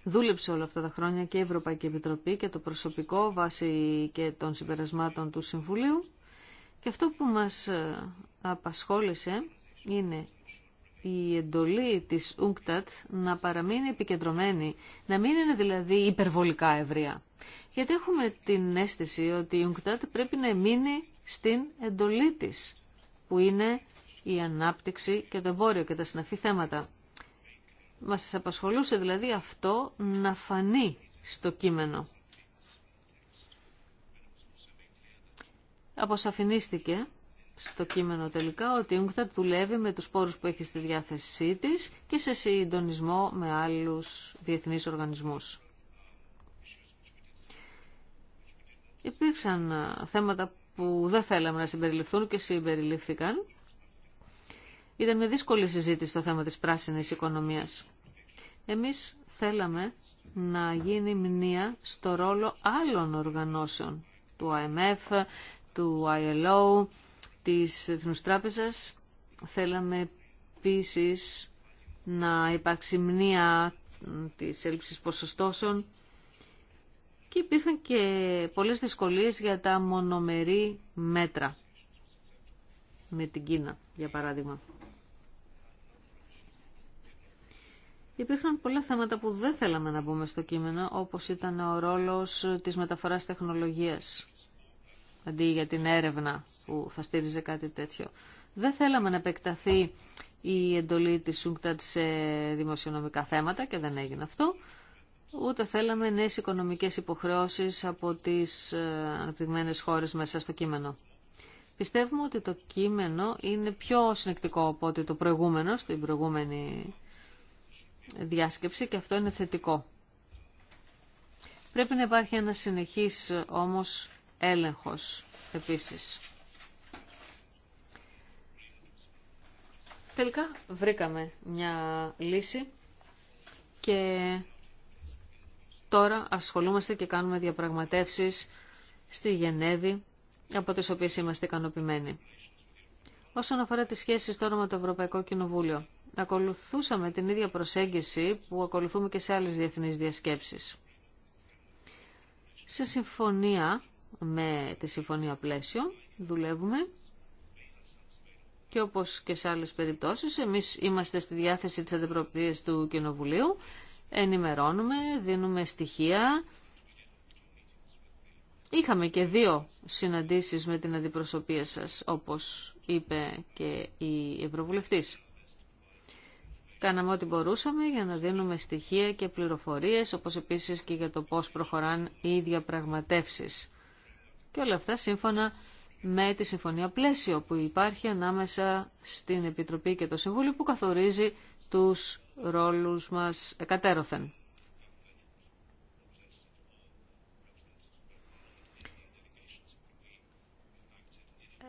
δούλεψε όλα αυτά τα χρόνια και η Ευρωπαϊκή Επιτροπή και το προσωπικό βάσει και των συμπερασμάτων του Συμβουλίου. Και αυτό που μας ε, απασχόλησε είναι η εντολή της UNCTAD να παραμείνει επικεντρωμένη, να μην είναι δηλαδή υπερβολικά ευρεία. Γιατί έχουμε την αίσθηση ότι η UNCTAD πρέπει να μείνει στην εντολή της, που είναι η ανάπτυξη και το εμπόριο και τα συναφή θέματα. Μας απασχολούσε δηλαδή αυτό να φανεί στο κείμενο. Αποσαφηνίστηκε στο κείμενο τελικά ότι η UNCTAD δουλεύει με τους πόρους που έχει στη διάθεσή της και σε συντονισμό με άλλους διεθνείς οργανισμούς. Υπήρξαν θέματα που δεν θέλαμε να συμπεριληφθούν και συμπεριλήφθηκαν. Ήταν μια δύσκολη συζήτηση στο θέμα της πράσινης οικονομίας. Εμείς θέλαμε να γίνει μνήα στο ρόλο άλλων οργανώσεων, του IMF, του ILO, της Εθνούς Τράπεζας. Θέλαμε επίσης να υπάρξει μνήα της έλλειψης ποσοστώσεων και υπήρχαν και πολλές δυσκολίες για τα μονομερή μέτρα με την Κίνα, για παράδειγμα. Υπήρχαν πολλά θέματα που δεν θέλαμε να μπούμε στο κείμενο, όπως ήταν ο ρόλος της μεταφοράς τεχνολογίας, αντί για την έρευνα που θα στήριζε κάτι τέτοιο. Δεν θέλαμε να επεκταθεί η εντολή της Σούγκτατ σε δημοσιονομικά θέματα και δεν έγινε αυτό. Ούτε θέλαμε νέες οικονομικές υποχρεώσεις από τις ε, αναπτυγμένες χώρες μέσα στο κείμενο. Πιστεύουμε ότι το κείμενο είναι πιο συνεκτικό από ότι το προηγούμενο, στην προηγούμενη διάσκεψη και αυτό είναι θετικό. Πρέπει να υπάρχει ένα συνεχής όμως έλεγχος επίσης. Τελικά βρήκαμε μια λύση και τώρα ασχολούμαστε και κάνουμε διαπραγματεύσεις στη Γενέβη, από τις οποίες είμαστε ικανοποιημένοι. Όσον αφορά τις σχέσεις τώρα με το Ευρωπαϊκό Κοινοβούλιο, ακολουθούσαμε την ίδια προσέγγιση που ακολουθούμε και σε άλλες διεθνείς διασκέψεις. Σε συμφωνία με τη Συμφωνία Πλαίσιο δουλεύουμε και όπως και σε άλλες περιπτώσεις εμείς είμαστε στη διάθεση της αντιπροπίας του Κοινοβουλίου, ενημερώνουμε, δίνουμε στοιχεία. Είχαμε και δύο συναντήσεις με την αντιπροσωπεία σας, όπως είπε και η Ευρωβουλευτής. Κάναμε ό,τι μπορούσαμε για να δίνουμε στοιχεία και πληροφορίες, όπως επίσης και για το πώς προχωράν οι διαπραγματεύσεις. Και όλα αυτά σύμφωνα με τη συμφωνία πλαίσιο που υπάρχει ανάμεσα στην Επιτροπή και το Συμβούλιο που καθορίζει τους ρόλους μας εκατέρωθεν.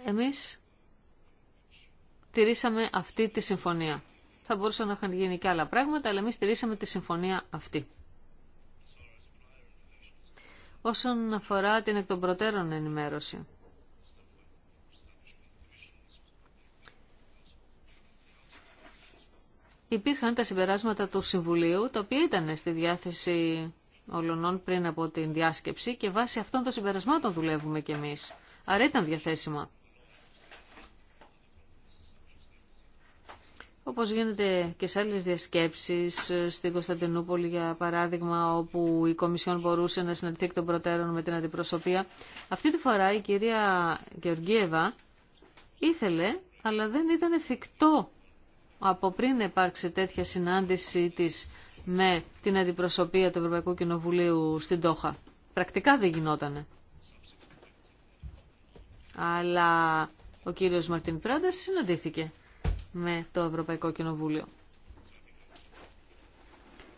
Εμείς τηρήσαμε αυτή τη συμφωνία. Θα μπορούσαν να είχαν γίνει και άλλα πράγματα, αλλά εμείς τηρήσαμε τη συμφωνία αυτή. Όσον αφορά την εκ των προτέρων ενημέρωση. υπήρχαν τα συμπεράσματα του Συμβουλίου, τα οποία ήταν στη διάθεση ολονών πριν από την διάσκεψη και βάσει αυτών των συμπερασμάτων δουλεύουμε κι εμείς. Άρα ήταν διαθέσιμα. όπως γίνεται και σε άλλες διασκέψεις στην Κωνσταντινούπολη για παράδειγμα όπου η Κομισιόν μπορούσε να συναντηθεί εκ των προτέρων με την αντιπροσωπεία. Αυτή τη φορά η κυρία Γεωργίεβα ήθελε αλλά δεν ήταν εφικτό από πριν υπάρξει τέτοια συνάντηση της με την αντιπροσωπεία του Ευρωπαϊκού Κοινοβουλίου στην Τόχα. Πρακτικά δεν γινότανε. Αλλά ο κύριος Μαρτίν Πράντα συναντήθηκε με το Ευρωπαϊκό Κοινοβούλιο.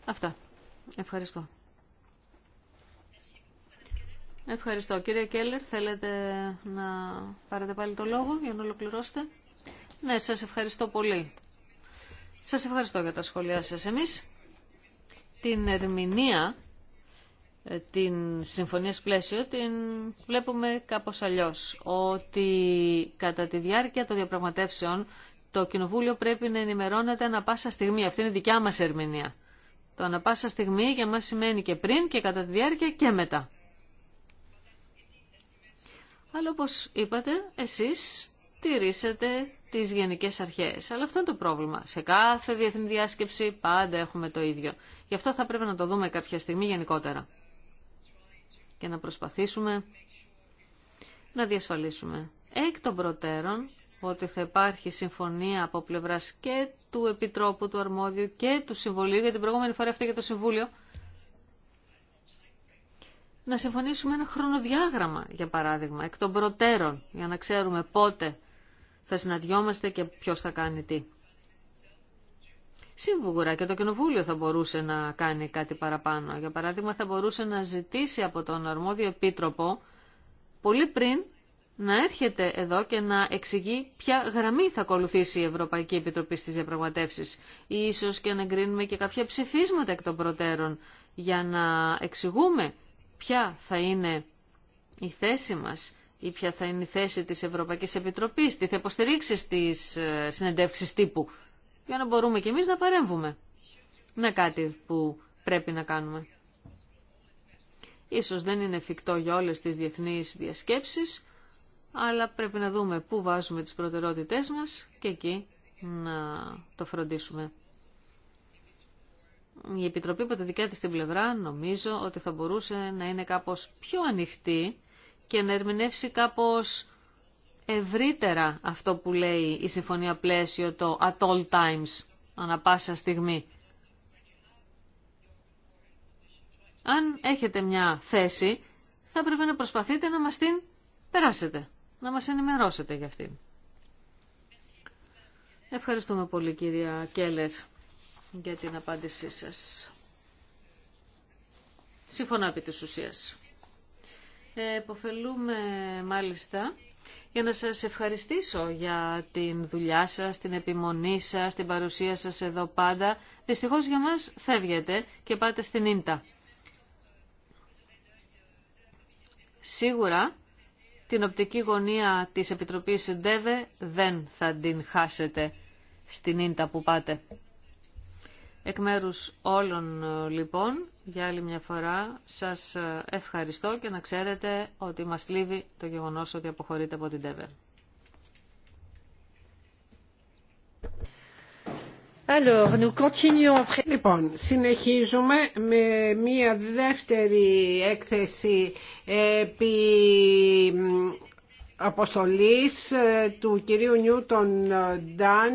Αυτά. Ευχαριστώ. Ευχαριστώ. Κύριε Κέλλερ, θέλετε να πάρετε πάλι το λόγο για να ολοκληρώσετε. Ναι, σας ευχαριστώ πολύ. Σας ευχαριστώ για τα σχόλιά σας. Εμείς την ερμηνεία ε, την συμφωνία πλαίσιο την βλέπουμε κάπως αλλιώς. Ότι κατά τη διάρκεια των διαπραγματεύσεων το Κοινοβούλιο πρέπει να ενημερώνεται ανα πάσα στιγμή. Αυτή είναι η δικιά μας ερμηνεία. Το ανα πάσα στιγμή για μας σημαίνει και πριν και κατά τη διάρκεια και μετά. Αλλά όπως είπατε, εσείς τηρήσετε τις γενικές αρχές. Αλλά αυτό είναι το πρόβλημα. Σε κάθε διεθνή διάσκεψη πάντα έχουμε το ίδιο. Γι' αυτό θα πρέπει να το δούμε κάποια στιγμή γενικότερα. Και να προσπαθήσουμε να διασφαλίσουμε εκ των προτέρων ότι θα υπάρχει συμφωνία από πλευράς και του Επιτρόπου του Αρμόδιου και του Συμβουλίου, γιατί την προηγούμενη φορά αυτή για το Συμβούλιο, να συμφωνήσουμε ένα χρονοδιάγραμμα, για παράδειγμα, εκ των προτέρων, για να ξέρουμε πότε θα συναντιόμαστε και ποιος θα κάνει τι. Σίγουρα και το Κοινοβούλιο θα μπορούσε να κάνει κάτι παραπάνω. Για παράδειγμα θα μπορούσε να ζητήσει από τον αρμόδιο επίτροπο πολύ πριν να έρχεται εδώ και να εξηγεί ποια γραμμή θα ακολουθήσει η Ευρωπαϊκή Επιτροπή στις διαπραγματεύσεις. Ίσως και να εγκρίνουμε και κάποια ψηφίσματα εκ των προτέρων για να εξηγούμε ποια θα είναι η θέση μας ή ποια θα είναι η θέση της Ευρωπαϊκής Επιτροπής, τι θα υποστηρίξει στις ε, συνεντεύξεις τύπου, για να μπορούμε κι εμείς να παρέμβουμε. Είναι κάτι που πρέπει να κάνουμε. Ίσως δεν είναι εφικτό για όλες τις διεθνείς διασκέψεις, αλλά πρέπει να δούμε πού βάζουμε τις προτεραιότητές μας και εκεί να το φροντίσουμε. Η Επιτροπή από τη δικιά της την πλευρά νομίζω ότι θα μπορούσε να είναι κάπως πιο ανοιχτή και να ερμηνεύσει κάπως ευρύτερα αυτό που λέει η Συμφωνία Πλαίσιο, το at all times, ανα πάσα στιγμή. Αν έχετε μια θέση, θα πρέπει να προσπαθείτε να μας την περάσετε, να μας ενημερώσετε για αυτήν. Ευχαριστούμε πολύ κυρία Κέλλερ για την απάντησή σας. Σύμφωνα επί της Εποφελούμε μάλιστα για να σας ευχαριστήσω για την δουλειά σας, την επιμονή σας, την παρουσία σας εδώ πάντα. Δυστυχώς για μας φεύγετε και πάτε στην Ίντα. Σίγουρα την οπτική γωνία της Επιτροπής ΔΕΒΕ δεν θα την χάσετε στην Ίντα που πάτε. Εκ μέρους όλων λοιπόν για άλλη μια φορά σας ευχαριστώ και να ξέρετε ότι μας λύβει το γεγονός ότι αποχωρείτε από την ΤΕΒΕ. Λοιπόν, συνεχίζουμε με μία δεύτερη έκθεση επί αποστολής ε, του κυρίου Νιούτον ε, Ντάν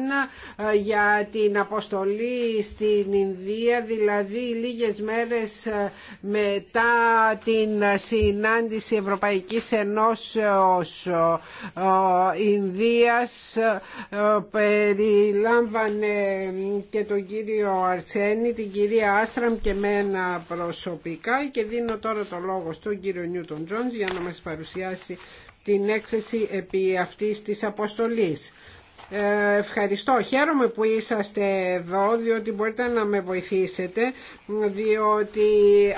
ε, για την αποστολή στην Ινδία, δηλαδή λίγες μέρες μετά την συνάντηση Ευρωπαϊκής Ενώσεως Ινδίας περιλάμβανε και τον κύριο Αρσένη, την κυρία Άστραμ και μένα προσωπικά και δίνω τώρα το λόγο στον κύριο Νιούτον Τζοντζ για να μας παρουσιάσει την έκθεση επί αυτής της αποστολής. Ε, ευχαριστώ. Χαίρομαι που είσαστε εδώ διότι μπορείτε να με βοηθήσετε διότι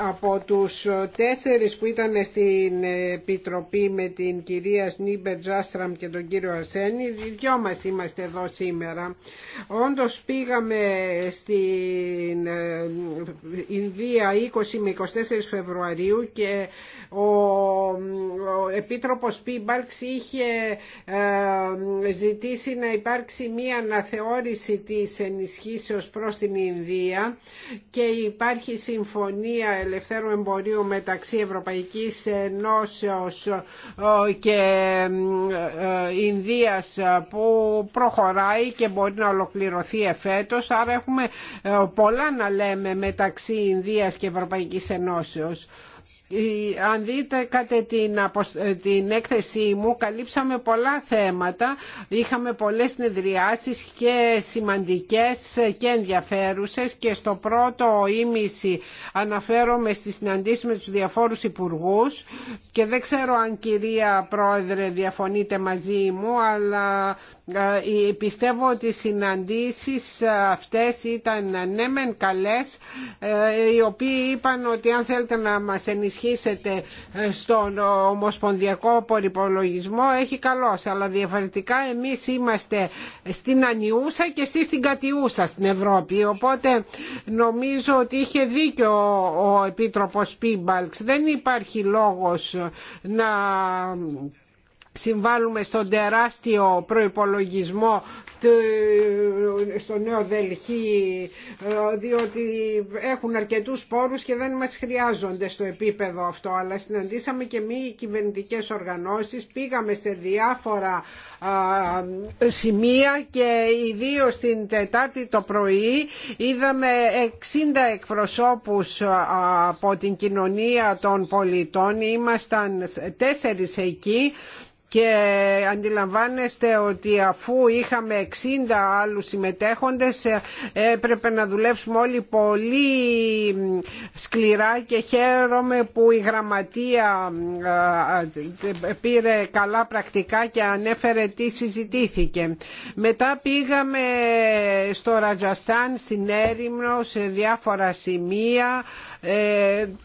από τους τέσσερις που ήταν στην Επιτροπή με την κυρία Σνίμπερ Τζάστραμ και τον κύριο Αρσένη δυο μας είμαστε εδώ σήμερα. Όντως πήγαμε στην ε, Ινδία 20 με 24 Φεβρουαρίου και ο, ο Επίτροπος Πίμπαλξ είχε ε, ζητήσει να υπάρξει μία αναθεώρηση της ενισχύσεως προς την Ινδία και υπάρχει συμφωνία ελευθέρου εμπορίου μεταξύ Ευρωπαϊκής Ενώσεως ε, και ε, Ινδίας ε, που προχωράει και μπορεί να ολοκληρωθεί εφέτος. Άρα έχουμε πολλά να λέμε μεταξύ Ινδίας και Ευρωπαϊκής Ενώσεως. Ε, αν δείτε κατά ε, την, έκθεσή μου καλύψαμε πολλά θέματα είχαμε πολλές συνεδριάσεις και σημαντικές και ενδιαφέρουσες και στο πρώτο ήμιση αναφέρομαι στις συναντήσεις με τους διαφόρους υπουργούς και δεν ξέρω αν κυρία Πρόεδρε διαφωνείτε μαζί μου αλλά ε, πιστεύω ότι οι συναντήσεις ε, αυτές ήταν ε, ναι μεν καλές οι οποίοι είπαν ότι αν θέλετε να μας ενισχύσετε στον ομοσπονδιακό πορυπολογισμό έχει καλός αλλά διαφορετικά εμείς είμαστε στην Ανιούσα και εσείς στην Κατιούσα στην Ευρώπη οπότε νομίζω ότι είχε δίκιο ο Επίτροπος Πίμπαλξ δεν υπάρχει λόγος να συμβάλλουμε στον τεράστιο προϋπολογισμό στο Νέο Δελχή διότι έχουν αρκετούς πόρους και δεν μας χρειάζονται στο επίπεδο αυτό αλλά συναντήσαμε και μη κυβερνητικές οργανώσεις πήγαμε σε διάφορα σημεία και ιδίω την Τετάρτη το πρωί είδαμε 60 εκπροσώπους από την κοινωνία των πολιτών ήμασταν τέσσερις εκεί και αντιλαμβάνεστε ότι αφού είχαμε 60 άλλους συμμετέχοντες ε, έπρεπε να δουλέψουμε όλοι πολύ σκληρά και χαίρομαι που η γραμματεία ε, ε, πήρε καλά πρακτικά και ανέφερε τι συζητήθηκε. Μετά πήγαμε στο Ρατζαστάν, στην Έρημνο, σε διάφορα σημεία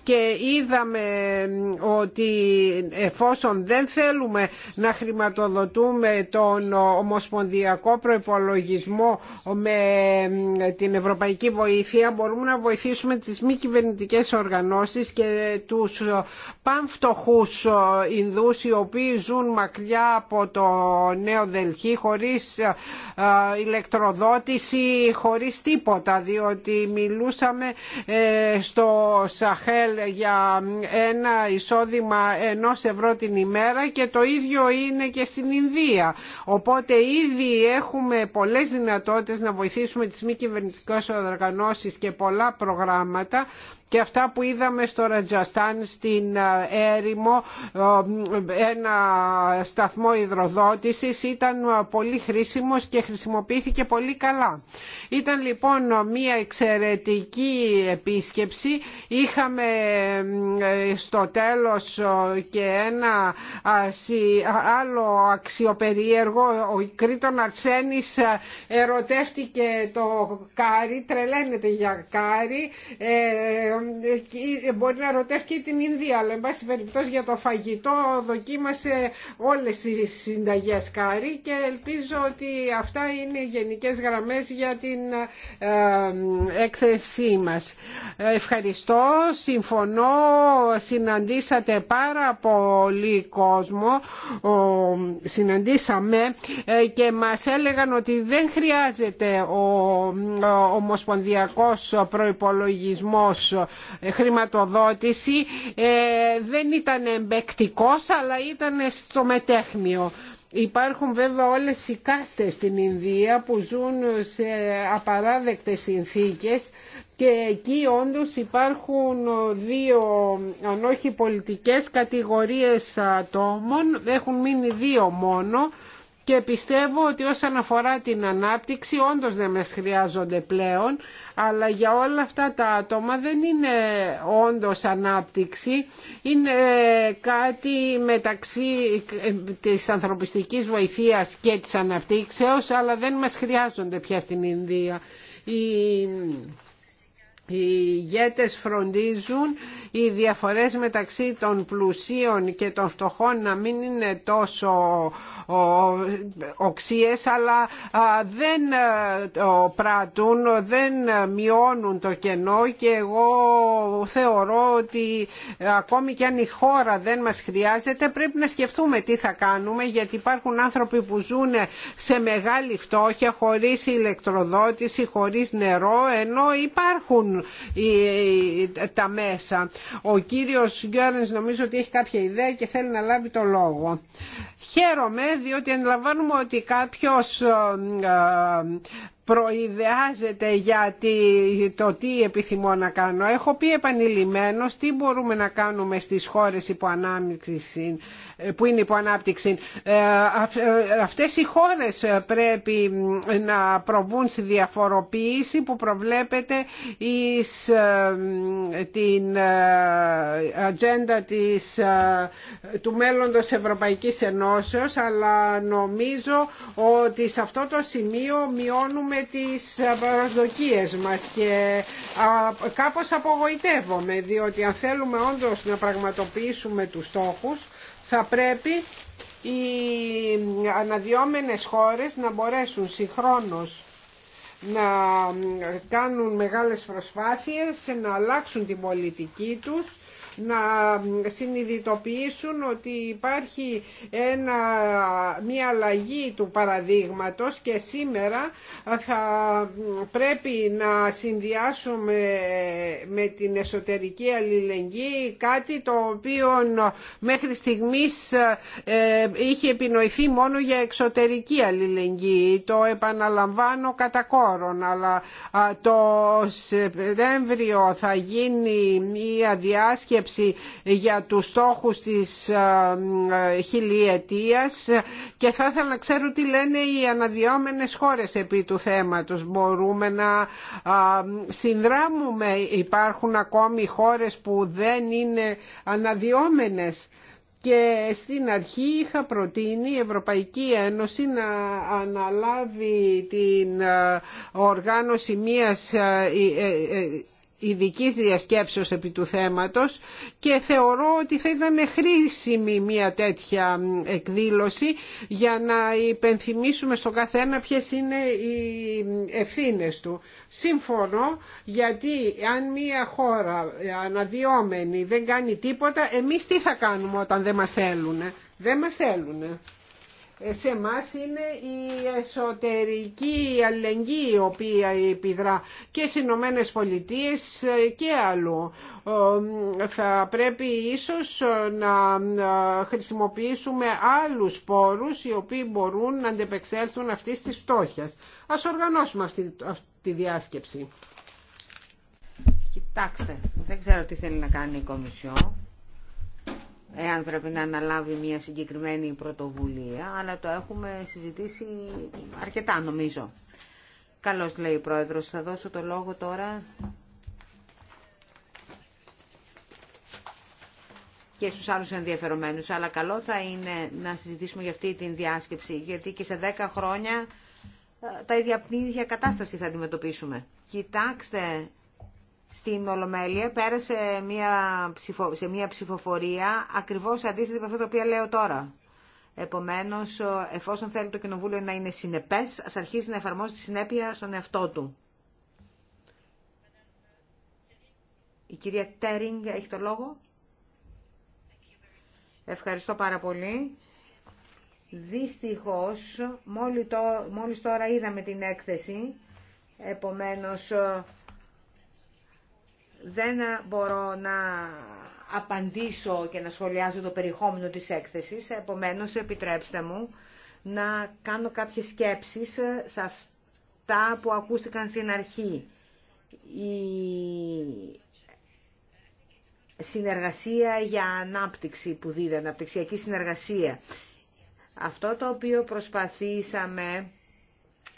και είδαμε ότι εφόσον δεν θέλουμε να χρηματοδοτούμε τον ομοσπονδιακό προπολογισμό με την ευρωπαϊκή βοήθεια μπορούμε να βοηθήσουμε τις μη κυβερνητικέ οργανώσεις και τους πανφτωχούς Ινδούς οι οποίοι ζουν μακριά από το Νέο Δελχή χωρίς ε, ηλεκτροδότηση, χωρίς τίποτα διότι μιλούσαμε ε, στο Σαχέλ για ένα εισόδημα ενός ευρώ την ημέρα και το ίδιο ο είναι και στην Ινδία. Οπότε ήδη έχουμε πολλές δυνατότητες να βοηθήσουμε τις μη κυβερνητικές οργανώσεις και πολλά προγράμματα και αυτά που είδαμε στο Ρατζαστάν στην ε, έρημο ε, ένα σταθμό υδροδότησης ήταν ε, πολύ χρήσιμος και χρησιμοποιήθηκε πολύ καλά. Ήταν λοιπόν μια εξαιρετική επίσκεψη. Είχαμε στο τέλος και ένα άλλο αξιοπερίεργο. Ο Κρήτον Αρσένης ερωτεύτηκε το κάρι, τρελαίνεται για κάρι, μπορεί να ρωτεύει και την Ινδία, αλλά εν πάση περιπτώσει για το φαγητό δοκίμασε όλες τις συνταγές κάρι και ελπίζω ότι αυτά είναι οι γενικές γραμμές για την ε, έκθεσή μας. Ε, ευχαριστώ, συμφωνώ, συναντήσατε πάρα πολύ κόσμο, συναντήσαμε ε, και μας έλεγαν ότι δεν χρειάζεται ο ομοσπονδιακός προϋπολογισμός χρηματοδότηση ε, δεν ήταν εμπεκτικός αλλά ήταν στο μετέχνιο. Υπάρχουν βέβαια όλες οι κάστες στην Ινδία που ζουν σε απαράδεκτες συνθήκες και εκεί όντως υπάρχουν δύο, αν όχι πολιτικές, κατηγορίες ατόμων. Έχουν μείνει δύο μόνο και πιστεύω ότι όσον αφορά την ανάπτυξη όντως δεν μας χρειάζονται πλέον αλλά για όλα αυτά τα άτομα δεν είναι όντως ανάπτυξη είναι κάτι μεταξύ ε, της ανθρωπιστικής βοηθείας και της αναπτύξεως αλλά δεν μας χρειάζονται πια στην Ινδία οι ηγέτες φροντίζουν οι διαφορές μεταξύ των πλουσίων και των φτωχών να μην είναι τόσο οξίες αλλά δεν ε, το πράττουν, δεν μειώνουν το κενό και εγώ θεωρώ ότι ακόμη και αν η χώρα δεν μας χρειάζεται πρέπει να σκεφτούμε τι θα κάνουμε γιατί υπάρχουν άνθρωποι που ζουν σε μεγάλη φτώχεια χωρίς ηλεκτροδότηση, χωρίς νερό ενώ υπάρχουν τα μέσα. Ο κύριος Γιάννης νομίζω ότι έχει κάποια ιδέα και θέλει να λάβει το λόγο. Χαίρομαι διότι αντιλαμβάνουμε ότι κάποιος ε, ε, προειδεάζεται για το τι επιθυμώ να κάνω. Έχω πει επανειλημμένως τι μπορούμε να κάνουμε στις χώρες που είναι υποανάπτυξη. Ε, ε, αυτές οι χώρες πρέπει να προβούν στη διαφοροποίηση που προβλέπεται εις ε, την ατζέντα της, του μέλλοντος Ευρωπαϊκής Ενώσεως αλλά νομίζω ότι σε αυτό το σημείο μειώνουμε με τις προσδοκίες μας και κάπως απογοητεύομαι διότι αν θέλουμε όντως να πραγματοποιήσουμε τους στόχους θα πρέπει οι αναδιόμενες χώρες να μπορέσουν συγχρόνως να κάνουν μεγάλες προσπάθειες να αλλάξουν την πολιτική τους να συνειδητοποιήσουν ότι υπάρχει ένα, μια αλλαγή του παραδείγματος και σήμερα θα πρέπει να συνδυάσουμε με την εσωτερική αλληλεγγύη κάτι το οποίο μέχρι στιγμής ε, είχε επινοηθεί μόνο για εξωτερική αλληλεγγύη. Το επαναλαμβάνω κατά κόρον, αλλά το Σεπτέμβριο θα γίνει μια διάσκεψη για τους στόχους της ε, ε, χιλιετίας και θα ήθελα να ξέρω τι λένε οι αναδυόμενες χώρες επί του θέματος. Μπορούμε να συνδράμουμε, υπάρχουν ακόμη χώρες που δεν είναι αναδιόμενες και στην αρχή είχα προτείνει η Ευρωπαϊκή Ένωση να αναλάβει την ε, οργάνωση μιας ειδική διασκέψεως επί του θέματος και θεωρώ ότι θα ήταν χρήσιμη μια τέτοια εκδήλωση για να υπενθυμίσουμε στον καθένα ποιες είναι οι ευθύνες του. Σύμφωνο γιατί αν μια χώρα αναδυόμενη δεν κάνει τίποτα εμείς τι θα κάνουμε όταν δεν μας θέλουν. Δεν μας θέλουν. Ε, σε εμά είναι η εσωτερική αλληλεγγύη η οποία επιδρά και στι Ηνωμένε Πολιτείε ε, και αλλού. Ε, θα πρέπει ίσως να χρησιμοποιήσουμε άλλους πόρους οι οποίοι μπορούν να αντεπεξέλθουν αυτής της φτώχειας. Ας οργανώσουμε αυτή, αυτή τη διάσκεψη. Κοιτάξτε, δεν ξέρω τι θέλει να κάνει η Κομισιόν εάν πρέπει να αναλάβει μια συγκεκριμένη πρωτοβουλία, αλλά το έχουμε συζητήσει αρκετά νομίζω. Καλώς λέει η Πρόεδρος. Θα δώσω το λόγο τώρα και στους άλλους ενδιαφερομένους, αλλά καλό θα είναι να συζητήσουμε για αυτή την διάσκεψη, γιατί και σε 10 χρόνια ε, τα ίδια, ίδια κατάσταση θα αντιμετωπίσουμε. Κοιτάξτε στην Ολομέλεια πέρασε μια σε μια ψηφοφορία ακριβώς αντίθετη με αυτό το οποίο λέω τώρα. Επομένως, εφόσον θέλει το Κοινοβούλιο να είναι συνεπές, ας αρχίσει να εφαρμόζει τη συνέπεια στον εαυτό του. Η κυρία Τέρινγκ έχει το λόγο. Ευχαριστώ πάρα πολύ. Δυστυχώς, μόλις, μόλις τώρα είδαμε την έκθεση, επομένως δεν μπορώ να απαντήσω και να σχολιάζω το περιεχόμενο της έκθεσης, επομένως επιτρέψτε μου να κάνω κάποιες σκέψεις σε αυτά που ακούστηκαν στην αρχή. Η συνεργασία για ανάπτυξη που δίδει, αναπτυξιακή συνεργασία. Αυτό το οποίο προσπαθήσαμε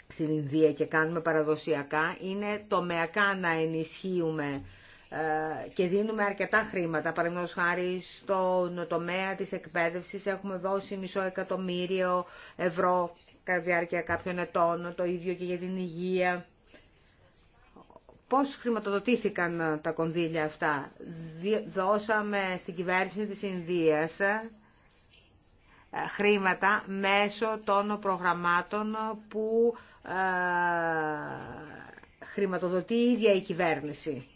στην Ινδία και κάνουμε παραδοσιακά είναι τομεακά να ενισχύουμε ε, και δίνουμε αρκετά χρήματα. Παραδείγματο χάρη στον τομέα της εκπαίδευση έχουμε δώσει μισό εκατομμύριο ευρώ κατά διάρκεια κάποιων ετών, το ίδιο και για την υγεία. Πώς χρηματοδοτήθηκαν τα κονδύλια αυτά. Δώσαμε στην κυβέρνηση της Ινδίας ε, χρήματα μέσω των προγραμμάτων που ε, χρηματοδοτεί η ίδια η κυβέρνηση.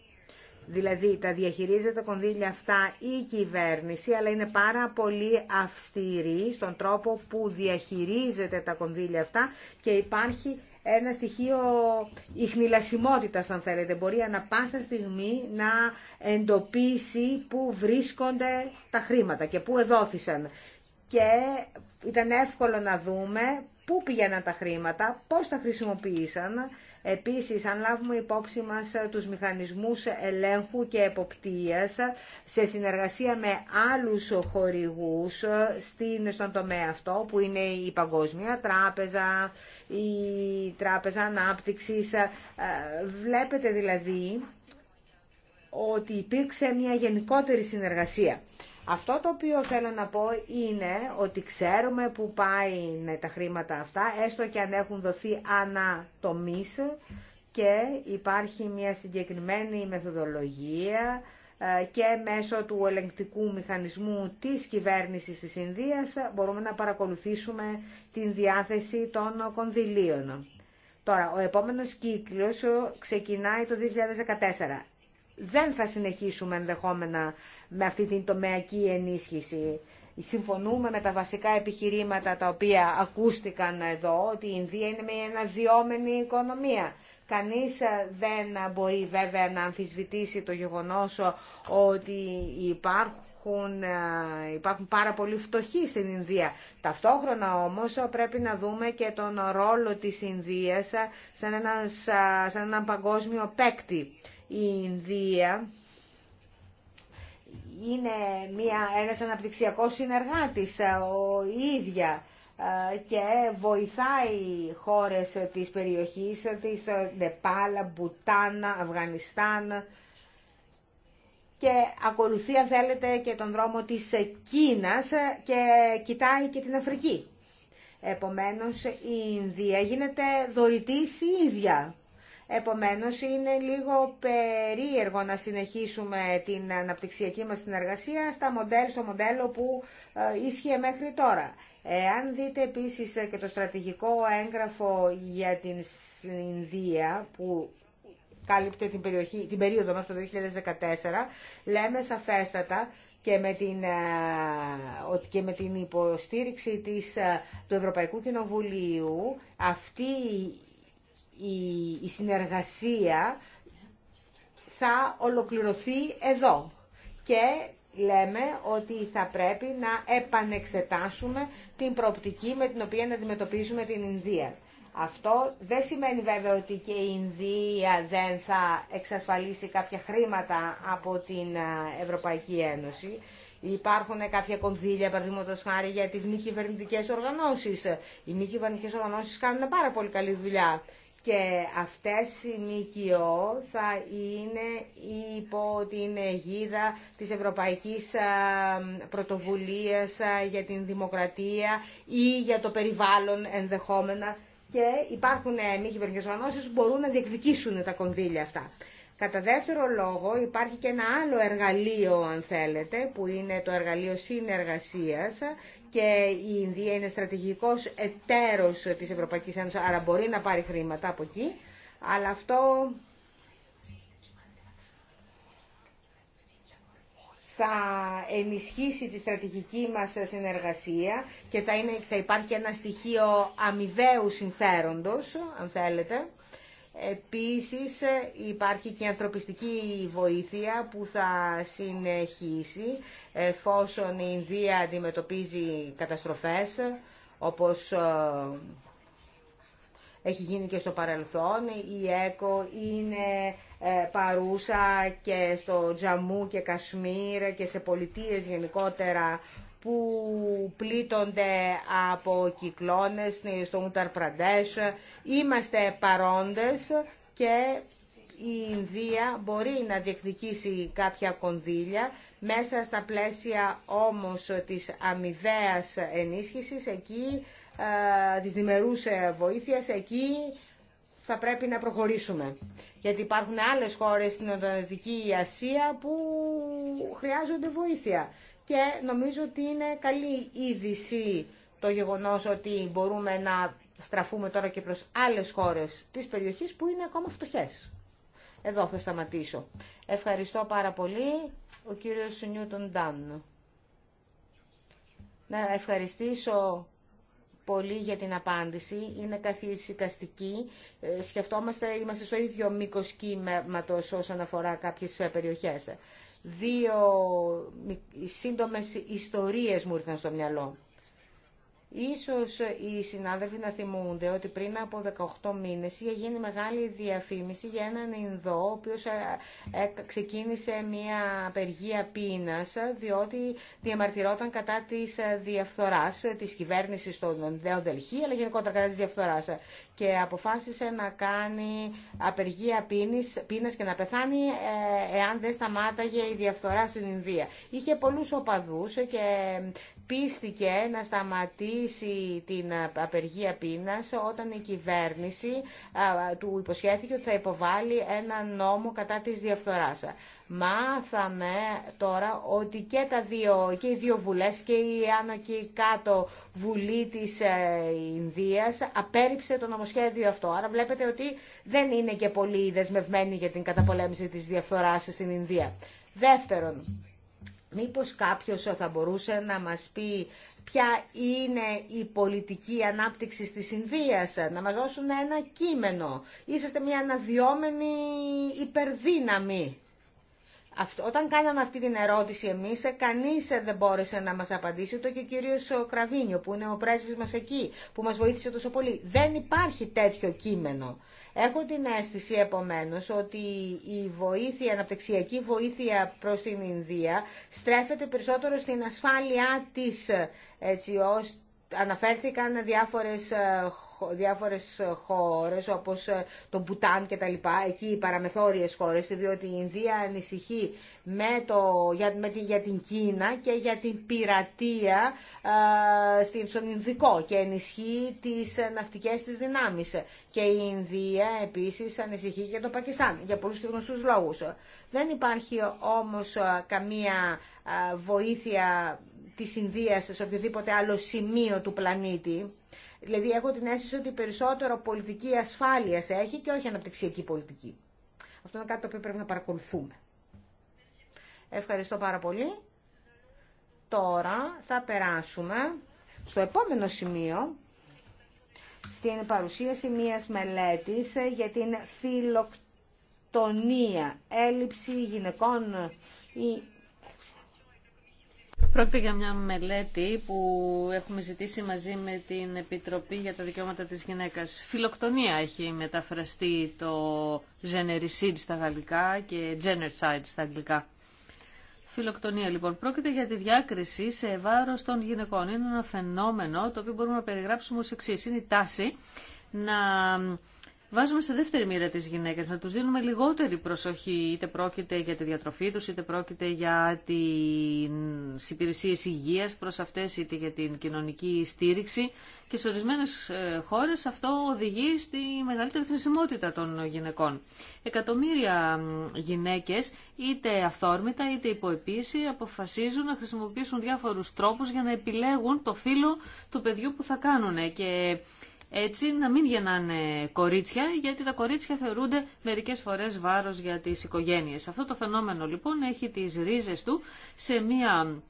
Δηλαδή τα διαχειρίζεται κονδύλια αυτά η κυβέρνηση, αλλά είναι πάρα πολύ αυστηρή στον τρόπο που διαχειρίζεται τα κονδύλια αυτά και υπάρχει ένα στοιχείο ηχνηλασιμότητας αν θέλετε. Μπορεί ανα πάσα στιγμή να εντοπίσει πού βρίσκονται τα χρήματα και πού εδόθησαν. Και ήταν εύκολο να δούμε πού πήγαιναν τα χρήματα, πώς τα χρησιμοποίησαν Επίσης, αν λάβουμε υπόψη μας ε, τους μηχανισμούς ελέγχου και εποπτείας σε συνεργασία με άλλους χορηγούς ε, στην, στον τομέα αυτό, που είναι η Παγκόσμια Τράπεζα, η Τράπεζα Ανάπτυξης, ε, βλέπετε δηλαδή ότι υπήρξε μια γενικότερη συνεργασία αυτό το οποίο θέλω να πω είναι ότι ξέρουμε που πάει τα χρήματα αυτά, έστω και αν έχουν δοθεί ανατομής και υπάρχει μια συγκεκριμένη μεθοδολογία ε, και μέσω του ελεγκτικού μηχανισμού της κυβέρνησης της Ινδίας μπορούμε να παρακολουθήσουμε την διάθεση των κονδυλίων. Τώρα, ο επόμενος κύκλος ξεκινάει το 2014 δεν θα συνεχίσουμε ενδεχόμενα με αυτή την τομεακή ενίσχυση. Συμφωνούμε με τα βασικά επιχειρήματα τα οποία ακούστηκαν εδώ, ότι η Ινδία είναι μια αναδυόμενη οικονομία. Κανείς ε, δεν μπορεί βέβαια να αμφισβητήσει το γεγονός ότι υπάρχουν ε, Υπάρχουν, πάρα πολλοί φτωχοί στην Ινδία. Ταυτόχρονα όμως πρέπει να δούμε και τον ρόλο της Ινδίας σαν, ένας, σαν έναν παγκόσμιο παίκτη η Ινδία είναι μια, ένας αναπτυξιακός συνεργάτης ε, ο, η ίδια ε, και βοηθάει χώρες της περιοχής ε, της, Νεπάλα, Μπουτάν, Αφγανιστάν και ακολουθεί αν θέλετε και τον δρόμο της Κίνας και κοιτάει και την Αφρική. Επομένως η Ινδία γίνεται δωρητής η ίδια Επομένως, είναι λίγο περίεργο να συνεχίσουμε την αναπτυξιακή μας συνεργασία στα μοντέλ, στο μοντέλο που ε, ίσχυε μέχρι τώρα. Ε, αν δείτε επίσης ε, και το στρατηγικό έγγραφο για την Ινδία, που κάλυπτε την, περιοχή, την περίοδο μας το 2014, λέμε σαφέστατα και με την, και με την υποστήριξη της, του Ευρωπαϊκού Κοινοβουλίου αυτή η συνεργασία θα ολοκληρωθεί εδώ. Και λέμε ότι θα πρέπει να επανεξετάσουμε την προοπτική με την οποία να αντιμετωπίζουμε την Ινδία. Αυτό δεν σημαίνει βέβαια ότι και η Ινδία δεν θα εξασφαλίσει κάποια χρήματα από την ε, Ευρωπαϊκή Ένωση. Υπάρχουν κάποια κονδύλια, παραδείγματο χάρη, για τι μη κυβερνητικέ οργανώσει. Οι μη κυβερνητικέ οργανώσει κάνουν πάρα πολύ καλή δουλειά και αυτές οι ΜΚΟ θα είναι υπό την αιγίδα της Ευρωπαϊκής Πρωτοβουλίας για την Δημοκρατία ή για το περιβάλλον ενδεχόμενα και υπάρχουν ε, μη κυβερνικές που μπορούν να διεκδικήσουν τα κονδύλια αυτά. Κατά δεύτερο λόγο υπάρχει και ένα άλλο εργαλείο, αν θέλετε, που είναι το εργαλείο συνεργασίας και η Ινδία είναι στρατηγικός εταίρος της Ευρωπαϊκής Ένωσης, άρα μπορεί να πάρει χρήματα από εκεί, αλλά αυτό θα ενισχύσει τη στρατηγική μας συνεργασία και θα, είναι, θα υπάρχει ένα στοιχείο αμοιβαίου συμφέροντος, αν θέλετε. Επίσης υπάρχει και η ανθρωπιστική βοήθεια που θα συνεχίσει εφόσον η Ινδία αντιμετωπίζει καταστροφές, όπως ε, έχει γίνει και στο παρελθόν. Η ΕΚΟ είναι ε, παρούσα και στο Τζαμού και Κασμίρ και σε πολιτείες γενικότερα που πλήττονται από κυκλώνες στο Ουταρ Πραντές. Είμαστε παρόντες και η Ινδία μπορεί να διεκδικήσει κάποια κονδύλια μέσα στα πλαίσια όμως της αμοιβαίας ενίσχυσης, εκεί, της διμερούς βοήθειας, εκεί θα πρέπει να προχωρήσουμε. Γιατί υπάρχουν άλλες χώρες στην Ανατολική Ασία που χρειάζονται βοήθεια. Και νομίζω ότι είναι καλή είδηση το γεγονός ότι μπορούμε να στραφούμε τώρα και προς άλλες χώρες της περιοχής που είναι ακόμα φτωχές. Εδώ θα σταματήσω. Ευχαριστώ πάρα πολύ ο κύριος Νιούτον Ντάν. Να ευχαριστήσω πολύ για την απάντηση. Είναι καθυσικαστική. Ε, σκεφτόμαστε, είμαστε στο ίδιο μήκο κύματο όσον αφορά κάποιες περιοχές. Δύο σύντομες ιστορίες μου ήρθαν στο μυαλό. Ίσως οι συνάδελφοι να θυμούνται ότι πριν από 18 μήνες είχε γίνει μεγάλη διαφήμιση για έναν Ινδό, ο οποίος ε, ξεκίνησε μια απεργία πείνας, διότι διαμαρτυρόταν κατά της ε, διαφθοράς ε, της κυβέρνησης των Δελχή, αλλά γενικότερα κατά της διαφθοράς. Και αποφάσισε να κάνει απεργία πείνης, πείνας και να πεθάνει εάν δεν σταμάταγε η διαφθορά στην Ινδία. Είχε πολλούς οπαδούς και πίστηκε να σταματήσει την ε, απεργία πείνας όταν η κυβέρνηση ε, του υποσχέθηκε ότι θα υποβάλει ένα νόμο κατά της διαφθοράς. Μάθαμε τώρα ότι και, τα δύο, και οι δύο βουλές και η Άνω και η Κάτω Βουλή της ε, Ινδίας απέρριψε το νομοσχέδιο αυτό. Άρα βλέπετε ότι δεν είναι και πολύ δεσμευμένοι για την καταπολέμηση της διαφθοράς στην Ινδία. Δεύτερον, Μήπως κάποιος θα μπορούσε να μας πει ποια είναι η πολιτική ανάπτυξη της Ινδίας, να μας δώσουν ένα κείμενο. Είσαστε μια αναδυόμενη υπερδύναμη όταν κάναμε αυτή την ερώτηση εμείς, ε, κανείς ε, δεν μπόρεσε να μας απαντήσει, το και ο κύριο Κραβίνιο που είναι ο πρέσβης μας εκεί, που μας βοήθησε τόσο πολύ. Δεν υπάρχει τέτοιο κείμενο. Έχω την αίσθηση επομένως ότι η βοήθεια, η αναπτυξιακή βοήθεια προς την Ινδία στρέφεται περισσότερο στην ασφάλειά της, έτσι ώστε αναφέρθηκαν διάφορες, ε, διάφορες ε, χώρες όπως ε, το Μπουτάν και τα λοιπά, εκεί οι παραμεθόριες χώρες, διότι η Ινδία ανησυχεί με το, για, με, για την Κίνα και για την πειρατεία στην, στον Ινδικό και ενισχύει τις ναυτικές της δυνάμεις. Και η Ινδία επίσης ανησυχεί για το Πακιστάν, για πολλούς και γνωστούς λόγους. Δεν υπάρχει όμως καμία βοήθεια τη Ινδία σε οποιοδήποτε άλλο σημείο του πλανήτη. Δηλαδή έχω την αίσθηση ότι περισσότερο πολιτική ασφάλειας έχει και όχι αναπτυξιακή πολιτική. Αυτό είναι κάτι το οποίο πρέπει να παρακολουθούμε. Ευχαριστώ πάρα πολύ. Τώρα θα περάσουμε στο επόμενο σημείο στην παρουσίαση μιας μελέτης για την φιλοκτονία, έλλειψη γυναικών ή Πρόκειται για μια μελέτη που έχουμε ζητήσει μαζί με την Επιτροπή για τα Δικαιώματα της Γυναίκας. Φιλοκτονία έχει μεταφραστεί το genericide στα γαλλικά και genericide στα αγγλικά. Φιλοκτονία λοιπόν. Πρόκειται για τη διάκριση σε βάρος των γυναικών. Είναι ένα φαινόμενο το οποίο μπορούμε να περιγράψουμε ως εξής. Είναι η τάση να βάζουμε σε δεύτερη μοίρα τις γυναίκες, να τους δίνουμε λιγότερη προσοχή, είτε πρόκειται για τη διατροφή τους, είτε πρόκειται για τις υπηρεσίες υγείας προς αυτές, είτε για την κοινωνική στήριξη. Και σε ορισμένε ε, χώρες αυτό οδηγεί στη μεγαλύτερη θρησιμότητα των γυναικών. Εκατομμύρια γυναίκες, είτε αυθόρμητα είτε υποεπίση, αποφασίζουν να χρησιμοποιήσουν διάφορους τρόπους για να επιλέγουν το φύλλο του παιδιού που θα κάνουν. Και έτσι να μην γεννάνε κορίτσια, γιατί τα κορίτσια θεωρούνται μερικές φορές βάρος για τις οικογένειες. Αυτό το φαινόμενο λοιπόν έχει τις ρίζες του σε μια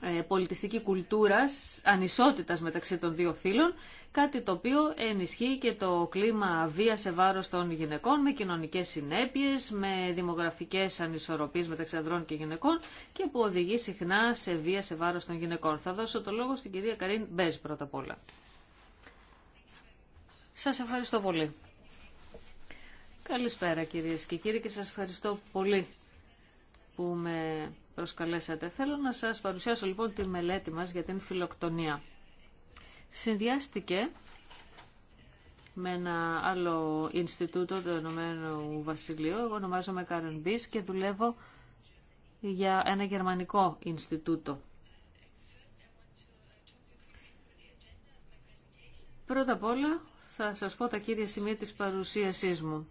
ε, πολιτιστική κουλτούρα ανισότητας μεταξύ των δύο φύλων, κάτι το οποίο ενισχύει και το κλίμα βία σε βάρος των γυναικών με κοινωνικές συνέπειες, με δημογραφικές ανισορροπίες μεταξύ ανδρών και γυναικών και που οδηγεί συχνά σε βία σε βάρος των γυναικών. Θα δώσω το λόγο στην κυρία Καρίν Μπέζ πρώτα απ' όλα. Σας ευχαριστώ πολύ. Καλησπέρα κυρίες και κύριοι και σας ευχαριστώ πολύ που με προσκαλέσατε. Θέλω να σας παρουσιάσω λοιπόν τη μελέτη μας για την φιλοκτονία. Συνδυάστηκε με ένα άλλο Ινστιτούτο του Ενωμένου Βασιλείου. Εγώ ονομάζομαι Κάρεν Μπίς και δουλεύω για ένα γερμανικό Ινστιτούτο. Πρώτα απ' όλα θα σας πω τα κύρια σημεία της παρουσίασής μου.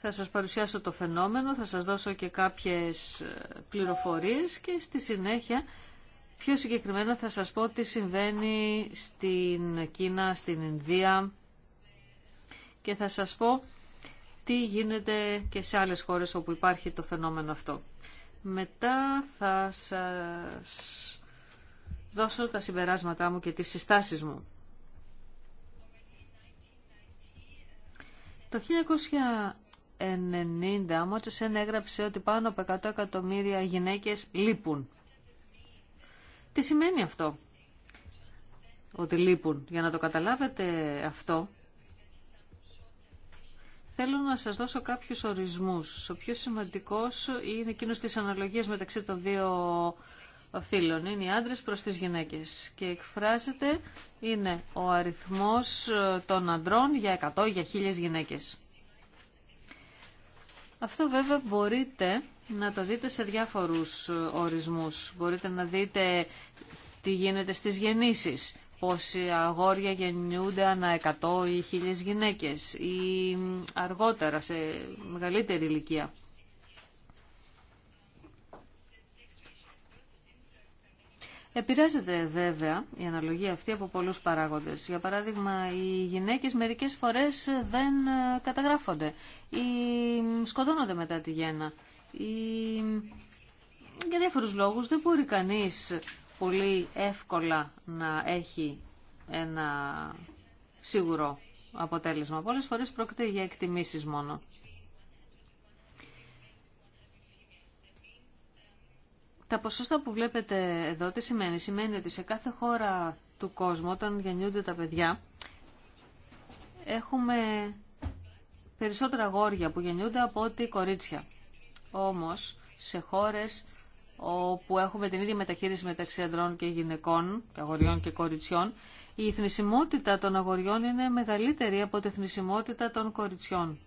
Θα σας παρουσιάσω το φαινόμενο, θα σας δώσω και κάποιες ε, πληροφορίες και στη συνέχεια πιο συγκεκριμένα θα σας πω τι συμβαίνει στην Κίνα, στην Ινδία και θα σας πω τι γίνεται και σε άλλες χώρες όπου υπάρχει το φαινόμενο αυτό. Μετά θα σας δώσω τα συμπεράσματά μου και τις συστάσεις μου. Το 1990 Σεν έγραψε ότι πάνω από 100 εκατομμύρια γυναίκες λείπουν. Τι σημαίνει αυτό, ότι λείπουν. Για να το καταλάβετε αυτό, θέλω να σας δώσω κάποιους ορισμούς. Ο πιο σημαντικός είναι εκείνος της αναλογίας μεταξύ των δύο φίλων. Είναι οι άντρες προς τις γυναίκες και εκφράζεται είναι ο αριθμός ε, των αντρών για 100 για 1000 γυναίκες. Αυτό βέβαια μπορείτε να το δείτε σε διάφορους ε, ορισμούς. Μπορείτε να δείτε τι γίνεται στις γεννήσεις, πόσοι αγόρια γεννιούνται ανά 100 ή 1000 γυναίκες ή αργότερα σε μεγαλύτερη ηλικία. Επηρεάζεται βέβαια η αναλογία αυτή από πολλούς παράγοντες. Για παράδειγμα, οι γυναίκες μερικές φορές δεν ε, καταγράφονται ή σκοτώνονται μετά τη γέννα. Ή... Για διάφορους λόγους δεν μπορεί κανείς πολύ εύκολα να έχει ένα σίγουρο αποτέλεσμα. Πολλές φορές πρόκειται για εκτιμήσεις μόνο. Τα ποσοστά που βλέπετε εδώ τι σημαίνει. Σημαίνει ότι σε κάθε χώρα του κόσμου όταν γεννιούνται τα παιδιά έχουμε περισσότερα αγόρια που γεννιούνται από ότι κορίτσια. Όμως σε χώρες όπου έχουμε την ίδια μεταχείριση μεταξύ ανδρών και γυναικών, αγοριών και κοριτσιών, η θνησιμότητα των αγοριών είναι μεγαλύτερη από την θνησιμότητα των κοριτσιών.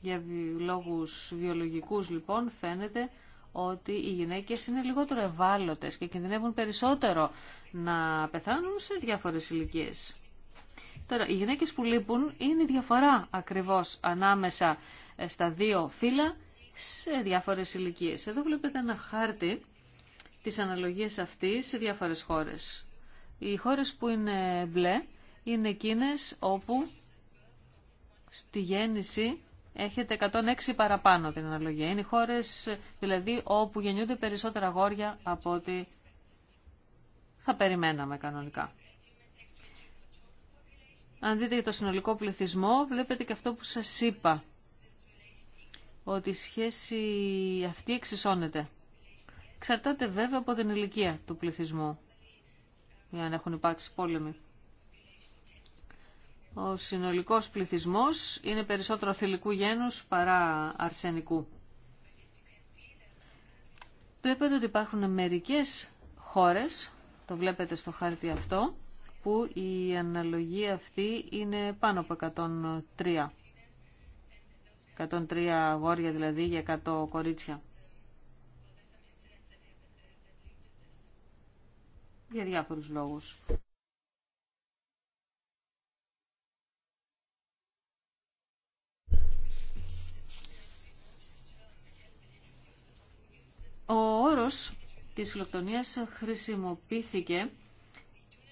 Για λόγους βιολογικούς λοιπόν φαίνεται ότι οι γυναίκες είναι λιγότερο ευάλωτες και κινδυνεύουν περισσότερο να πεθάνουν σε διάφορες ηλικίε. Τώρα, οι γυναίκες που λείπουν είναι η διαφορά ακριβώς ανάμεσα ε, στα δύο φύλλα σε διάφορες ηλικίε. Εδώ βλέπετε ένα χάρτη της αναλογίας αυτής σε διάφορες χώρες. Οι χώρες που είναι μπλε είναι εκείνες όπου στη γέννηση έχετε 106 παραπάνω την αναλογία. Είναι οι χώρες δηλαδή όπου γεννιούνται περισσότερα αγόρια από ό,τι θα περιμέναμε κανονικά. Αν δείτε για το συνολικό πληθυσμό, βλέπετε και αυτό που σας είπα, ότι η σχέση αυτή εξισώνεται. Εξαρτάται βέβαια από την ηλικία του πληθυσμού, για να έχουν υπάρξει πόλεμοι ο συνολικός πληθυσμός είναι περισσότερο θηλυκού γένους παρά αρσενικού. Βλέπετε ότι υπάρχουν μερικές χώρες, το βλέπετε στο χάρτη αυτό, που η αναλογία αυτή είναι πάνω από 103. 103 αγόρια δηλαδή για 100 κορίτσια. Για διάφορους λόγους. Ο όρος της φιλοκτονίας χρησιμοποιήθηκε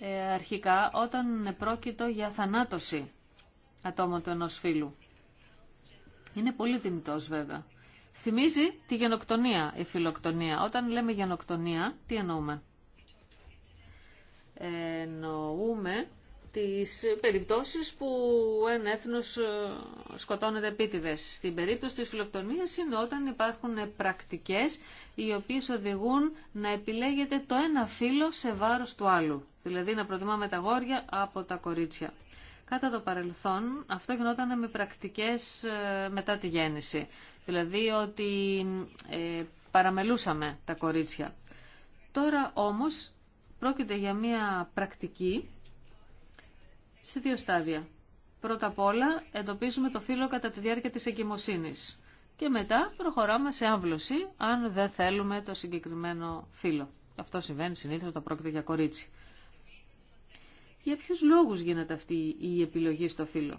ε, αρχικά όταν πρόκειτο για θανάτωση ατόμων του ενός φίλου. Είναι πολύ δυνητός βέβαια. Θυμίζει τη γενοκτονία η φιλοκτονία. Όταν λέμε γενοκτονία, τι εννοούμε. Εννοούμε τις περιπτώσεις που ένα έθνος ε, σκοτώνεται επίτηδες. Στην περίπτωση της φιλοκτονίας είναι όταν υπάρχουν πρακτικές οι οποίες οδηγούν να επιλέγεται το ένα φύλλο σε βάρος του άλλου. Δηλαδή να προτιμάμε τα γόρια από τα κορίτσια. Κατά το παρελθόν αυτό γινόταν με πρακτικές ε, μετά τη γέννηση. Δηλαδή ότι ε, παραμελούσαμε τα κορίτσια. Τώρα όμως πρόκειται για μια πρακτική σε δύο στάδια. Πρώτα απ' όλα εντοπίζουμε το φύλλο κατά τη διάρκεια της εγκυμοσύνης και μετά προχωράμε σε άμβλωση αν δεν θέλουμε το συγκεκριμένο φύλλο. Αυτό συμβαίνει συνήθως όταν πρόκειται για κορίτσι. Για ποιους λόγους γίνεται αυτή η επιλογή στο φύλλο.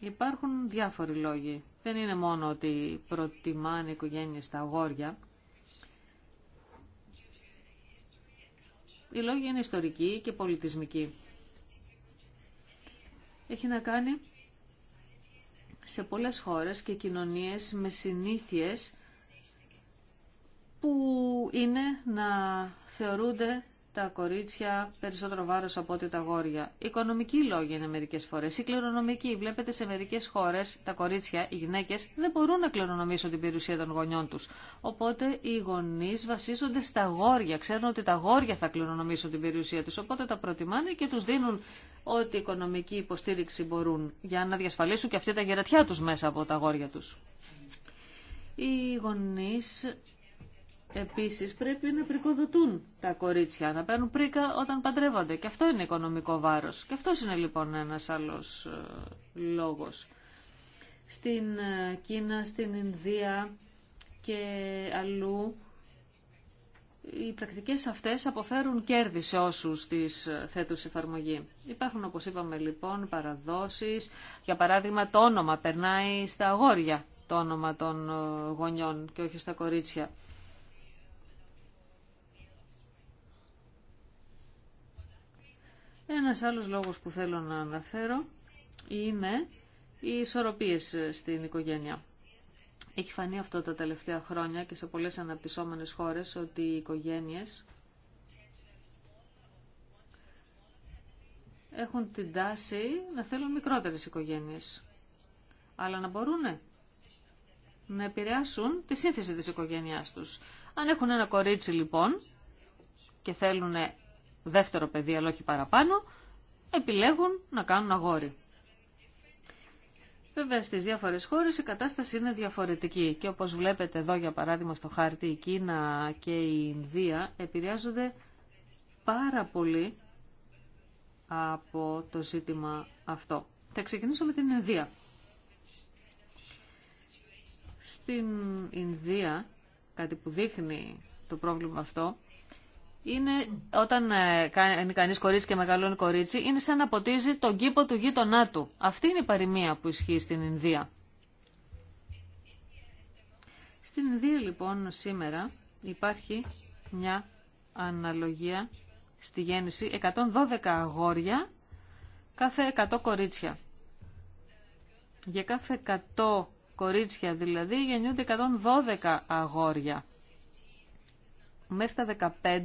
Υπάρχουν διάφοροι λόγοι. Δεν είναι μόνο ότι προτιμάνε οι τα αγόρια. Οι λόγοι είναι ιστορικοί και πολιτισμικοί. Έχει να κάνει σε πολλές χώρες και κοινωνίες με συνήθειες που είναι να θεωρούνται τα κορίτσια περισσότερο βάρος από ό,τι τα γόρια. Οικονομικοί λόγοι είναι μερικές φορές. Η κληρονομική Βλέπετε σε μερικές χώρες τα κορίτσια, οι γυναίκες, δεν μπορούν να κληρονομήσουν την περιουσία των γονιών τους. Οπότε οι γονείς βασίζονται στα γόρια. Ξέρουν ότι τα γόρια θα κληρονομήσουν την περιουσία τους. Οπότε τα προτιμάνε και τους δίνουν ό,τι οικονομική υποστήριξη μπορούν για να διασφαλίσουν και αυτή τα γερατιά τους μέσα από τα αγόρια τους. Οι γονείς Επίσης πρέπει να πρικοδοτούν τα κορίτσια, να παίρνουν πρίκα όταν παντρεύονται. Και αυτό είναι οικονομικό βάρος. Και αυτό είναι λοιπόν ένας άλλος ε, λόγος. Στην ε, Κίνα, στην Ινδία και αλλού οι πρακτικές αυτές αποφέρουν κέρδη σε όσους τις ε, θέτουν σε εφαρμογή. Υπάρχουν όπως είπαμε λοιπόν παραδόσεις, για παράδειγμα το όνομα περνάει στα αγόρια το όνομα των γονιών και όχι στα κορίτσια. Ένας άλλος λόγος που θέλω να αναφέρω είναι οι ισορροπίες στην οικογένεια. Έχει φανεί αυτό τα τελευταία χρόνια και σε πολλές αναπτυσσόμενες χώρες ότι οι οικογένειες έχουν την τάση να θέλουν μικρότερες οικογένειες. Αλλά να μπορούν να επηρεάσουν τη σύνθεση της οικογένειάς τους. Αν έχουν ένα κορίτσι λοιπόν και θέλουν δεύτερο παιδί αλλά όχι παραπάνω, επιλέγουν να κάνουν αγόρι. Βέβαια στις διάφορες χώρες η κατάσταση είναι διαφορετική και όπως βλέπετε εδώ για παράδειγμα στο χάρτη η Κίνα και η Ινδία επηρεάζονται πάρα πολύ από το ζήτημα αυτό. Θα ξεκινήσω με την Ινδία. Στην Ινδία, κάτι που δείχνει το πρόβλημα αυτό, είναι όταν ε, κάνει κανείς κορίτσι και μεγαλώνει κορίτσι, είναι σαν να ποτίζει τον κήπο του γείτονά του. Αυτή είναι η παροιμία που ισχύει στην Ινδία. Στην Ινδία λοιπόν σήμερα υπάρχει μια αναλογία στη γέννηση 112 αγόρια κάθε 100 κορίτσια. Για κάθε 100 κορίτσια δηλαδή γεννιούνται 112 αγόρια μέχρι τα 15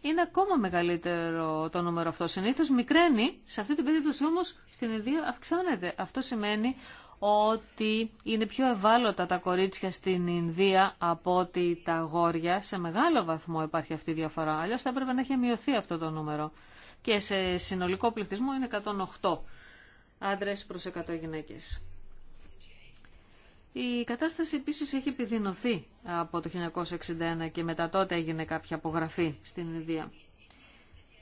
είναι ακόμα μεγαλύτερο το νούμερο αυτό. Συνήθως μικραίνει, σε αυτή την περίπτωση όμως στην Ινδία αυξάνεται. Αυτό σημαίνει ότι είναι πιο ευάλωτα τα κορίτσια στην Ινδία από ότι τα αγόρια. Σε μεγάλο βαθμό υπάρχει αυτή η διαφορά. Αλλιώ θα έπρεπε να έχει μειωθεί αυτό το νούμερο. Και σε συνολικό πληθυσμό είναι 108 άντρες προς 100 γυναίκες. Η κατάσταση επίσης έχει επιδεινωθεί από το 1961 και μετά τότε έγινε κάποια απογραφή στην Ινδία.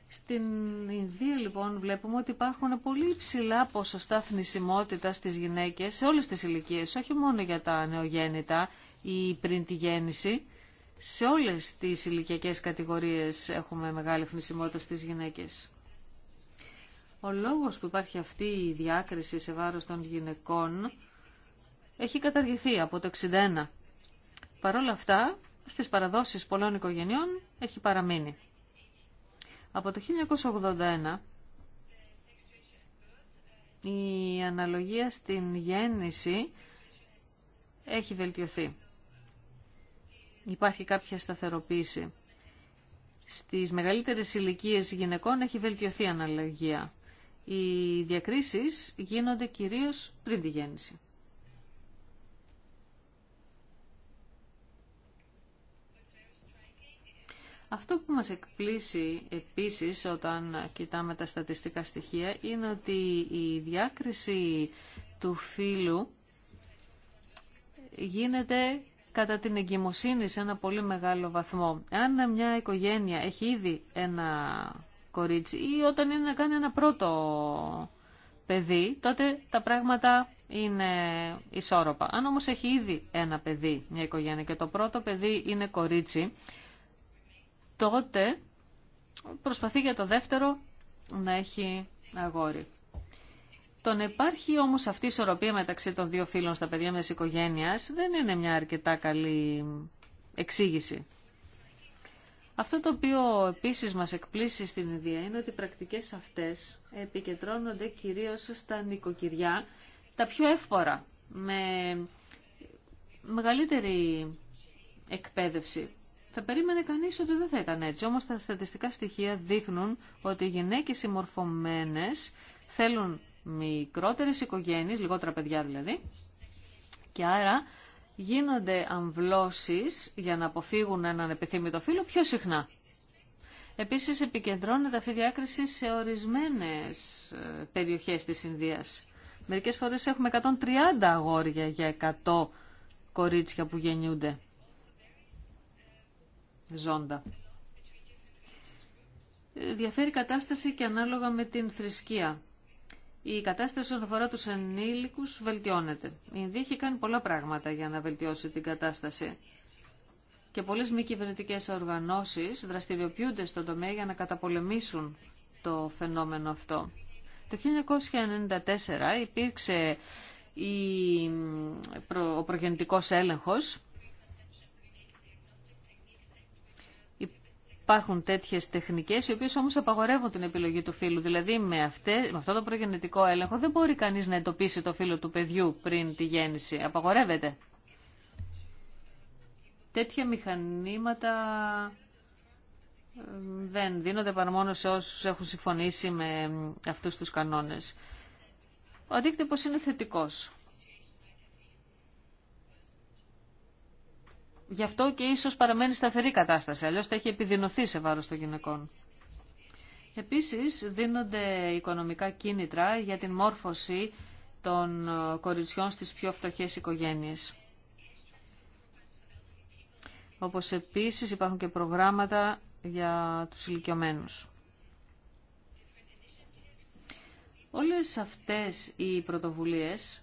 Στην Ινδία λοιπόν βλέπουμε ότι υπάρχουν πολύ υψηλά ποσοστά θνησιμότητα στις γυναίκες σε όλες τις ηλικίε, όχι μόνο για τα νεογέννητα ή πριν τη γέννηση. Σε όλες τις ηλικιακέ κατηγορίες έχουμε μεγάλη θνησιμότητα στις γυναίκες. Ο λόγος που υπάρχει αυτή η διάκριση σε βάρος των γυναικών έχει καταργηθεί από το 61. Παρ' όλα αυτά, στις παραδόσεις πολλών οικογενειών έχει παραμείνει. Από το 1981, η αναλογία στην γέννηση έχει βελτιωθεί. Υπάρχει κάποια σταθεροποίηση. Στις μεγαλύτερες ηλικίες γυναικών έχει βελτιωθεί η αναλογία. Οι διακρίσεις γίνονται κυρίως πριν τη γέννηση. Αυτό που μας εκπλήσει επίσης όταν κοιτάμε τα στατιστικά στοιχεία είναι ότι η διάκριση του φύλου γίνεται κατά την εγκυμοσύνη σε ένα πολύ μεγάλο βαθμό. Αν μια οικογένεια έχει ήδη ένα κορίτσι ή όταν είναι να κάνει ένα πρώτο παιδί, τότε τα πράγματα είναι ισόρροπα. Αν όμως έχει ήδη ένα παιδί μια οικογένεια και το πρώτο παιδί είναι κορίτσι, τότε προσπαθεί για το δεύτερο να έχει αγόρι. Τον να υπάρχει όμως αυτή η ισορροπία μεταξύ των δύο φίλων στα παιδιά μιας οικογένειας δεν είναι μια αρκετά καλή εξήγηση. Αυτό το οποίο επίσης μας εκπλήσει στην Ινδία είναι ότι οι πρακτικές αυτές επικεντρώνονται κυρίως στα νοικοκυριά, τα πιο εύπορα, με μεγαλύτερη εκπαίδευση. Θα περίμενε κανείς ότι δεν θα ήταν έτσι, όμως τα στατιστικά στοιχεία δείχνουν ότι οι γυναίκες συμμορφωμένες θέλουν μικρότερες οικογένειες, λιγότερα παιδιά δηλαδή, και άρα γίνονται αμβλώσεις για να αποφύγουν έναν επιθύμητο φίλο πιο συχνά. Επίσης επικεντρώνεται αυτή η διάκριση σε ορισμένες ε, περιοχές της Ινδίας. Μερικές φορές έχουμε 130 αγόρια για 100 κορίτσια που γεννιούνται ζώντα. Διαφέρει κατάσταση και ανάλογα με την θρησκεία. Η κατάσταση όσον αφορά τους ενήλικους βελτιώνεται. Η Ινδία έχει κάνει πολλά πράγματα για να βελτιώσει την κατάσταση. Και πολλές μη κυβερνητικέ οργανώσεις δραστηριοποιούνται στον τομέα για να καταπολεμήσουν το φαινόμενο αυτό. Το 1994 υπήρξε η... ο προγεννητικός έλεγχος υπάρχουν τέτοιε τεχνικέ οι οποίες όμως απαγορεύουν την επιλογή του φίλου. Δηλαδή με, αυτές, με αυτό το προγενετικό έλεγχο δεν μπορεί κανείς να εντοπίσει το φίλο του παιδιού πριν τη γέννηση. Απαγορεύεται. Τέτοια μηχανήματα δεν δίνονται παρά μόνο σε όσους έχουν συμφωνήσει με αυτούς τους κανόνες. Ο αντίκτυπος είναι θετικός. Γι' αυτό και ίσως παραμένει σταθερή κατάσταση, αλλιώς θα έχει επιδεινωθεί σε βάρος των γυναικών. Επίσης δίνονται οικονομικά κίνητρα για την μόρφωση των ε, κοριτσιών στις πιο φτωχές οικογένειες. Όπως επίσης υπάρχουν και προγράμματα για τους ηλικιωμένους. Όλες αυτές οι πρωτοβουλίες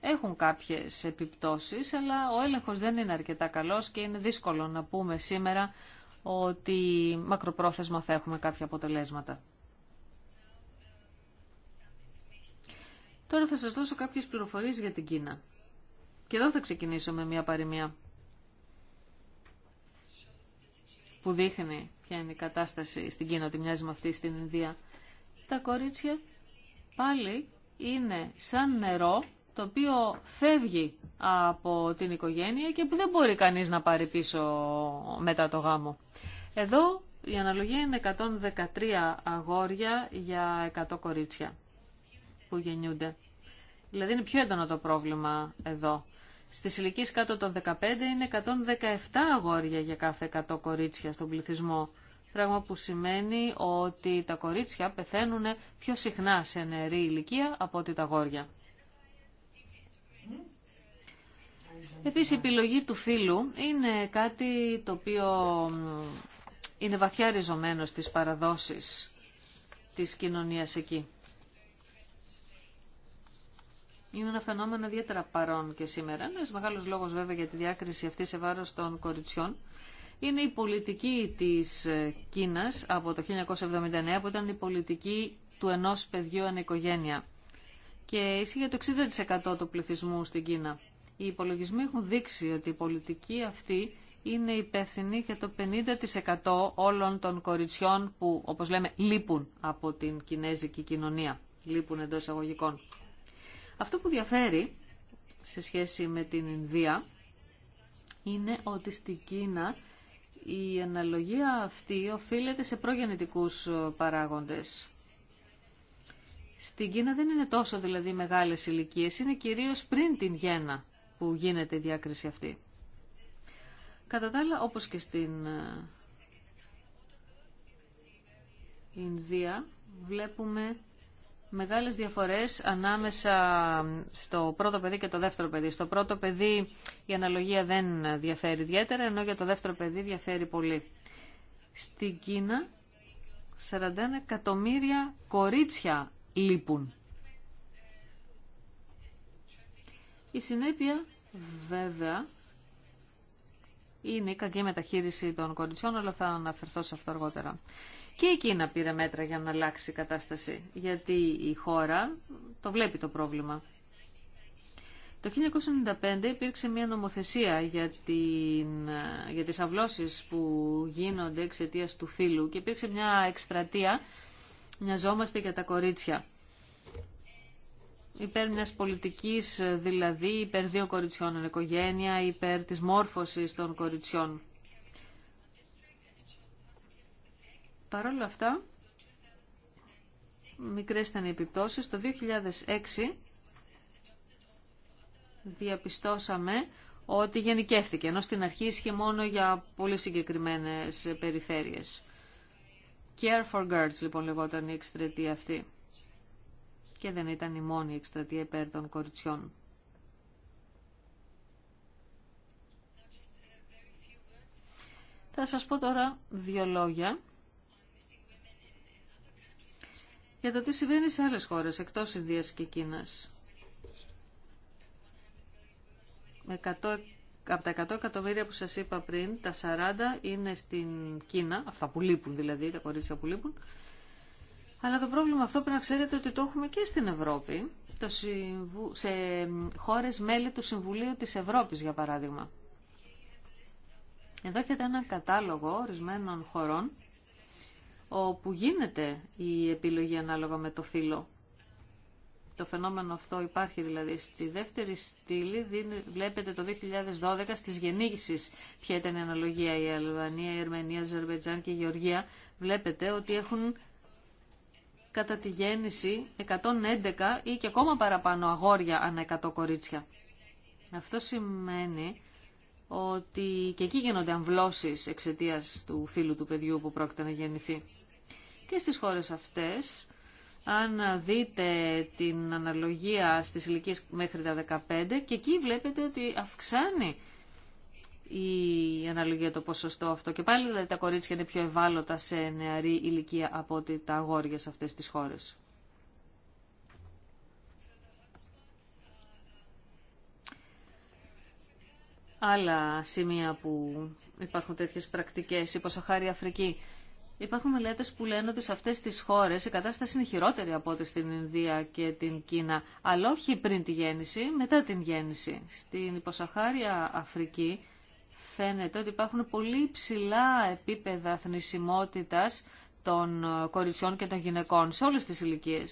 έχουν κάποιες επιπτώσεις, αλλά ο έλεγχος δεν είναι αρκετά καλός και είναι δύσκολο να πούμε σήμερα ότι μακροπρόθεσμα θα έχουμε κάποια αποτελέσματα. Τώρα θα σας δώσω κάποιες πληροφορίες για την Κίνα. Και εδώ θα ξεκινήσω με μια παροιμία που δείχνει ποια είναι η κατάσταση στην Κίνα, ότι μοιάζει με αυτή στην Ινδία. Τα κορίτσια πάλι είναι σαν νερό το οποίο φεύγει από την οικογένεια και που δεν μπορεί κανείς να πάρει πίσω μετά το γάμο. Εδώ η αναλογία είναι 113 αγόρια για 100 κορίτσια που γεννιούνται. Δηλαδή είναι πιο έντονο το πρόβλημα εδώ. Στις ηλικίες κάτω των 15 είναι 117 αγόρια για κάθε 100 κορίτσια στον πληθυσμό. Πράγμα που σημαίνει ότι τα κορίτσια πεθαίνουν πιο συχνά σε νερή ηλικία από ότι τα αγόρια. Επίσης η επιλογή του φίλου είναι κάτι το οποίο είναι βαθιά ριζωμένο στις παραδόσεις της κοινωνίας εκεί. Είναι ένα φαινόμενο ιδιαίτερα παρόν και σήμερα. Ένα μεγάλο λόγο βέβαια για τη διάκριση αυτή σε βάρο των κοριτσιών είναι η πολιτική τη ε, Κίνα από το 1979 που ήταν η πολιτική του ενό παιδιού ανεκογένεια. Και ίσχυε το 60% του πληθυσμού στην Κίνα. Οι υπολογισμοί έχουν δείξει ότι η πολιτική αυτή είναι υπεύθυνη για το 50% όλων των κοριτσιών που, όπως λέμε, λείπουν από την κινέζικη κοινωνία. Λείπουν εντός εισαγωγικών. Αυτό που διαφέρει σε σχέση με την Ινδία είναι ότι στην Κίνα η αναλογία αυτή οφείλεται σε προγεννητικούς ε, παράγοντες. Στην Κίνα δεν είναι τόσο δηλαδή μεγάλες ηλικίε, είναι κυρίως πριν την γέννα που γίνεται η διάκριση αυτή. Κατά τα άλλα, όπως και στην ε, Ινδία, βλέπουμε μεγάλες διαφορές ανάμεσα στο πρώτο παιδί και το δεύτερο παιδί. Στο πρώτο παιδί η αναλογία δεν διαφέρει ιδιαίτερα, ενώ για το δεύτερο παιδί διαφέρει πολύ. Στην Κίνα 41 εκατομμύρια κορίτσια λείπουν Η συνέπεια βέβαια είναι η κακή μεταχείριση των κοριτσιών, αλλά θα αναφερθώ σε αυτό αργότερα. Και η Κίνα πήρε μέτρα για να αλλάξει η κατάσταση, γιατί η χώρα το βλέπει το πρόβλημα. Το 1995 υπήρξε μια νομοθεσία για, την, για τις αυλώσεις που γίνονται εξαιτία του φύλου και υπήρξε μια εκστρατεία «Μοιαζόμαστε για τα κορίτσια» υπέρ μια πολιτικής δηλαδή υπέρ δύο κοριτσιών εν οικογένεια, υπέρ της μόρφωσης των κοριτσιών. Παρ' όλα αυτά, μικρέ ήταν οι επιπτώσεις. Το 2006 διαπιστώσαμε ότι γενικεύθηκε, ενώ στην αρχή ίσχυε μόνο για πολύ συγκεκριμένες περιφέρειες. Care for Girls λοιπόν λεγόταν η εξτρετή αυτή και δεν ήταν η μόνη εκστρατεία υπέρ των κοριτσιών. Θα σας πω τώρα δύο λόγια για το τι συμβαίνει σε άλλες χώρες εκτός Ινδίας και Κίνας. Με 100 από τα 100 εκατομμύρια που σας είπα πριν, τα 40 είναι στην Κίνα, αυτά που λείπουν δηλαδή, τα κορίτσια που λείπουν, αλλά το πρόβλημα αυτό πρέπει να ξέρετε ότι το έχουμε και στην Ευρώπη, το σε χώρες μέλη του Συμβουλίου της Ευρώπης, για παράδειγμα. Εδώ έχετε ένα κατάλογο ορισμένων χωρών, όπου γίνεται η επιλογή ανάλογα με το φύλλο. Το φαινόμενο αυτό υπάρχει δηλαδή. Στη δεύτερη στήλη βλέπετε το 2012 στις γεννήσεις ποια ήταν η αναλογία η Αλβανία, η Ερμενία, η Ζερβετζάν και η Γεωργία. Βλέπετε ότι έχουν κατά τη γέννηση 111 ή και ακόμα παραπάνω αγόρια ανά 100 κορίτσια. Αυτό σημαίνει ότι και εκεί γίνονται αμβλώσεις εξαιτίας του φίλου του παιδιού που πρόκειται να γεννηθεί. Και στις χώρες αυτές, αν δείτε την αναλογία στις ηλικίες μέχρι τα 15, και εκεί βλέπετε ότι αυξάνει η αναλογία το ποσοστό αυτό. Και πάλι δηλαδή, τα κορίτσια είναι πιο ευάλωτα σε νεαρή ηλικία από ότι τα αγόρια σε αυτές τις χώρες. Άλλα σημεία που υπάρχουν τέτοιες πρακτικές, η Ποσοχάρη Αφρική. Υπάρχουν μελέτες που λένε ότι σε αυτές τις χώρες η κατάσταση είναι χειρότερη από ό,τι στην Ινδία και την Κίνα, αλλά όχι πριν τη γέννηση, μετά την γέννηση. Στην Υποσαχάρια Αφρική φαίνεται ότι υπάρχουν πολύ ψηλά επίπεδα θνησιμότητας των ε, κοριτσιών και των γυναικών σε όλες τις ηλικίε.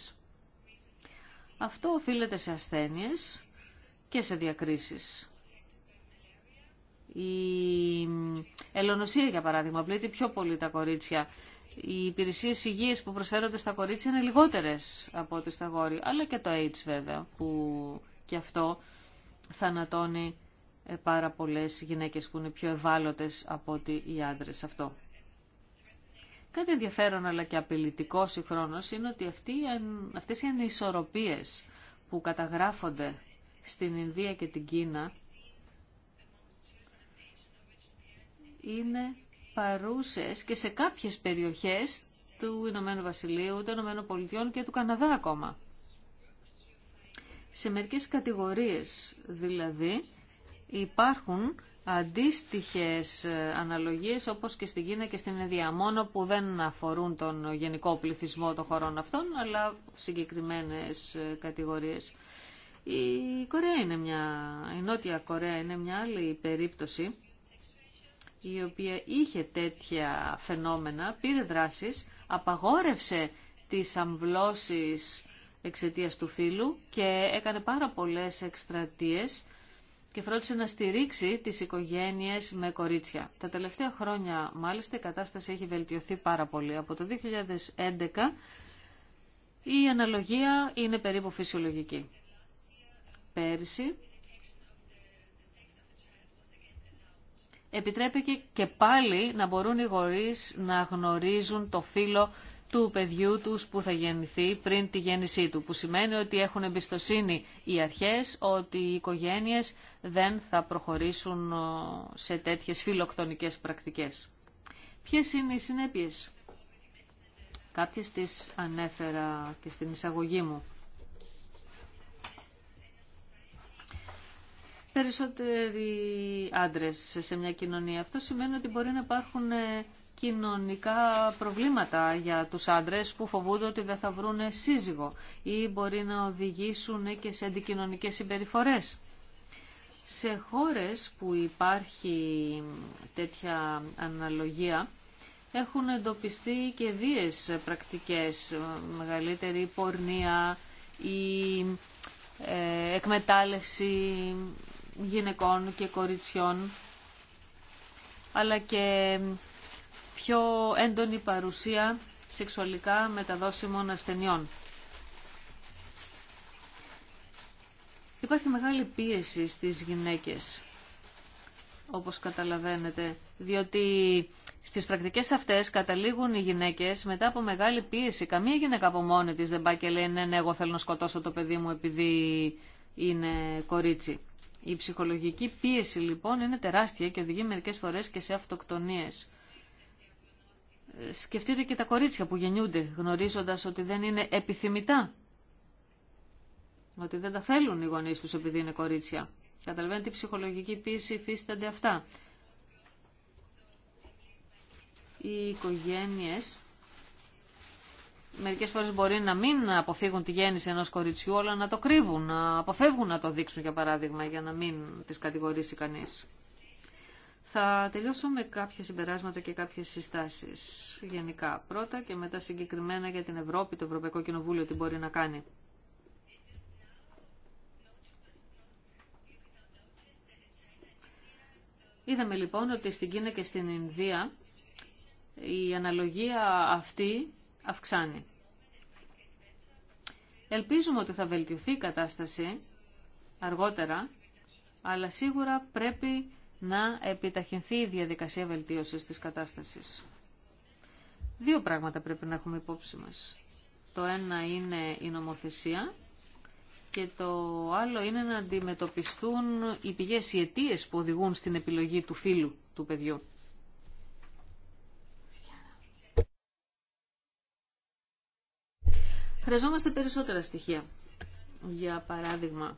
Αυτό οφείλεται σε ασθένειες και σε διακρίσεις. Η ελονοσία, για παράδειγμα, πλήττει πιο πολύ τα κορίτσια. Οι υπηρεσίε υγεία που προσφέρονται στα κορίτσια είναι λιγότερε από ό,τι στα γόρια. Αλλά και το AIDS, βέβαια, που και αυτό θανατώνει ε, πάρα πολλές γυναίκες που είναι πιο ευάλωτες από ότι οι άντρες αυτό. Κάτι ενδιαφέρον αλλά και απειλητικό συγχρόνως είναι ότι αυτέ αυτές οι ανισορροπίες που καταγράφονται στην Ινδία και την Κίνα είναι παρούσες και σε κάποιες περιοχές του Ηνωμένου Βασιλείου, του Ηνωμένων Πολιτειών και του Καναδά ακόμα. Σε μερικές κατηγορίες δηλαδή υπάρχουν αντίστοιχες αναλογίες όπως και στην Κίνα και στην Ινδία, μόνο που δεν αφορούν τον γενικό πληθυσμό των χωρών αυτών, αλλά συγκεκριμένες ε, κατηγορίες. Η Κορέα είναι μια, η Νότια Κορέα είναι μια άλλη περίπτωση η οποία είχε τέτοια φαινόμενα, πήρε δράσεις, απαγόρευσε τις αμβλώσεις εξαιτίας του φύλου και έκανε πάρα πολλές εκστρατείες και φρόντισε να στηρίξει τις οικογένειες με κορίτσια. Τα τελευταία χρόνια μάλιστα η κατάσταση έχει βελτιωθεί πάρα πολύ. Από το 2011 η αναλογία είναι περίπου φυσιολογική. Πέρσι επιτρέπηκε και πάλι να μπορούν οι γορείς να γνωρίζουν το φύλλο του παιδιού τους που θα γεννηθεί πριν τη γέννησή του, που σημαίνει ότι έχουν εμπιστοσύνη οι αρχές ότι οι οικογένειες δεν θα προχωρήσουν ε, σε τέτοιες φιλοκτονικές πρακτικές. Ποιες είναι οι συνέπειες? Κάποιες τις ανέφερα και στην εισαγωγή μου. Περισσότεροι άντρες σε μια κοινωνία. Αυτό σημαίνει ότι μπορεί να υπάρχουν ε, κοινωνικά προβλήματα για τους άντρες που φοβούνται ότι δεν θα βρουν σύζυγο ή μπορεί να οδηγήσουν και σε αντικοινωνικές συμπεριφορές. Σε χώρες που υπάρχει τέτοια αναλογία έχουν εντοπιστεί και βίες πρακτικές, μεγαλύτερη πορνεία ή ε, εκμετάλλευση γυναικών και κοριτσιών αλλά και πιο έντονη παρουσία σεξουαλικά μεταδόσιμων ασθενειών. Υπάρχει μεγάλη πίεση στις γυναίκες, όπως καταλαβαίνετε, διότι στις πρακτικές αυτές καταλήγουν οι γυναίκες μετά από μεγάλη πίεση. Καμία γυναίκα από μόνη της δεν πάει και λέει ναι, ναι, εγώ θέλω να σκοτώσω το παιδί μου επειδή είναι κορίτσι. Η ψυχολογική πίεση λοιπόν είναι τεράστια και οδηγεί μερικές φορές και σε αυτοκτονίες σκεφτείτε και τα κορίτσια που γεννιούνται γνωρίζοντας ότι δεν είναι επιθυμητά. Ότι δεν τα θέλουν οι γονείς τους επειδή είναι κορίτσια. Καταλαβαίνετε η ψυχολογική πίεση υφίστανται αυτά. Οι οικογένειες μερικές φορές μπορεί να μην αποφύγουν τη γέννηση ενός κοριτσιού, αλλά να το κρύβουν, να αποφεύγουν να το δείξουν για παράδειγμα, για να μην τις κατηγορήσει κανείς. Θα τελειώσω με κάποια συμπεράσματα και κάποιες συστάσεις γενικά πρώτα και μετά συγκεκριμένα για την Ευρώπη, το Ευρωπαϊκό Κοινοβούλιο τι μπορεί να κάνει. Είδαμε λοιπόν ότι στην Κίνα και στην Ινδία η αναλογία αυτή αυξάνει. Ελπίζουμε ότι θα βελτιωθεί η κατάσταση αργότερα, αλλά σίγουρα πρέπει να επιταχυνθεί η διαδικασία βελτίωσης της κατάστασης. Δύο πράγματα πρέπει να έχουμε υπόψη μας. Το ένα είναι η νομοθεσία και το άλλο είναι να αντιμετωπιστούν οι πηγές, οι αιτίες που οδηγούν στην επιλογή του φίλου του παιδιού. Χρειαζόμαστε περισσότερα στοιχεία. Για παράδειγμα,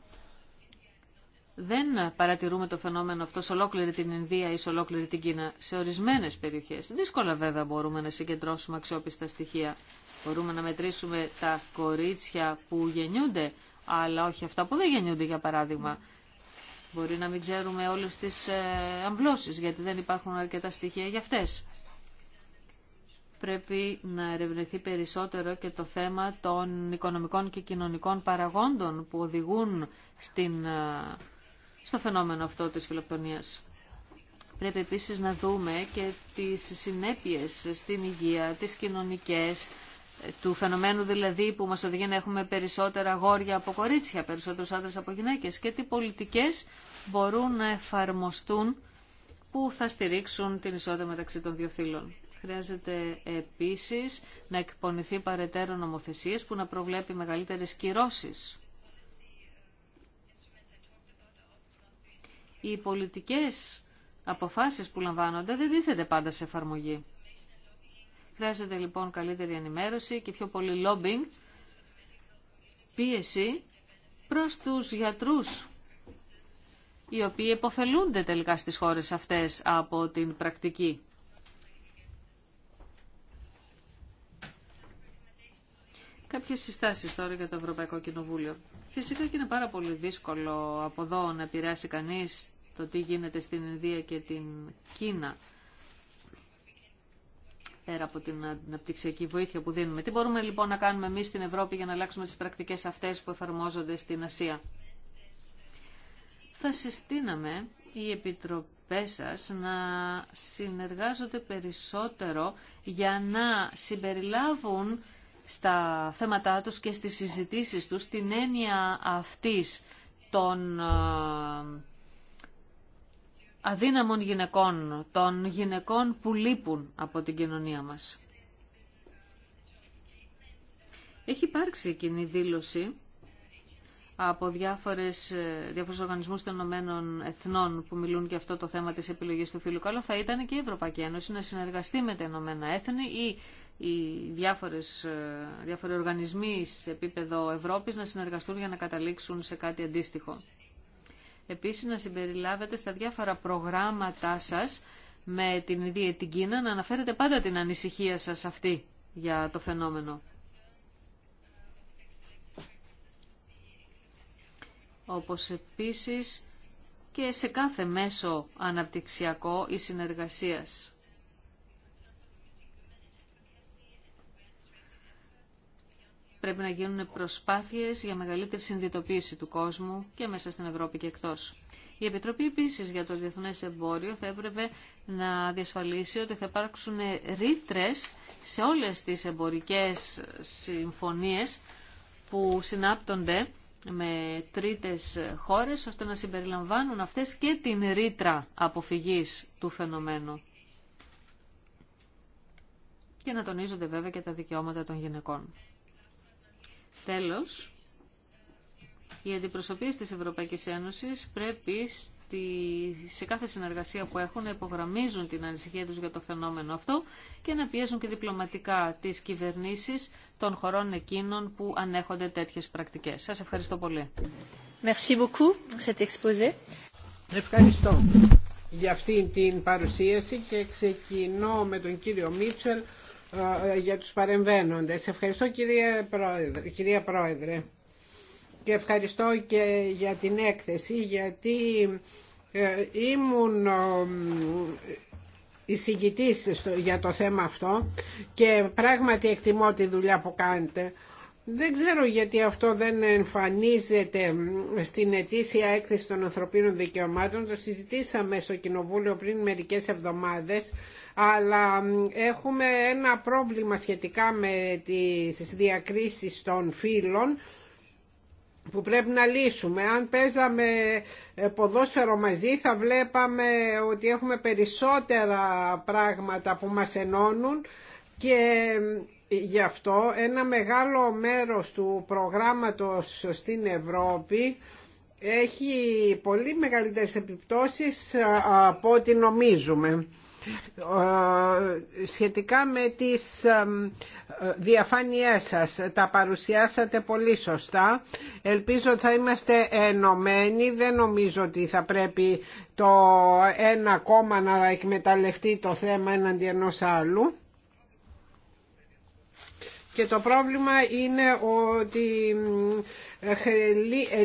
δεν παρατηρούμε το φαινόμενο αυτό σε ολόκληρη την Ινδία ή σε ολόκληρη την Κίνα, σε ορισμένες περιοχές. Δύσκολα βέβαια μπορούμε να συγκεντρώσουμε αξιόπιστα στοιχεία. Μπορούμε να μετρήσουμε τα κορίτσια που γεννιούνται, αλλά όχι αυτά που δεν γεννιούνται για παράδειγμα. Μπορεί να μην ξέρουμε όλες τις ε, γιατί δεν υπάρχουν αρκετά στοιχεία για αυτές. Πρέπει να ερευνηθεί περισσότερο και το θέμα των οικονομικών και κοινωνικών παραγόντων που οδηγούν στην ε, στο φαινόμενο αυτό της φιλοκτονίας. Πρέπει επίσης να δούμε και τις συνέπειες στην υγεία, τις κοινωνικές, του φαινομένου δηλαδή που μας οδηγεί να έχουμε περισσότερα γόρια από κορίτσια, περισσότερους άντρες από γυναίκες και τι πολιτικές μπορούν να εφαρμοστούν που θα στηρίξουν την ισότητα μεταξύ των δύο φύλων. Χρειάζεται επίσης να εκπονηθεί παρετέρω νομοθεσίες που να προβλέπει μεγαλύτερες κυρώσεις οι πολιτικές αποφάσεις που λαμβάνονται δεν δίθεται πάντα σε εφαρμογή. Χρειάζεται λοιπόν καλύτερη ενημέρωση και πιο πολύ lobbying, πίεση προς τους γιατρούς, οι οποίοι υποφελούνται τελικά στις χώρες αυτές από την πρακτική. Κάποιε συστάσεις τώρα για το Ευρωπαϊκό Κοινοβούλιο. Φυσικά και είναι πάρα πολύ δύσκολο από εδώ να επηρεάσει κανείς το τι γίνεται στην Ινδία και την Κίνα πέρα από την αναπτυξιακή βοήθεια που δίνουμε. Τι μπορούμε λοιπόν να κάνουμε εμείς στην Ευρώπη για να αλλάξουμε τις πρακτικές αυτές που εφαρμόζονται στην Ασία. Θα συστήναμε οι επιτροπές σας να συνεργάζονται περισσότερο για να συμπεριλάβουν στα θέματά τους και στις συζητήσεις τους την έννοια αυτής των ε, αδύναμων γυναικών, των γυναικών που λείπουν από την κοινωνία μας. Έχει υπάρξει κοινή δήλωση από διάφορες, ε, διάφορους οργανισμούς των Ηνωμένων Εθνών που μιλούν για αυτό το θέμα της επιλογής του φίλου Καλό θα ήταν και η Ευρωπαϊκή Ένωση να συνεργαστεί με τα Ηνωμένα Έθνη ή οι διάφορες, ε, διάφοροι οργανισμοί σε επίπεδο Ευρώπης να συνεργαστούν για να καταλήξουν σε κάτι αντίστοιχο. Επίσης να συμπεριλάβετε στα διάφορα προγράμματά σας με την ίδια την Κίνα να αναφέρετε πάντα την ανησυχία σας αυτή για το φαινόμενο. Όπως επίσης και σε κάθε μέσο αναπτυξιακό ή συνεργασίας Πρέπει να γίνουν προσπάθειες για μεγαλύτερη συνδυτοποίηση του κόσμου και μέσα στην Ευρώπη και εκτός. Η Επιτροπή επίση για το Διεθνέ Εμπόριο θα έπρεπε να διασφαλίσει ότι θα υπάρξουν ρήτρε σε όλε τι εμπορικέ συμφωνίε που συνάπτονται με τρίτες χώρες ώστε να συμπεριλαμβάνουν αυτές και την ρήτρα αποφυγή του φαινομένου. Και να τονίζονται βέβαια και τα δικαιώματα των γυναικών. Τέλος, οι αντιπροσωπείες της Ευρωπαϊκής Ένωσης πρέπει σε κάθε συνεργασία που έχουν να υπογραμμίζουν την ανησυχία τους για το φαινόμενο αυτό και να πιέζουν και διπλωματικά τις κυβερνήσεις των χωρών εκείνων που ανέχονται τέτοιες πρακτικές. Σας ευχαριστώ πολύ. Merci beaucoup. Ευχαριστώ για αυτή την παρουσίαση και ξεκινώ με τον κύριο Μίτσελ ε, για τους παρεμβαίνοντες. Ευχαριστώ κυρία Πρόεδρε. Κυρία Πρόεδρε. Και ευχαριστώ και για την έκθεση γιατί ε, ήμουν εισηγητής για το θέμα αυτό και πράγματι εκτιμώ τη δουλειά που κάνετε. Δεν ξέρω γιατί αυτό δεν εμφανίζεται στην ετήσια έκθεση των ανθρωπίνων δικαιωμάτων. Το συζητήσαμε στο Κοινοβούλιο πριν μερικές εβδομάδες αλλά έχουμε ένα πρόβλημα σχετικά με τις διακρίσεις των φύλων που πρέπει να λύσουμε. Αν παίζαμε ε, ποδόσφαιρο μαζί θα βλέπαμε ότι έχουμε περισσότερα πράγματα που μας ενώνουν και γι' αυτό ένα μεγάλο μέρος του προγράμματος στην Ευρώπη έχει πολύ μεγαλύτερες επιπτώσεις ε, από ό,τι νομίζουμε. Ε, σχετικά με τις διαφάνειές σας, τα παρουσιάσατε πολύ σωστά. Ελπίζω ότι θα είμαστε ενωμένοι. Δεν νομίζω ότι θα πρέπει το ένα κόμμα να εκμεταλλευτεί το θέμα έναντι ενός άλλου. Και το πρόβλημα είναι ότι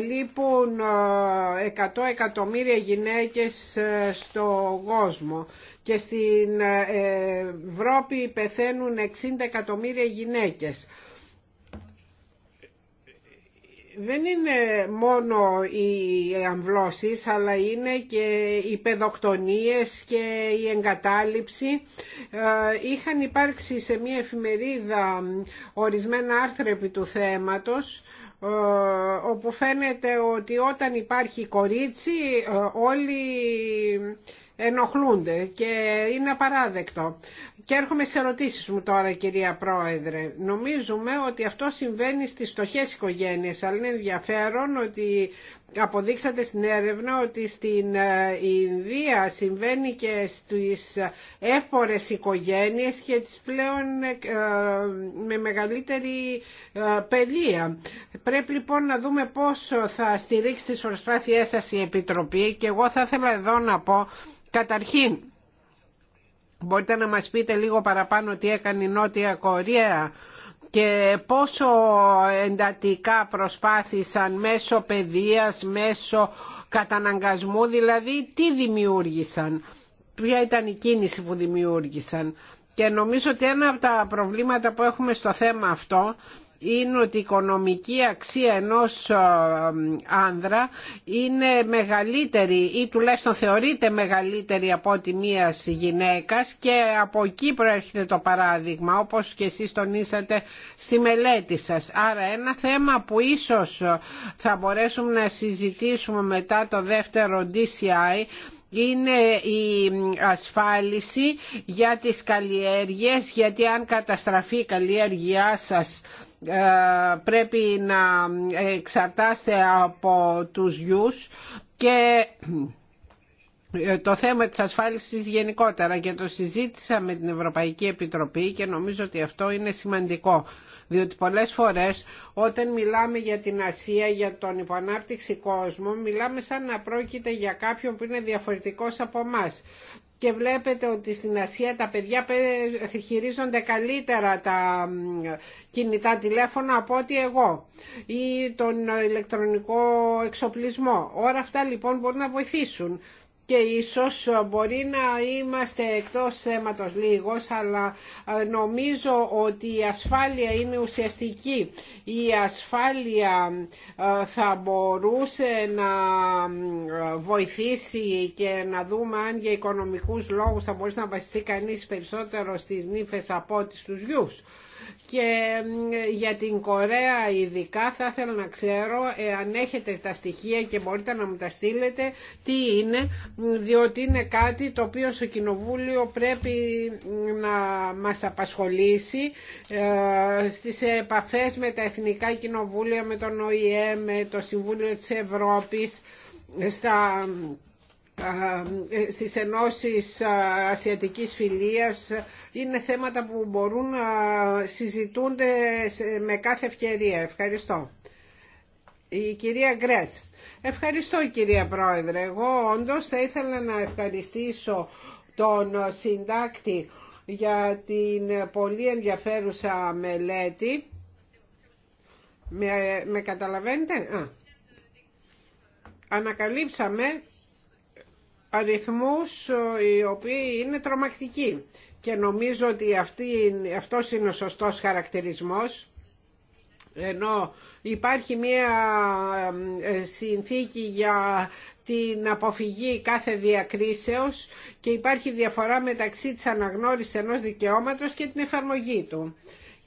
λείπουν 100 ε, εκατομμύρια γυναίκες ε, στον κόσμο και στην ε, Ευρώπη πεθαίνουν 60 εκατομμύρια γυναίκες δεν είναι μόνο οι αμβλώσεις αλλά είναι και οι παιδοκτονίες και η εγκατάλειψη. Ε, είχαν υπάρξει σε μια εφημερίδα ορισμένα άρθρα επί του θέματος ε, όπου φαίνεται ότι όταν υπάρχει κορίτσι όλοι ενοχλούνται και είναι απαράδεκτο. Και έρχομαι σε ερωτήσεις μου τώρα κυρία Πρόεδρε. Νομίζουμε ότι αυτό συμβαίνει στις στοχές οικογένειες, αλλά είναι ενδιαφέρον ότι αποδείξατε στην έρευνα ότι στην ε, Ινδία συμβαίνει και στις εύπορες οικογένειες και τις πλέον ε, με μεγαλύτερη ε, παιδεία. Πρέπει λοιπόν να δούμε πώς θα στηρίξει τις προσπάθειές σας η Επιτροπή και εγώ θα ήθελα εδώ να πω Καταρχήν, μπορείτε να μας πείτε λίγο παραπάνω τι έκανε η Νότια Κορέα και πόσο εντατικά προσπάθησαν μέσω παιδείας, μέσω καταναγκασμού, δηλαδή τι δημιούργησαν, ποια ήταν η κίνηση που δημιούργησαν. Και νομίζω ότι ένα από τα προβλήματα που έχουμε στο θέμα αυτό είναι ότι η οικονομική αξία ενός ε, άνδρα είναι μεγαλύτερη ή τουλάχιστον θεωρείται μεγαλύτερη από τη μίας γυναίκας και από εκεί προέρχεται το παράδειγμα όπως και εσείς τονίσατε στη μελέτη σας. Άρα ένα θέμα που ίσως θα μπορέσουμε να συζητήσουμε μετά το δεύτερο DCI είναι η ασφάλιση για τις καλλιέργειες γιατί αν καταστραφεί η καλλιέργειά σας ε, πρέπει να εξαρτάστε από τους γιους και ε, το θέμα της ασφάλισης γενικότερα και το συζήτησα με την Ευρωπαϊκή Επιτροπή και νομίζω ότι αυτό είναι σημαντικό. Διότι πολλές φορές όταν μιλάμε για την Ασία, για τον υποανάπτυξη κόσμο, μιλάμε σαν να πρόκειται για κάποιον που είναι διαφορετικός από εμά. Και βλέπετε ότι στην Ασία τα παιδιά χειρίζονται καλύτερα τα κινητά τηλέφωνα από ό,τι εγώ ή τον ηλεκτρονικό εξοπλισμό. Όλα αυτά λοιπόν μπορούν να βοηθήσουν και ίσως ε, μπορεί να είμαστε εκτός θέματος λίγος, αλλά ε, νομίζω ότι η ασφάλεια είναι ουσιαστική. Η ασφάλεια ε, θα μπορούσε να βοηθήσει και να δούμε αν για οικονομικούς λόγους θα μπορούσε να βασιστεί κανείς περισσότερο στις νύφες από τις τους γιους και για την Κορέα ειδικά θα ήθελα να ξέρω ε, αν έχετε τα στοιχεία και μπορείτε να μου τα στείλετε τι είναι διότι είναι κάτι το οποίο στο Κοινοβούλιο πρέπει να μας απασχολήσει ε, στις επαφές με τα Εθνικά Κοινοβούλια, με τον ΟΗΕ, με το Συμβούλιο της Ευρώπης στα ε, στις ενώσεις ασιατικής φιλίας είναι θέματα που μπορούν να συζητούνται με κάθε ευκαιρία. Ευχαριστώ. Η κυρία Γκρέσ. Ευχαριστώ κυρία Πρόεδρε. Εγώ όντως θα ήθελα να ευχαριστήσω τον συντάκτη για την πολύ ενδιαφέρουσα μελέτη. Με, με καταλαβαίνετε. Ανακαλύψαμε αριθμούς ε, οι οποίοι είναι τρομακτικοί. Και νομίζω ότι αυτή, αυτός είναι ο σωστός χαρακτηρισμός ενώ υπάρχει μια ε, συνθήκη για την αποφυγή κάθε διακρίσεως και υπάρχει διαφορά μεταξύ της αναγνώρισης ενός δικαιώματος και την εφαρμογή του.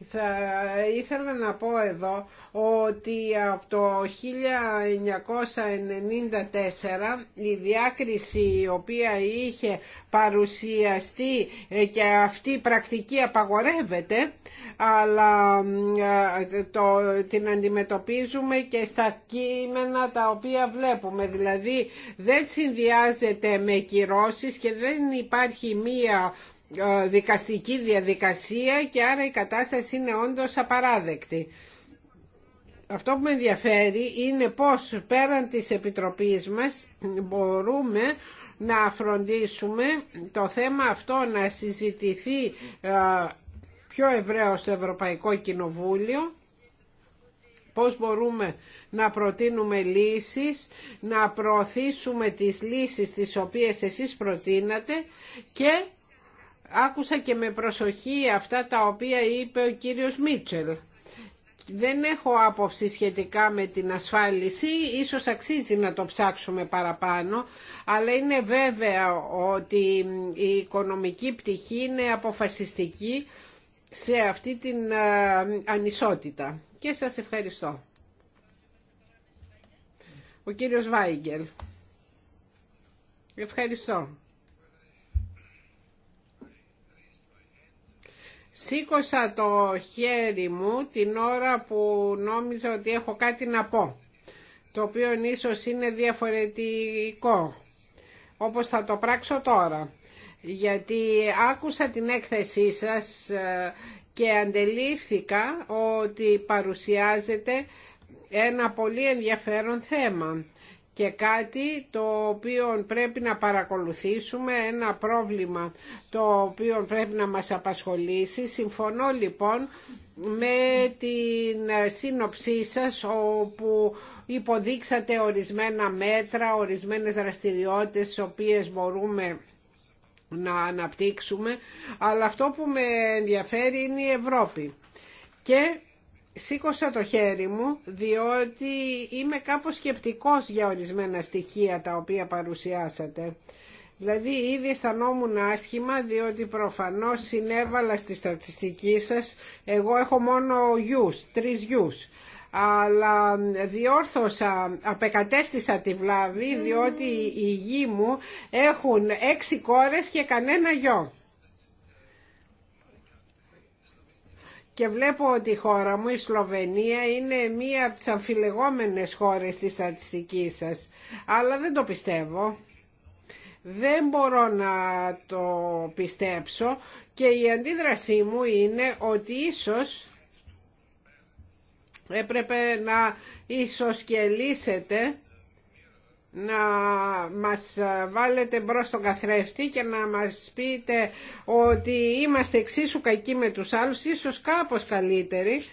Θα ήθελα να πω εδώ ότι από το 1994 η διάκριση η οποία είχε παρουσιαστεί ε, και αυτή η πρακτική απαγορεύεται αλλά ε, το, την αντιμετωπίζουμε και στα κείμενα τα οποία βλέπουμε. Δηλαδή δεν συνδυάζεται με κυρώσεις και δεν υπάρχει μία ε, δικαστική διαδικασία και άρα η κατάσταση είναι όντως απαράδεκτη. Αυτό που με ενδιαφέρει είναι πώς πέραν της Επιτροπής μας μπορούμε να φροντίσουμε το θέμα αυτό να συζητηθεί ε, πιο ευρέω στο Ευρωπαϊκό Κοινοβούλιο πώς μπορούμε να προτείνουμε λύσεις, να προωθήσουμε τις λύσεις τις οποίες εσείς προτείνατε και άκουσα και με προσοχή αυτά τα οποία είπε ο κύριος Μίτσελ. Δεν έχω άποψη σχετικά με την ασφάλιση, ίσως αξίζει να το ψάξουμε παραπάνω, αλλά είναι βέβαια ότι η οικονομική πτυχή είναι αποφασιστική σε αυτή την ε, ανισότητα. Και σας ευχαριστώ. Ο κύριος Βάιγκελ. Ευχαριστώ. Σήκωσα το χέρι μου την ώρα που νόμιζα ότι έχω κάτι να πω, το οποίο ίσως είναι διαφορετικό, όπως θα το πράξω τώρα. Γιατί άκουσα την έκθεσή σας ε, και αντελήφθηκα ότι παρουσιάζεται ένα πολύ ενδιαφέρον θέμα και κάτι το οποίο πρέπει να παρακολουθήσουμε, ένα πρόβλημα το οποίο πρέπει να μας απασχολήσει. Συμφωνώ λοιπόν με την σύνοψή σας όπου υποδείξατε ορισμένα μέτρα, ορισμένες δραστηριότητες τις οποίες μπορούμε να αναπτύξουμε, αλλά αυτό που με ενδιαφέρει είναι η Ευρώπη. Και σήκωσα το χέρι μου διότι είμαι κάπως σκεπτικός για ορισμένα στοιχεία τα οποία παρουσιάσατε. Δηλαδή ήδη αισθανόμουν άσχημα διότι προφανώς συνέβαλα στη στατιστική σας. Εγώ έχω μόνο γιους, τρεις γιους. Αλλά διόρθωσα, απεκατέστησα τη βλάβη διότι οι γη μου έχουν έξι κόρες και κανένα γιο. και βλέπω ότι η χώρα μου, η Σλοβενία, είναι μία από τις αμφιλεγόμενες χώρες της στατιστικής σας. Αλλά δεν το πιστεύω. Δεν μπορώ να το πιστέψω και η αντίδρασή μου είναι ότι ίσως έπρεπε να και λύσετε να μας βάλετε μπρος στον καθρέφτη και να μας πείτε ότι είμαστε εξίσου κακοί με τους άλλους, ίσως κάπως καλύτεροι,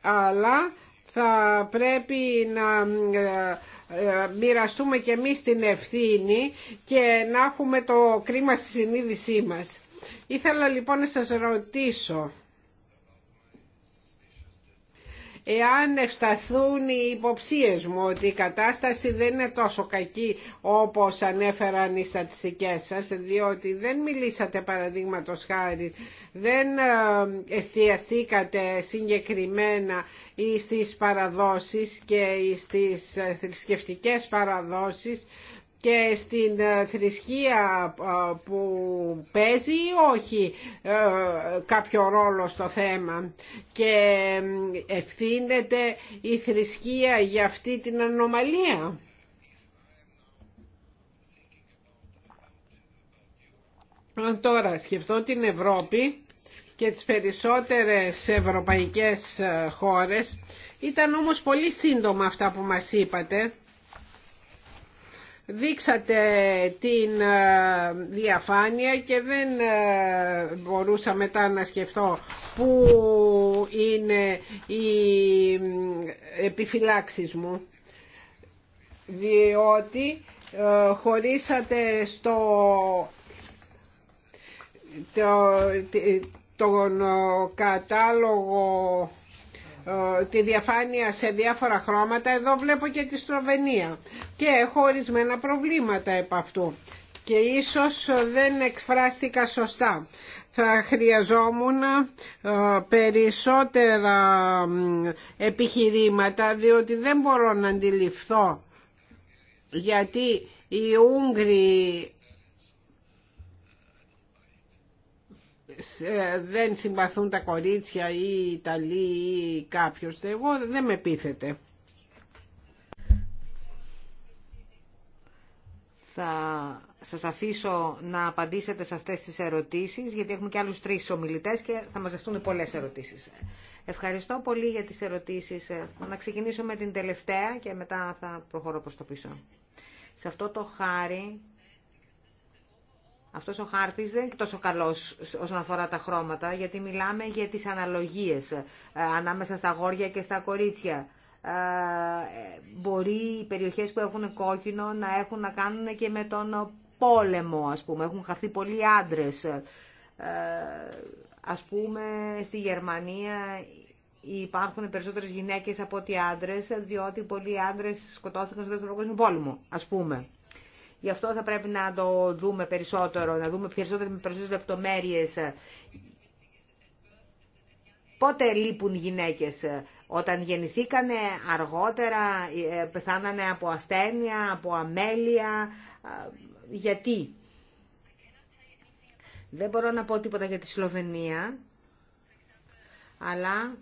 αλλά θα πρέπει να ε, ε, μοιραστούμε και εμείς την ευθύνη και να έχουμε το κρίμα στη συνείδησή μας. Ήθελα λοιπόν να σας ρωτήσω εάν ευσταθούν οι υποψίες μου ότι η κατάσταση δεν είναι τόσο κακή όπως ανέφεραν οι στατιστικές σας, διότι δεν μιλήσατε παραδείγματο χάρη, δεν ε, εστιαστήκατε συγκεκριμένα στις παραδόσεις και στις θρησκευτικές παραδόσεις και στην ε, θρησκεία ε, που παίζει ή όχι ε, κάποιο ρόλο στο θέμα και ευθύνεται η θρησκεία για αυτή την ανομαλία. Αν τώρα σκεφτώ την Ευρώπη και τις περισσότερες ευρωπαϊκές χώρες, ήταν όμως πολύ σύντομα αυτά που μας είπατε δείξατε την ε, διαφάνεια και δεν ε, μπορούσα μετά να σκεφτώ που είναι οι επιφυλάξεις μου διότι ε, χωρίσατε στο το, τον κατάλογο ε, τη διαφάνεια σε διάφορα χρώματα. Εδώ βλέπω και τη Σλοβενία και έχω ορισμένα προβλήματα επ' αυτού και ίσως δεν εκφράστηκα σωστά. Θα χρειαζόμουν ε, περισσότερα επιχειρήματα διότι δεν μπορώ να αντιληφθώ γιατί οι Ούγγροι δεν συμπαθούν τα κορίτσια ή οι Ιταλοί ή κάποιος. Εγώ δεν με πείθετε. Θα σας αφήσω να απαντήσετε σε αυτές τις ερωτήσεις, γιατί έχουμε και άλλους τρεις ομιλητές και θα μαζευτούν πολλές ερωτήσεις. Ευχαριστώ πολύ για τις ερωτήσεις. Να ξεκινήσω με την τελευταία και μετά θα προχωρώ προς το πίσω. Σε αυτό το χάρη αυτός ο χάρτης δεν είναι τόσο καλός όσον αφορά τα χρώματα, γιατί μιλάμε για τις αναλογίες ε, ανάμεσα στα γόρια και στα κορίτσια. Ε, μπορεί οι περιοχές που έχουν κόκκινο να έχουν να κάνουν και με τον πόλεμο, ας πούμε. Έχουν χαθεί πολλοί άντρες. Ε, ας πούμε, στη Γερμανία υπάρχουν περισσότερες γυναίκες από ότι άντρες, διότι πολλοί άντρες σκοτώθηκαν στον Δεύτερο Πόλεμο, ας πούμε. Γι' αυτό θα πρέπει να το δούμε περισσότερο, να δούμε περισσότερο με περισσότερες λεπτομέρειες. Πότε λείπουν γυναίκες, όταν γεννηθήκανε αργότερα, ε, πεθάνανε από ασθένεια, από αμέλεια, γιατί. Δεν μπορώ να πω τίποτα για τη Σλοβενία, αλλά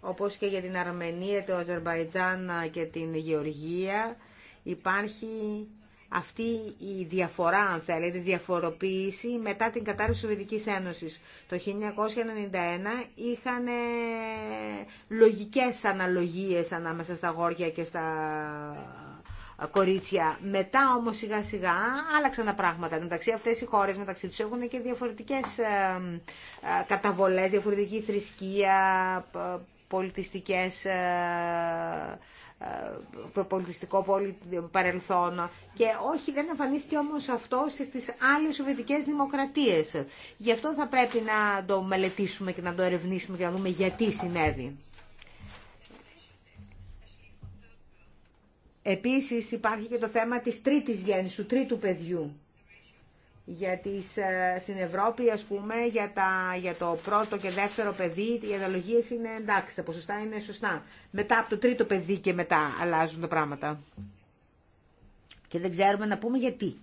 όπως και για την Αρμενία, το Αζερβαϊτζάν και την Γεωργία, υπάρχει αυτή η διαφορά, αν θέλετε, διαφοροποίηση μετά την κατάρρευση της Σοβιετικής Ένωσης. Το 1991 είχαν ε, λογικές αναλογίες ανάμεσα στα γόρια και στα ε, κορίτσια. Μετά όμως σιγά σιγά άλλαξαν τα πράγματα. Μεταξύ αυτές οι χώρες μεταξύ τους έχουν και διαφορετικές ε, καταβολές, διαφορετική θρησκεία, πολιτιστικές πολιτιστικό παρελθόν και όχι δεν εμφανίστηκε όμως αυτό στι άλλες σοβιετικέ δημοκρατίες. Γι' αυτό θα πρέπει να το μελετήσουμε και να το ερευνήσουμε και να δούμε γιατί συνέβη. Επίσης υπάρχει και το θέμα της τρίτης γέννησης, του τρίτου παιδιού για ε, στην Ευρώπη, ας πούμε, για, τα, για το πρώτο και δεύτερο παιδί, οι αναλογίε είναι εντάξει, τα ποσοστά είναι σωστά. Μετά από το τρίτο παιδί και μετά αλλάζουν τα πράγματα. Και δεν ξέρουμε να πούμε γιατί.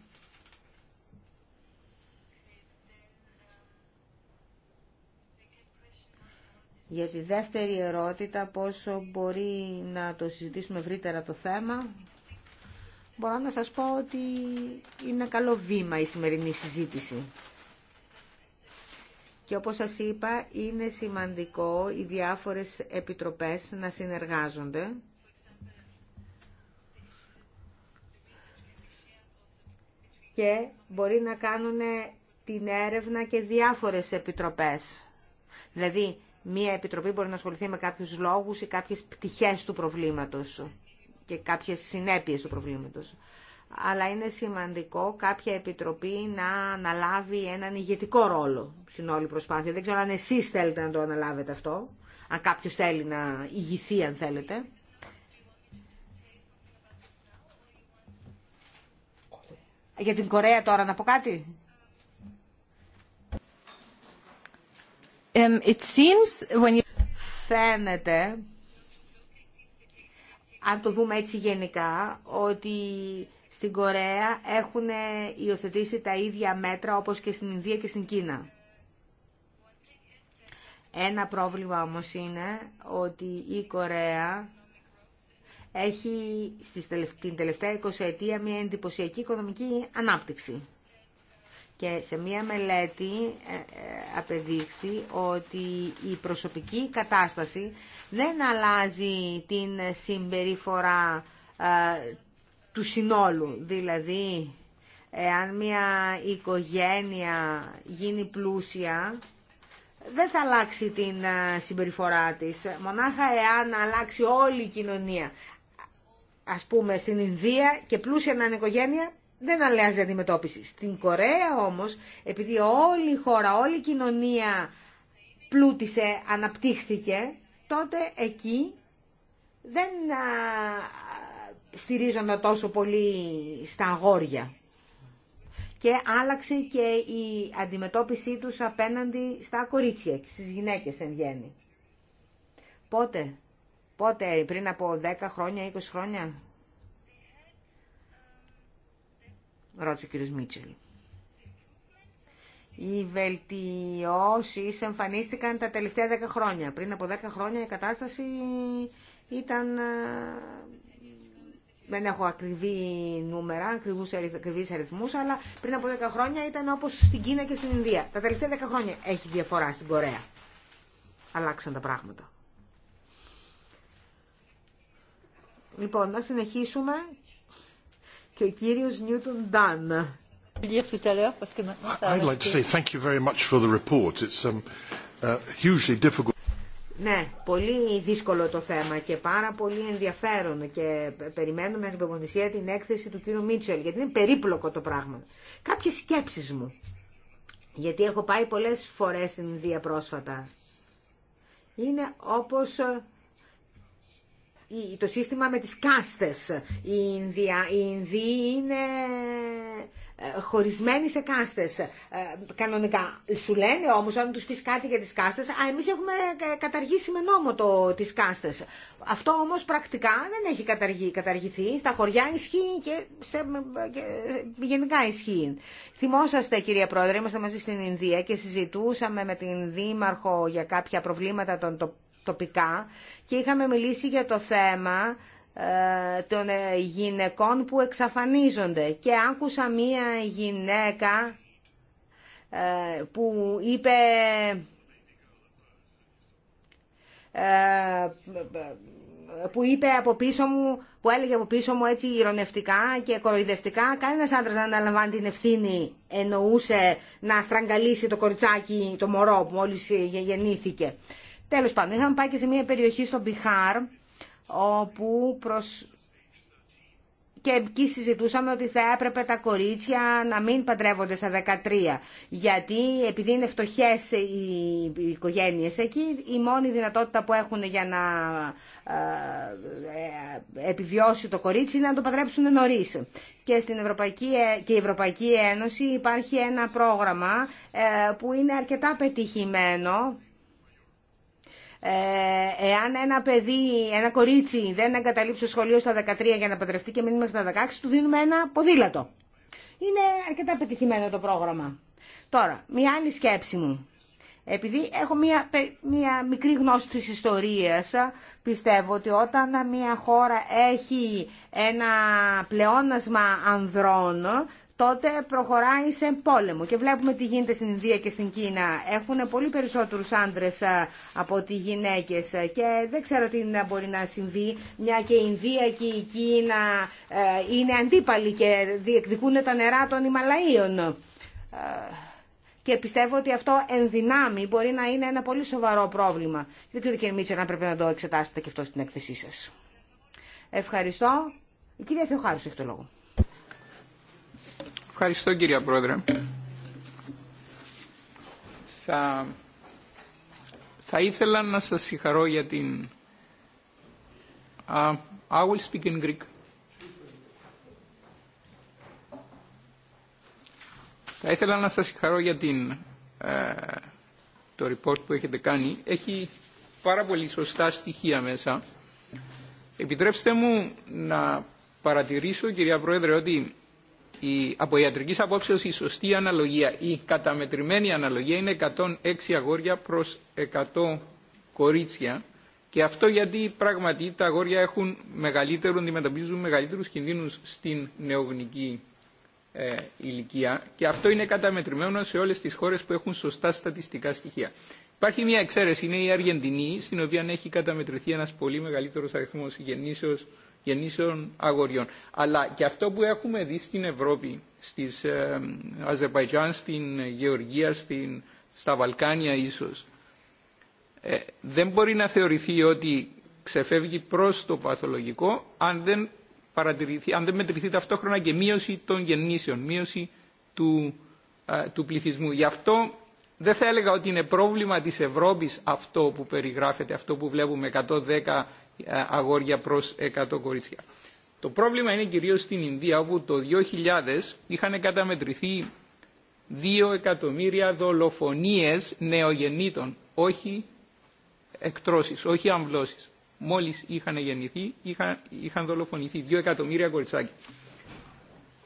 Για τη δεύτερη ερώτητα, πόσο μπορεί να το συζητήσουμε ευρύτερα το θέμα, μπορώ να σας πω ότι είναι καλό βήμα η σημερινή συζήτηση. Και όπως σας είπα, είναι σημαντικό οι διάφορες επιτροπές να συνεργάζονται. Και μπορεί να κάνουν την έρευνα και διάφορες επιτροπές. Δηλαδή, μία επιτροπή μπορεί να ασχοληθεί με κάποιους λόγους ή κάποιες πτυχές του προβλήματος και κάποιες συνέπειες του προβλήματος. Αλλά είναι σημαντικό κάποια επιτροπή να αναλάβει έναν ηγετικό ρόλο στην όλη προσπάθεια. Δεν ξέρω αν εσείς θέλετε να το αναλάβετε αυτό, αν κάποιος θέλει να ηγηθεί αν θέλετε. Για την Κορέα τώρα να πω κάτι. It seems when you... Φαίνεται αν το δούμε έτσι γενικά, ότι στην Κορέα έχουν υιοθετήσει τα ίδια μέτρα όπως και στην Ινδία και στην Κίνα. Ένα πρόβλημα όμως είναι ότι η Κορέα έχει στην τελευταία 20 ετία μια εντυπωσιακή οικονομική ανάπτυξη. Και σε μία μελέτη ε, ε, απεδείχθη ότι η προσωπική κατάσταση δεν αλλάζει την συμπεριφορά ε, του συνόλου. Δηλαδή, εάν μια οικογένεια γίνει πλούσια, δεν θα αλλάξει την συμπεριφορά της. Μονάχα εάν αλλάξει όλη η κοινωνία. Ας πούμε, στην Ινδία και πλούσια να είναι οικογένεια, δεν αλλάζει αντιμετώπιση. Στην Κορέα όμως, επειδή όλη η χώρα, όλη η κοινωνία πλούτησε, αναπτύχθηκε, τότε εκεί δεν στηρίζονται τόσο πολύ στα αγόρια. Και άλλαξε και η αντιμετώπιση τους απέναντι στα κορίτσια και στις γυναίκες εν γέννη. Πότε, πότε, πριν από 10 χρόνια, 20 χρόνια, ρώτησε ο κύριος Μίτσελ. Οι βελτιώσει εμφανίστηκαν τα τελευταία δέκα χρόνια. Πριν από δέκα χρόνια η κατάσταση ήταν... Δεν έχω ακριβή νούμερα, ακριβούς, αριθμού, αριθμούς, αλλά πριν από 10 χρόνια ήταν όπως στην Κίνα και στην Ινδία. Τα τελευταία 10 χρόνια έχει διαφορά στην Κορέα. Αλλάξαν τα πράγματα. Λοιπόν, να συνεχίσουμε και ο κύριος Νιούτον Ντάν. Ναι, πολύ δύσκολο το θέμα και πάρα πολύ ενδιαφέρον και περιμένουμε ανυπομονησία την έκθεση του κύριου Μίτσελ γιατί είναι περίπλοκο το πράγμα. Κάποιες σκέψεις μου, γιατί έχω πάει πολλές φορές στην Ινδία πρόσφατα, είναι όπως το σύστημα με τις κάστες. Η Ινδία, η Ινδία είναι ε, χωρισμένοι σε κάστες ε, κανονικά. Σου λένε όμως αν τους πεις κάτι για τις κάστες, α, εμείς έχουμε καταργήσει με νόμο το, τις κάστες. Αυτό όμως πρακτικά δεν έχει καταργηθεί. Στα χωριά ισχύει και, σε, και γενικά ισχύει. Θυμόσαστε κυρία Πρόεδρε, είμαστε μαζί στην Ινδία και συζητούσαμε με την Δήμαρχο για κάποια προβλήματα των τοπικών τοπικά και είχαμε μιλήσει για το θέμα ε, των ε, γυναικών που εξαφανίζονται και άκουσα μία γυναίκα ε, που είπε που είπε από πίσω μου, που έλεγε από πίσω μου έτσι ηρωνευτικά και κοροϊδευτικά, κανένα άντρα να αναλαμβάνει την ευθύνη εννοούσε να στραγγαλίσει το κοριτσάκι, το μωρό που μόλι γεννήθηκε. Τέλος πάντων, είχαμε πάει και σε μια περιοχή στο Μπιχάρ, όπου και εκεί συζητούσαμε ότι θα έπρεπε τα κορίτσια να μην παντρεύονται στα 13, γιατί επειδή είναι φτωχές οι οικογένειες εκεί, η μόνη δυνατότητα που έχουν για να ε, ε, επιβιώσει το κορίτσι είναι να το παντρέψουν νωρίς. Και, στην Ευρωπαϊκή, ε, και η Ευρωπαϊκή Ένωση υπάρχει ένα πρόγραμμα που είναι αρκετά πετυχημένο, ε, εάν ένα παιδί, ένα κορίτσι δεν εγκαταλείψει το σχολείο στα 13 για να παντρευτεί και μείνει μέχρι τα 16, του δίνουμε ένα ποδήλατο. Είναι αρκετά πετυχημένο το πρόγραμμα. Τώρα, μια άλλη σκέψη μου. Επειδή έχω μια, μια μικρή γνώση της ιστορίας, πιστεύω ότι όταν μια χώρα έχει ένα πλεόνασμα ανδρών, τότε προχωράει σε πόλεμο. Και βλέπουμε τι γίνεται στην Ινδία και στην Κίνα. Έχουν πολύ περισσότερους άντρες από τι γυναίκες και δεν ξέρω τι μπορεί να συμβεί, μια και η Ινδία και η Κίνα ε, είναι αντίπαλοι και διεκδικούν τα νερά των Ιμαλαίων. Ε, και πιστεύω ότι αυτό εν δυνάμει μπορεί να είναι ένα πολύ σοβαρό πρόβλημα. Δεν ξέρω κύριε Μίτσερ αν πρέπει να το εξετάσετε και αυτό στην έκθεσή σας. Ευχαριστώ. Η κυρία Θεοχάρου έχει το λόγο. Ευχαριστώ κύριε Πρόεδρε. Θα, θα ήθελα να σας συγχαρώ για την... Uh, I will speak in Greek. Θα ήθελα να σας συγχαρώ για την, ε, το report που έχετε κάνει. Έχει πάρα πολύ σωστά στοιχεία μέσα. Επιτρέψτε μου να παρατηρήσω, κυρία Πρόεδρε, ότι η, από ιατρική απόψεως η σωστή αναλογία, η καταμετρημένη αναλογία είναι 106 αγόρια προ 100 κορίτσια και αυτό γιατί πράγματι τα αγόρια έχουν μεγαλύτερο, αντιμετωπίζουν μεγαλύτερου κινδύνου στην νεογνική ε, ηλικία και αυτό είναι καταμετρημένο σε όλε τι χώρε που έχουν σωστά στατιστικά στοιχεία. Υπάρχει μια εξαίρεση, είναι η Αργεντινή, στην οποία έχει καταμετρηθεί ένα πολύ μεγαλύτερο αριθμό γεννήσεως γεννήσεων αγοριών. Αλλά και αυτό που έχουμε δει στην Ευρώπη, στις ε, Αζερβαϊτζάν, στην Γεωργία, στην, στα Βαλκάνια ίσως, ε, δεν μπορεί να θεωρηθεί ότι ξεφεύγει προς το παθολογικό αν δεν, αν δεν μετρηθεί ταυτόχρονα και μείωση των γεννήσεων, μείωση του, ε, του πληθυσμού. Γι' αυτό δεν θα έλεγα ότι είναι πρόβλημα της Ευρώπης αυτό που περιγράφεται, αυτό που βλέπουμε 110 ε, αγόρια προς 100 κορίτσια. Το πρόβλημα είναι κυρίως στην Ινδία όπου το 2000 είχαν καταμετρηθεί 2 εκατομμύρια δολοφονίες νεογεννήτων, όχι εκτρώσεις, όχι αμβλώσεις. Μόλις είχαν γεννηθεί, είχαν, είχαν δολοφονηθεί 2 εκατομμύρια κοριτσάκια.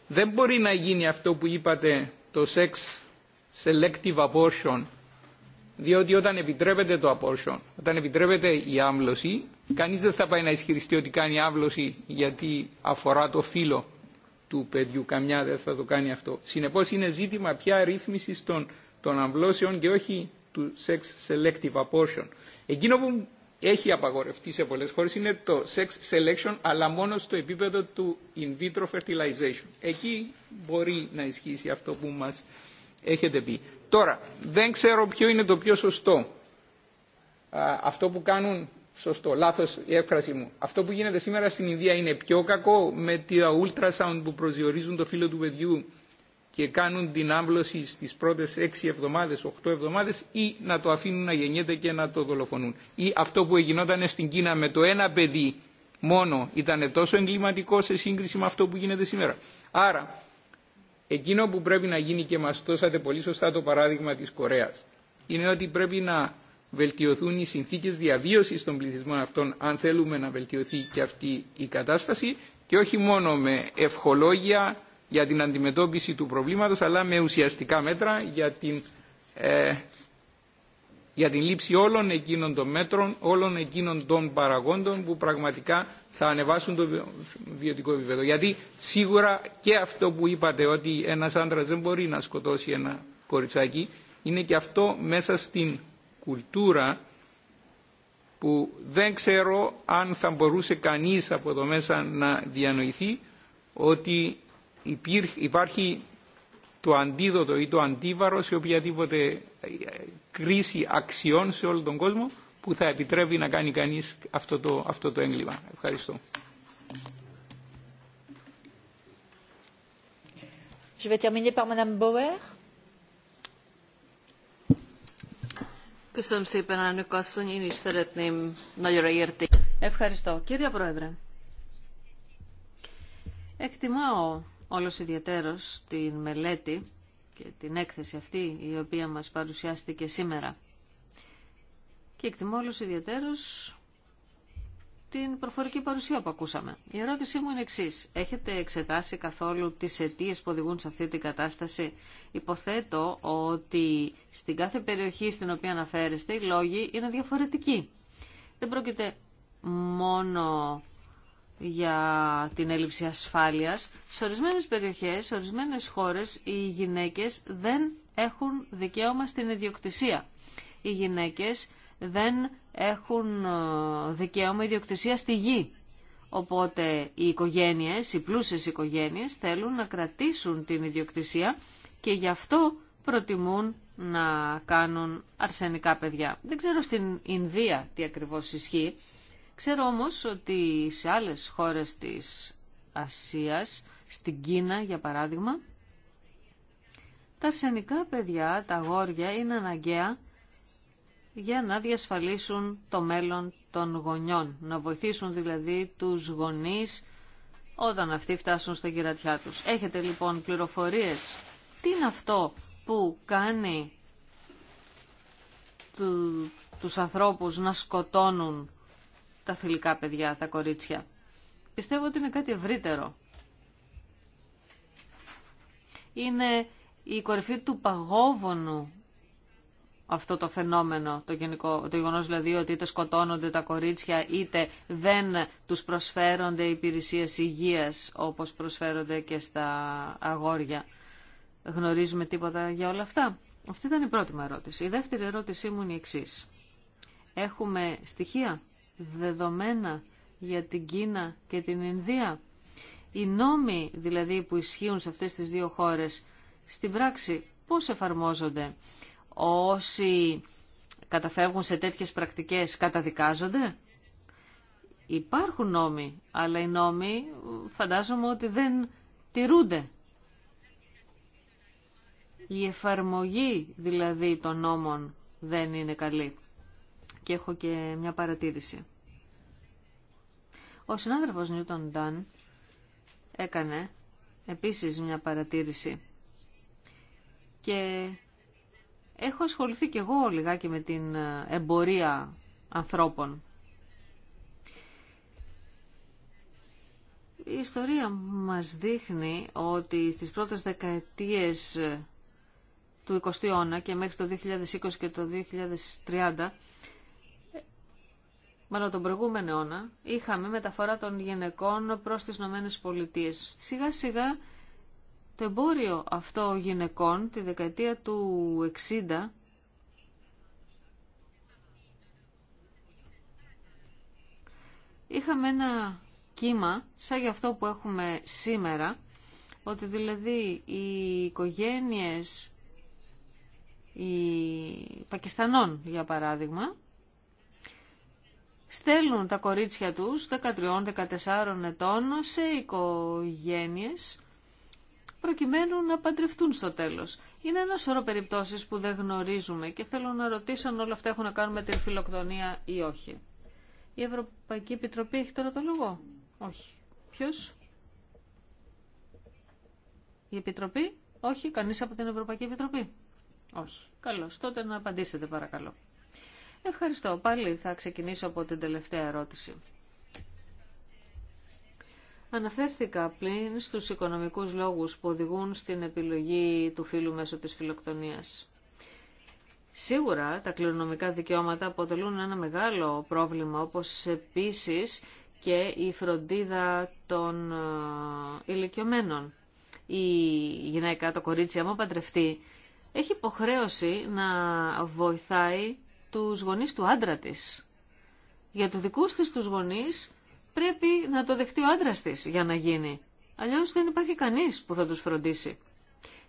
Δεν μπορεί να γίνει αυτό που είπατε το sex selective abortion διότι όταν επιτρέπεται το abortion, όταν επιτρέπεται η άμβλωση, κανείς δεν θα πάει να ισχυριστεί ότι κάνει άμβλωση γιατί αφορά το φύλλο του παιδιού, καμιά δεν θα το κάνει αυτό. Συνεπώς είναι ζήτημα πια ρύθμιση των, των αμβλώσεων και όχι του sex selective abortion. Εκείνο που έχει απαγορευτεί σε πολλές χώρες είναι το sex selection αλλά μόνο στο επίπεδο του in vitro fertilization. Εκεί μπορεί να ισχύσει αυτό που μας έχετε πει. Τώρα, δεν ξέρω ποιο είναι το πιο σωστό. Αυτό που κάνουν, σωστό, λάθος η έκφραση μου, αυτό που γίνεται σήμερα στην Ινδία είναι πιο κακό με τα ultrasound που προσδιορίζουν το φύλλο του παιδιού και κάνουν την άμβλωση στις πρώτες 6 εβδομάδες, 8 εβδομάδες ή να το αφήνουν να γεννιέται και να το δολοφονούν. Ή αυτό που γινόταν στην Κίνα με το ένα παιδί μόνο ήταν τόσο εγκληματικό σε σύγκριση με αυτό που γίνεται σήμερα. Άρα Εκείνο που πρέπει να γίνει και μας δώσατε πολύ σωστά το παράδειγμα της Κορέας είναι ότι πρέπει να βελτιωθούν οι συνθήκες διαβίωσης των πληθυσμών αυτών αν θέλουμε να βελτιωθεί και αυτή η κατάσταση και όχι μόνο με ευχολόγια για την αντιμετώπιση του προβλήματος αλλά με ουσιαστικά μέτρα για την ε, για την λήψη όλων εκείνων των μέτρων, όλων εκείνων των παραγόντων που πραγματικά θα ανεβάσουν το βιωτικό επίπεδο. Γιατί σίγουρα και αυτό που είπατε ότι ένας άντρας δεν μπορεί να σκοτώσει ένα κοριτσάκι είναι και αυτό μέσα στην κουλτούρα που δεν ξέρω αν θα μπορούσε κανείς από εδώ μέσα να διανοηθεί ότι υπάρχει το αντίδοτο ή το αντίβαρο σε οποιαδήποτε κρίση αξιών σε όλο τον κόσμο που θα επιτρέπει να κάνει κανείς αυτό το, αυτό το έγκλημα. Ευχαριστώ. Je vais terminer par Madame Bauer. Ευχαριστώ. Κύριε Πρόεδρε, εκτιμάω όλος ιδιαίτερος την μελέτη και την έκθεση αυτή η οποία μας παρουσιάστηκε σήμερα. Και εκτιμώ όλους ιδιαίτερως την προφορική παρουσία που ακούσαμε. Η ερώτησή μου είναι εξή. Έχετε εξετάσει καθόλου τις αιτίε που οδηγούν σε αυτή την κατάσταση. Υποθέτω ότι στην κάθε περιοχή στην οποία αναφέρεστε οι λόγοι είναι διαφορετικοί. Δεν πρόκειται μόνο για την έλλειψη ασφάλειας. Σε ορισμένες περιοχές, σε ορισμένες χώρες, οι γυναίκες δεν έχουν δικαίωμα στην ιδιοκτησία. Οι γυναίκες δεν έχουν ε, δικαίωμα ιδιοκτησία στη γη. Οπότε οι οικογένειες, οι πλούσιες οικογένειες θέλουν να κρατήσουν την ιδιοκτησία και γι' αυτό προτιμούν να κάνουν αρσενικά παιδιά. Δεν ξέρω στην Ινδία τι ακριβώς ισχύει, Ξέρω όμως ότι σε άλλες χώρες της Ασίας, στην Κίνα για παράδειγμα, τα αρσενικά παιδιά, τα αγόρια είναι αναγκαία για να διασφαλίσουν το μέλλον των γονιών, να βοηθήσουν δηλαδή τους γονείς όταν αυτοί φτάσουν στα γυρατιά τους. Έχετε λοιπόν πληροφορίες. Τι είναι αυτό που κάνει του, τους ανθρώπους να σκοτώνουν τα θηλυκά παιδιά, τα κορίτσια. Πιστεύω ότι είναι κάτι ευρύτερο. Είναι η κορυφή του παγόβονου αυτό το φαινόμενο, το, γενικό, το γεγονός δηλαδή ότι είτε σκοτώνονται τα κορίτσια είτε δεν τους προσφέρονται υπηρεσίες υγείας όπως προσφέρονται και στα αγόρια. Γνωρίζουμε τίποτα για όλα αυτά. Αυτή ήταν η πρώτη μου ερώτηση. Η δεύτερη ερώτησή μου είναι η εξής. Έχουμε στοιχεία δεδομένα για την Κίνα και την Ινδία. Οι νόμοι δηλαδή που ισχύουν σε αυτές τις δύο χώρες στην πράξη πώς εφαρμόζονται. Όσοι καταφεύγουν σε τέτοιες πρακτικές καταδικάζονται. Υπάρχουν νόμοι, αλλά οι νόμοι φαντάζομαι ότι δεν τηρούνται. Η εφαρμογή δηλαδή των νόμων δεν είναι καλή και έχω και μια παρατήρηση. Ο συνάδελφος Νιούτον Ντάν έκανε επίσης μια παρατήρηση και έχω ασχοληθεί και εγώ λιγάκι με την ε, εμπορία ανθρώπων. Η ιστορία μας δείχνει ότι στις πρώτες δεκαετίες του 20ου αιώνα και μέχρι το 2020 και το 2030 μάλλον τον προηγούμενο αιώνα, είχαμε μεταφορά των γυναικών προς τις Ηνωμένες Πολιτείες. Σιγά σιγά το εμπόριο αυτό γυναικών τη δεκαετία του 60 είχαμε ένα κύμα σαν για αυτό που έχουμε σήμερα ότι δηλαδή οι οικογένειες οι Πακιστανών για παράδειγμα στέλνουν τα κορίτσια τους 13-14 ετών σε οικογένειες προκειμένου να παντρευτούν στο τέλος. Είναι ένα σωρό περιπτώσεις που δεν γνωρίζουμε και θέλω να ρωτήσω αν όλα αυτά έχουν να κάνουν με την φιλοκτονία ή όχι. Η Ευρωπαϊκή Επιτροπή έχει τώρα το λόγο. Όχι. Ποιος? Η Επιτροπή. Όχι. Κανείς από την Ευρωπαϊκή Επιτροπή. Όχι. Καλώς. Τότε να απαντήσετε παρακαλώ. Ευχαριστώ. Πάλι θα ξεκινήσω από την τελευταία ερώτηση. Αναφέρθηκα πλήν στους οικονομικούς λόγους που οδηγούν στην επιλογή του φίλου μέσω της φιλοκτονίας. Σίγουρα τα κληρονομικά δικαιώματα αποτελούν ένα μεγάλο πρόβλημα, όπως επίσης και η φροντίδα των ε, ηλικιωμένων. Η γυναίκα, το κορίτσι, άμα παντρευτεί, έχει υποχρέωση να βοηθάει τους γονείς του άντρα της. Για του δικού της τους γονείς πρέπει να το δεχτεί ο άντρα της για να γίνει. Αλλιώς δεν υπάρχει κανείς που θα τους φροντίσει.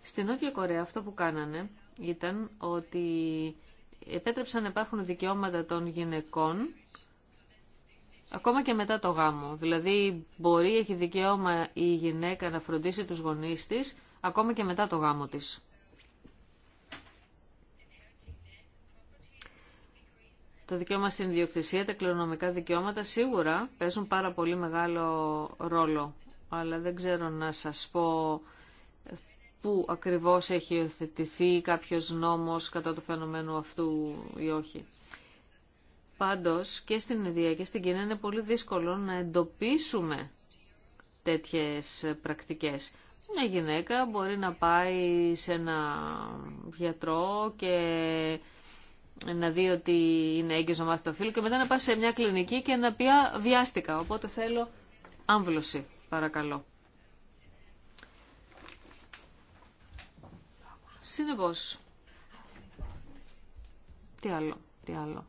Στην Νότια Κορέα αυτό που κάνανε ήταν ότι επέτρεψαν να υπάρχουν δικαιώματα των γυναικών ακόμα και μετά το γάμο. Δηλαδή μπορεί, έχει δικαίωμα η γυναίκα να φροντίσει τους γονείς της ακόμα και μετά το γάμο της. Το δικαίωμα στην ιδιοκτησία, τα κληρονομικά δικαιώματα σίγουρα παίζουν πάρα πολύ μεγάλο ρόλο. Αλλά δεν ξέρω να σας πω ε, πού ακριβώς έχει υιοθετηθεί κάποιος νόμος κατά το φαινομένου αυτού ή όχι. Πάντως και στην Ιδία και στην Κίνα είναι πολύ δύσκολο να εντοπίσουμε τέτοιες πρακτικές. Μια γυναίκα μπορεί να πάει σε ένα γιατρό και να δει ότι είναι έγκυος να μάθει το και μετά να πάει σε μια κλινική και να πει βιάστηκα. Οπότε θέλω άμβλωση, παρακαλώ. Συνεπώς. Τι άλλο, τι άλλο.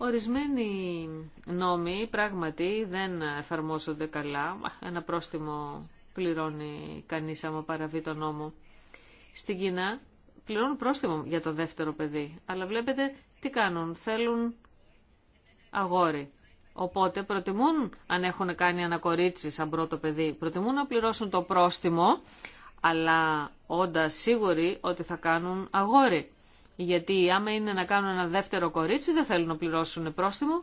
Ορισμένοι νόμοι πράγματι δεν εφαρμόζονται καλά. Ένα πρόστιμο πληρώνει κανείς άμα παραβεί τον νόμο. Στην Κίνα πληρώνουν πρόστιμο για το δεύτερο παιδί, αλλά βλέπετε τι κάνουν. Θέλουν αγόρι. Οπότε προτιμούν, αν έχουν κάνει κορίτσι σαν πρώτο παιδί, προτιμούν να πληρώσουν το πρόστιμο, αλλά όντα σίγουροι ότι θα κάνουν αγόρι. Γιατί άμα είναι να κάνουν ένα δεύτερο κορίτσι, δεν θέλουν να πληρώσουν πρόστιμο.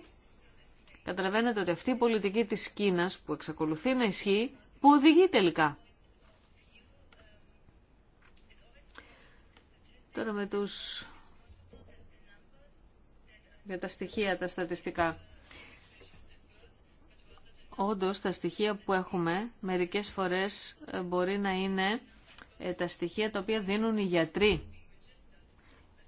Καταλαβαίνετε ότι αυτή η πολιτική της Κίνας που εξακολουθεί να ισχύει, που οδηγεί τελικά. Τώρα με τους... για τα στοιχεία, τα στατιστικά. Όντως, τα στοιχεία που έχουμε μερικές φορές ε, μπορεί να είναι ε, τα στοιχεία τα οποία δίνουν οι γιατροί.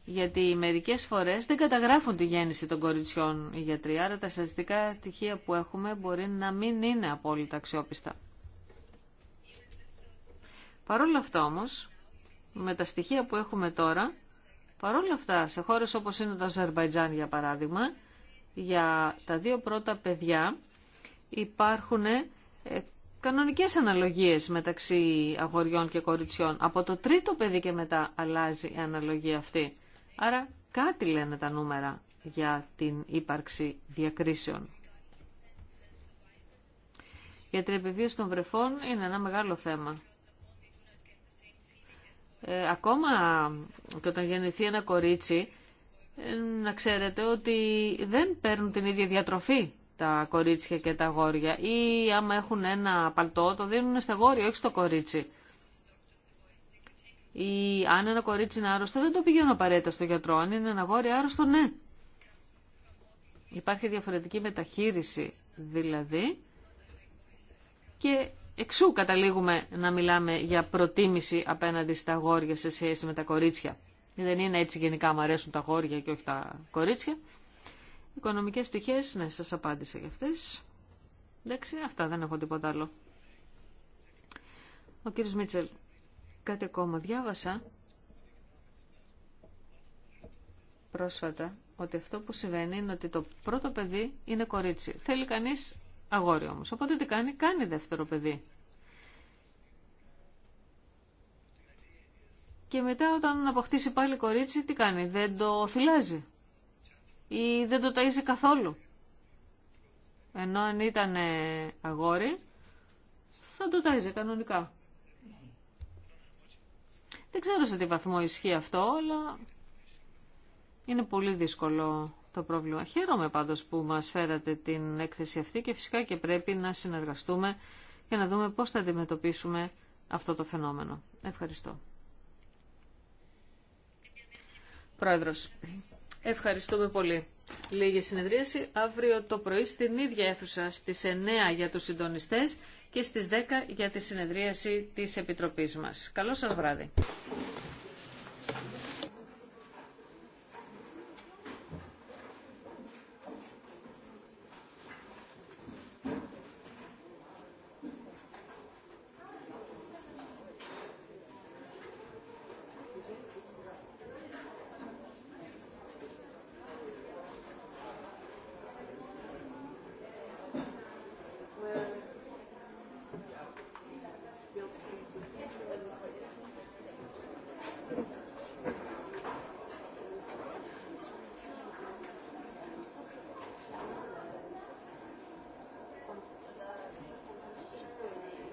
Γιατί μερικές φορές δεν καταγράφουν τη γέννηση των κοριτσιών οι γιατροί, άρα τα στατιστικά στοιχεία που έχουμε μπορεί να μην είναι απόλυτα αξιόπιστα. Παρ' όλα αυτά όμως, με τα στοιχεία που έχουμε τώρα, παρόλα αυτά σε χώρες όπως είναι το Αζερβαϊτζάν για παράδειγμα, για τα δύο πρώτα παιδιά υπάρχουν ε, κανονικές αναλογίες μεταξύ αγοριών και κοριτσιών. Από το τρίτο παιδί και μετά αλλάζει η αναλογία αυτή. Άρα κάτι λένε τα νούμερα για την ύπαρξη διακρίσεων. Για την επιβίωση των βρεφών είναι ένα μεγάλο θέμα. Ε, ακόμα και όταν γεννηθεί ένα κορίτσι, ε, να ξέρετε ότι δεν παίρνουν την ίδια διατροφή τα κορίτσια και τα αγόρια. Ή άμα έχουν ένα παλτό, το δίνουν στα γόρια, όχι στο κορίτσι. Ή αν ένα κορίτσι είναι άρρωστο, δεν το πηγαίνω απαραίτητα στο γιατρό. Αν είναι ένα αγόρι άρρωστο, ναι. Υπάρχει διαφορετική μεταχείριση δηλαδή και Εξού καταλήγουμε να μιλάμε για προτίμηση απέναντι στα αγόρια σε σχέση με τα κορίτσια. Δεν είναι έτσι γενικά μου αρέσουν τα αγόρια και όχι τα κορίτσια. Οικονομικές στοιχείες. ναι, σας απάντησα για αυτές. Εντάξει, αυτά δεν έχω τίποτα άλλο. Ο κύριος Μίτσελ, κάτι ακόμα διάβασα πρόσφατα ότι αυτό που συμβαίνει είναι ότι το πρώτο παιδί είναι κορίτσι. Θέλει κανείς αγόρι όμως. Οπότε τι κάνει, κάνει δεύτερο παιδί. Και μετά όταν αποκτήσει πάλι κορίτσι, τι κάνει, δεν το θυλάζει ή δεν το ταΐζει καθόλου. Ενώ αν ήταν ε, αγόρι, θα το ταΐζει κανονικά. Δεν ξέρω σε τι βαθμό ισχύει αυτό, αλλά είναι πολύ δύσκολο το πρόβλημα. Χαίρομαι πάντως που μας φέρατε την έκθεση αυτή και φυσικά και πρέπει να συνεργαστούμε για να δούμε πώς θα αντιμετωπίσουμε αυτό το φαινόμενο. Ευχαριστώ. Πρόεδρος, ευχαριστούμε πολύ. Λίγη συνεδρίαση αύριο το πρωί στην ίδια αίθουσα στις 9 για τους συντονιστές και στις 10 για τη συνεδρίαση της Επιτροπής μας. Καλό βράδυ.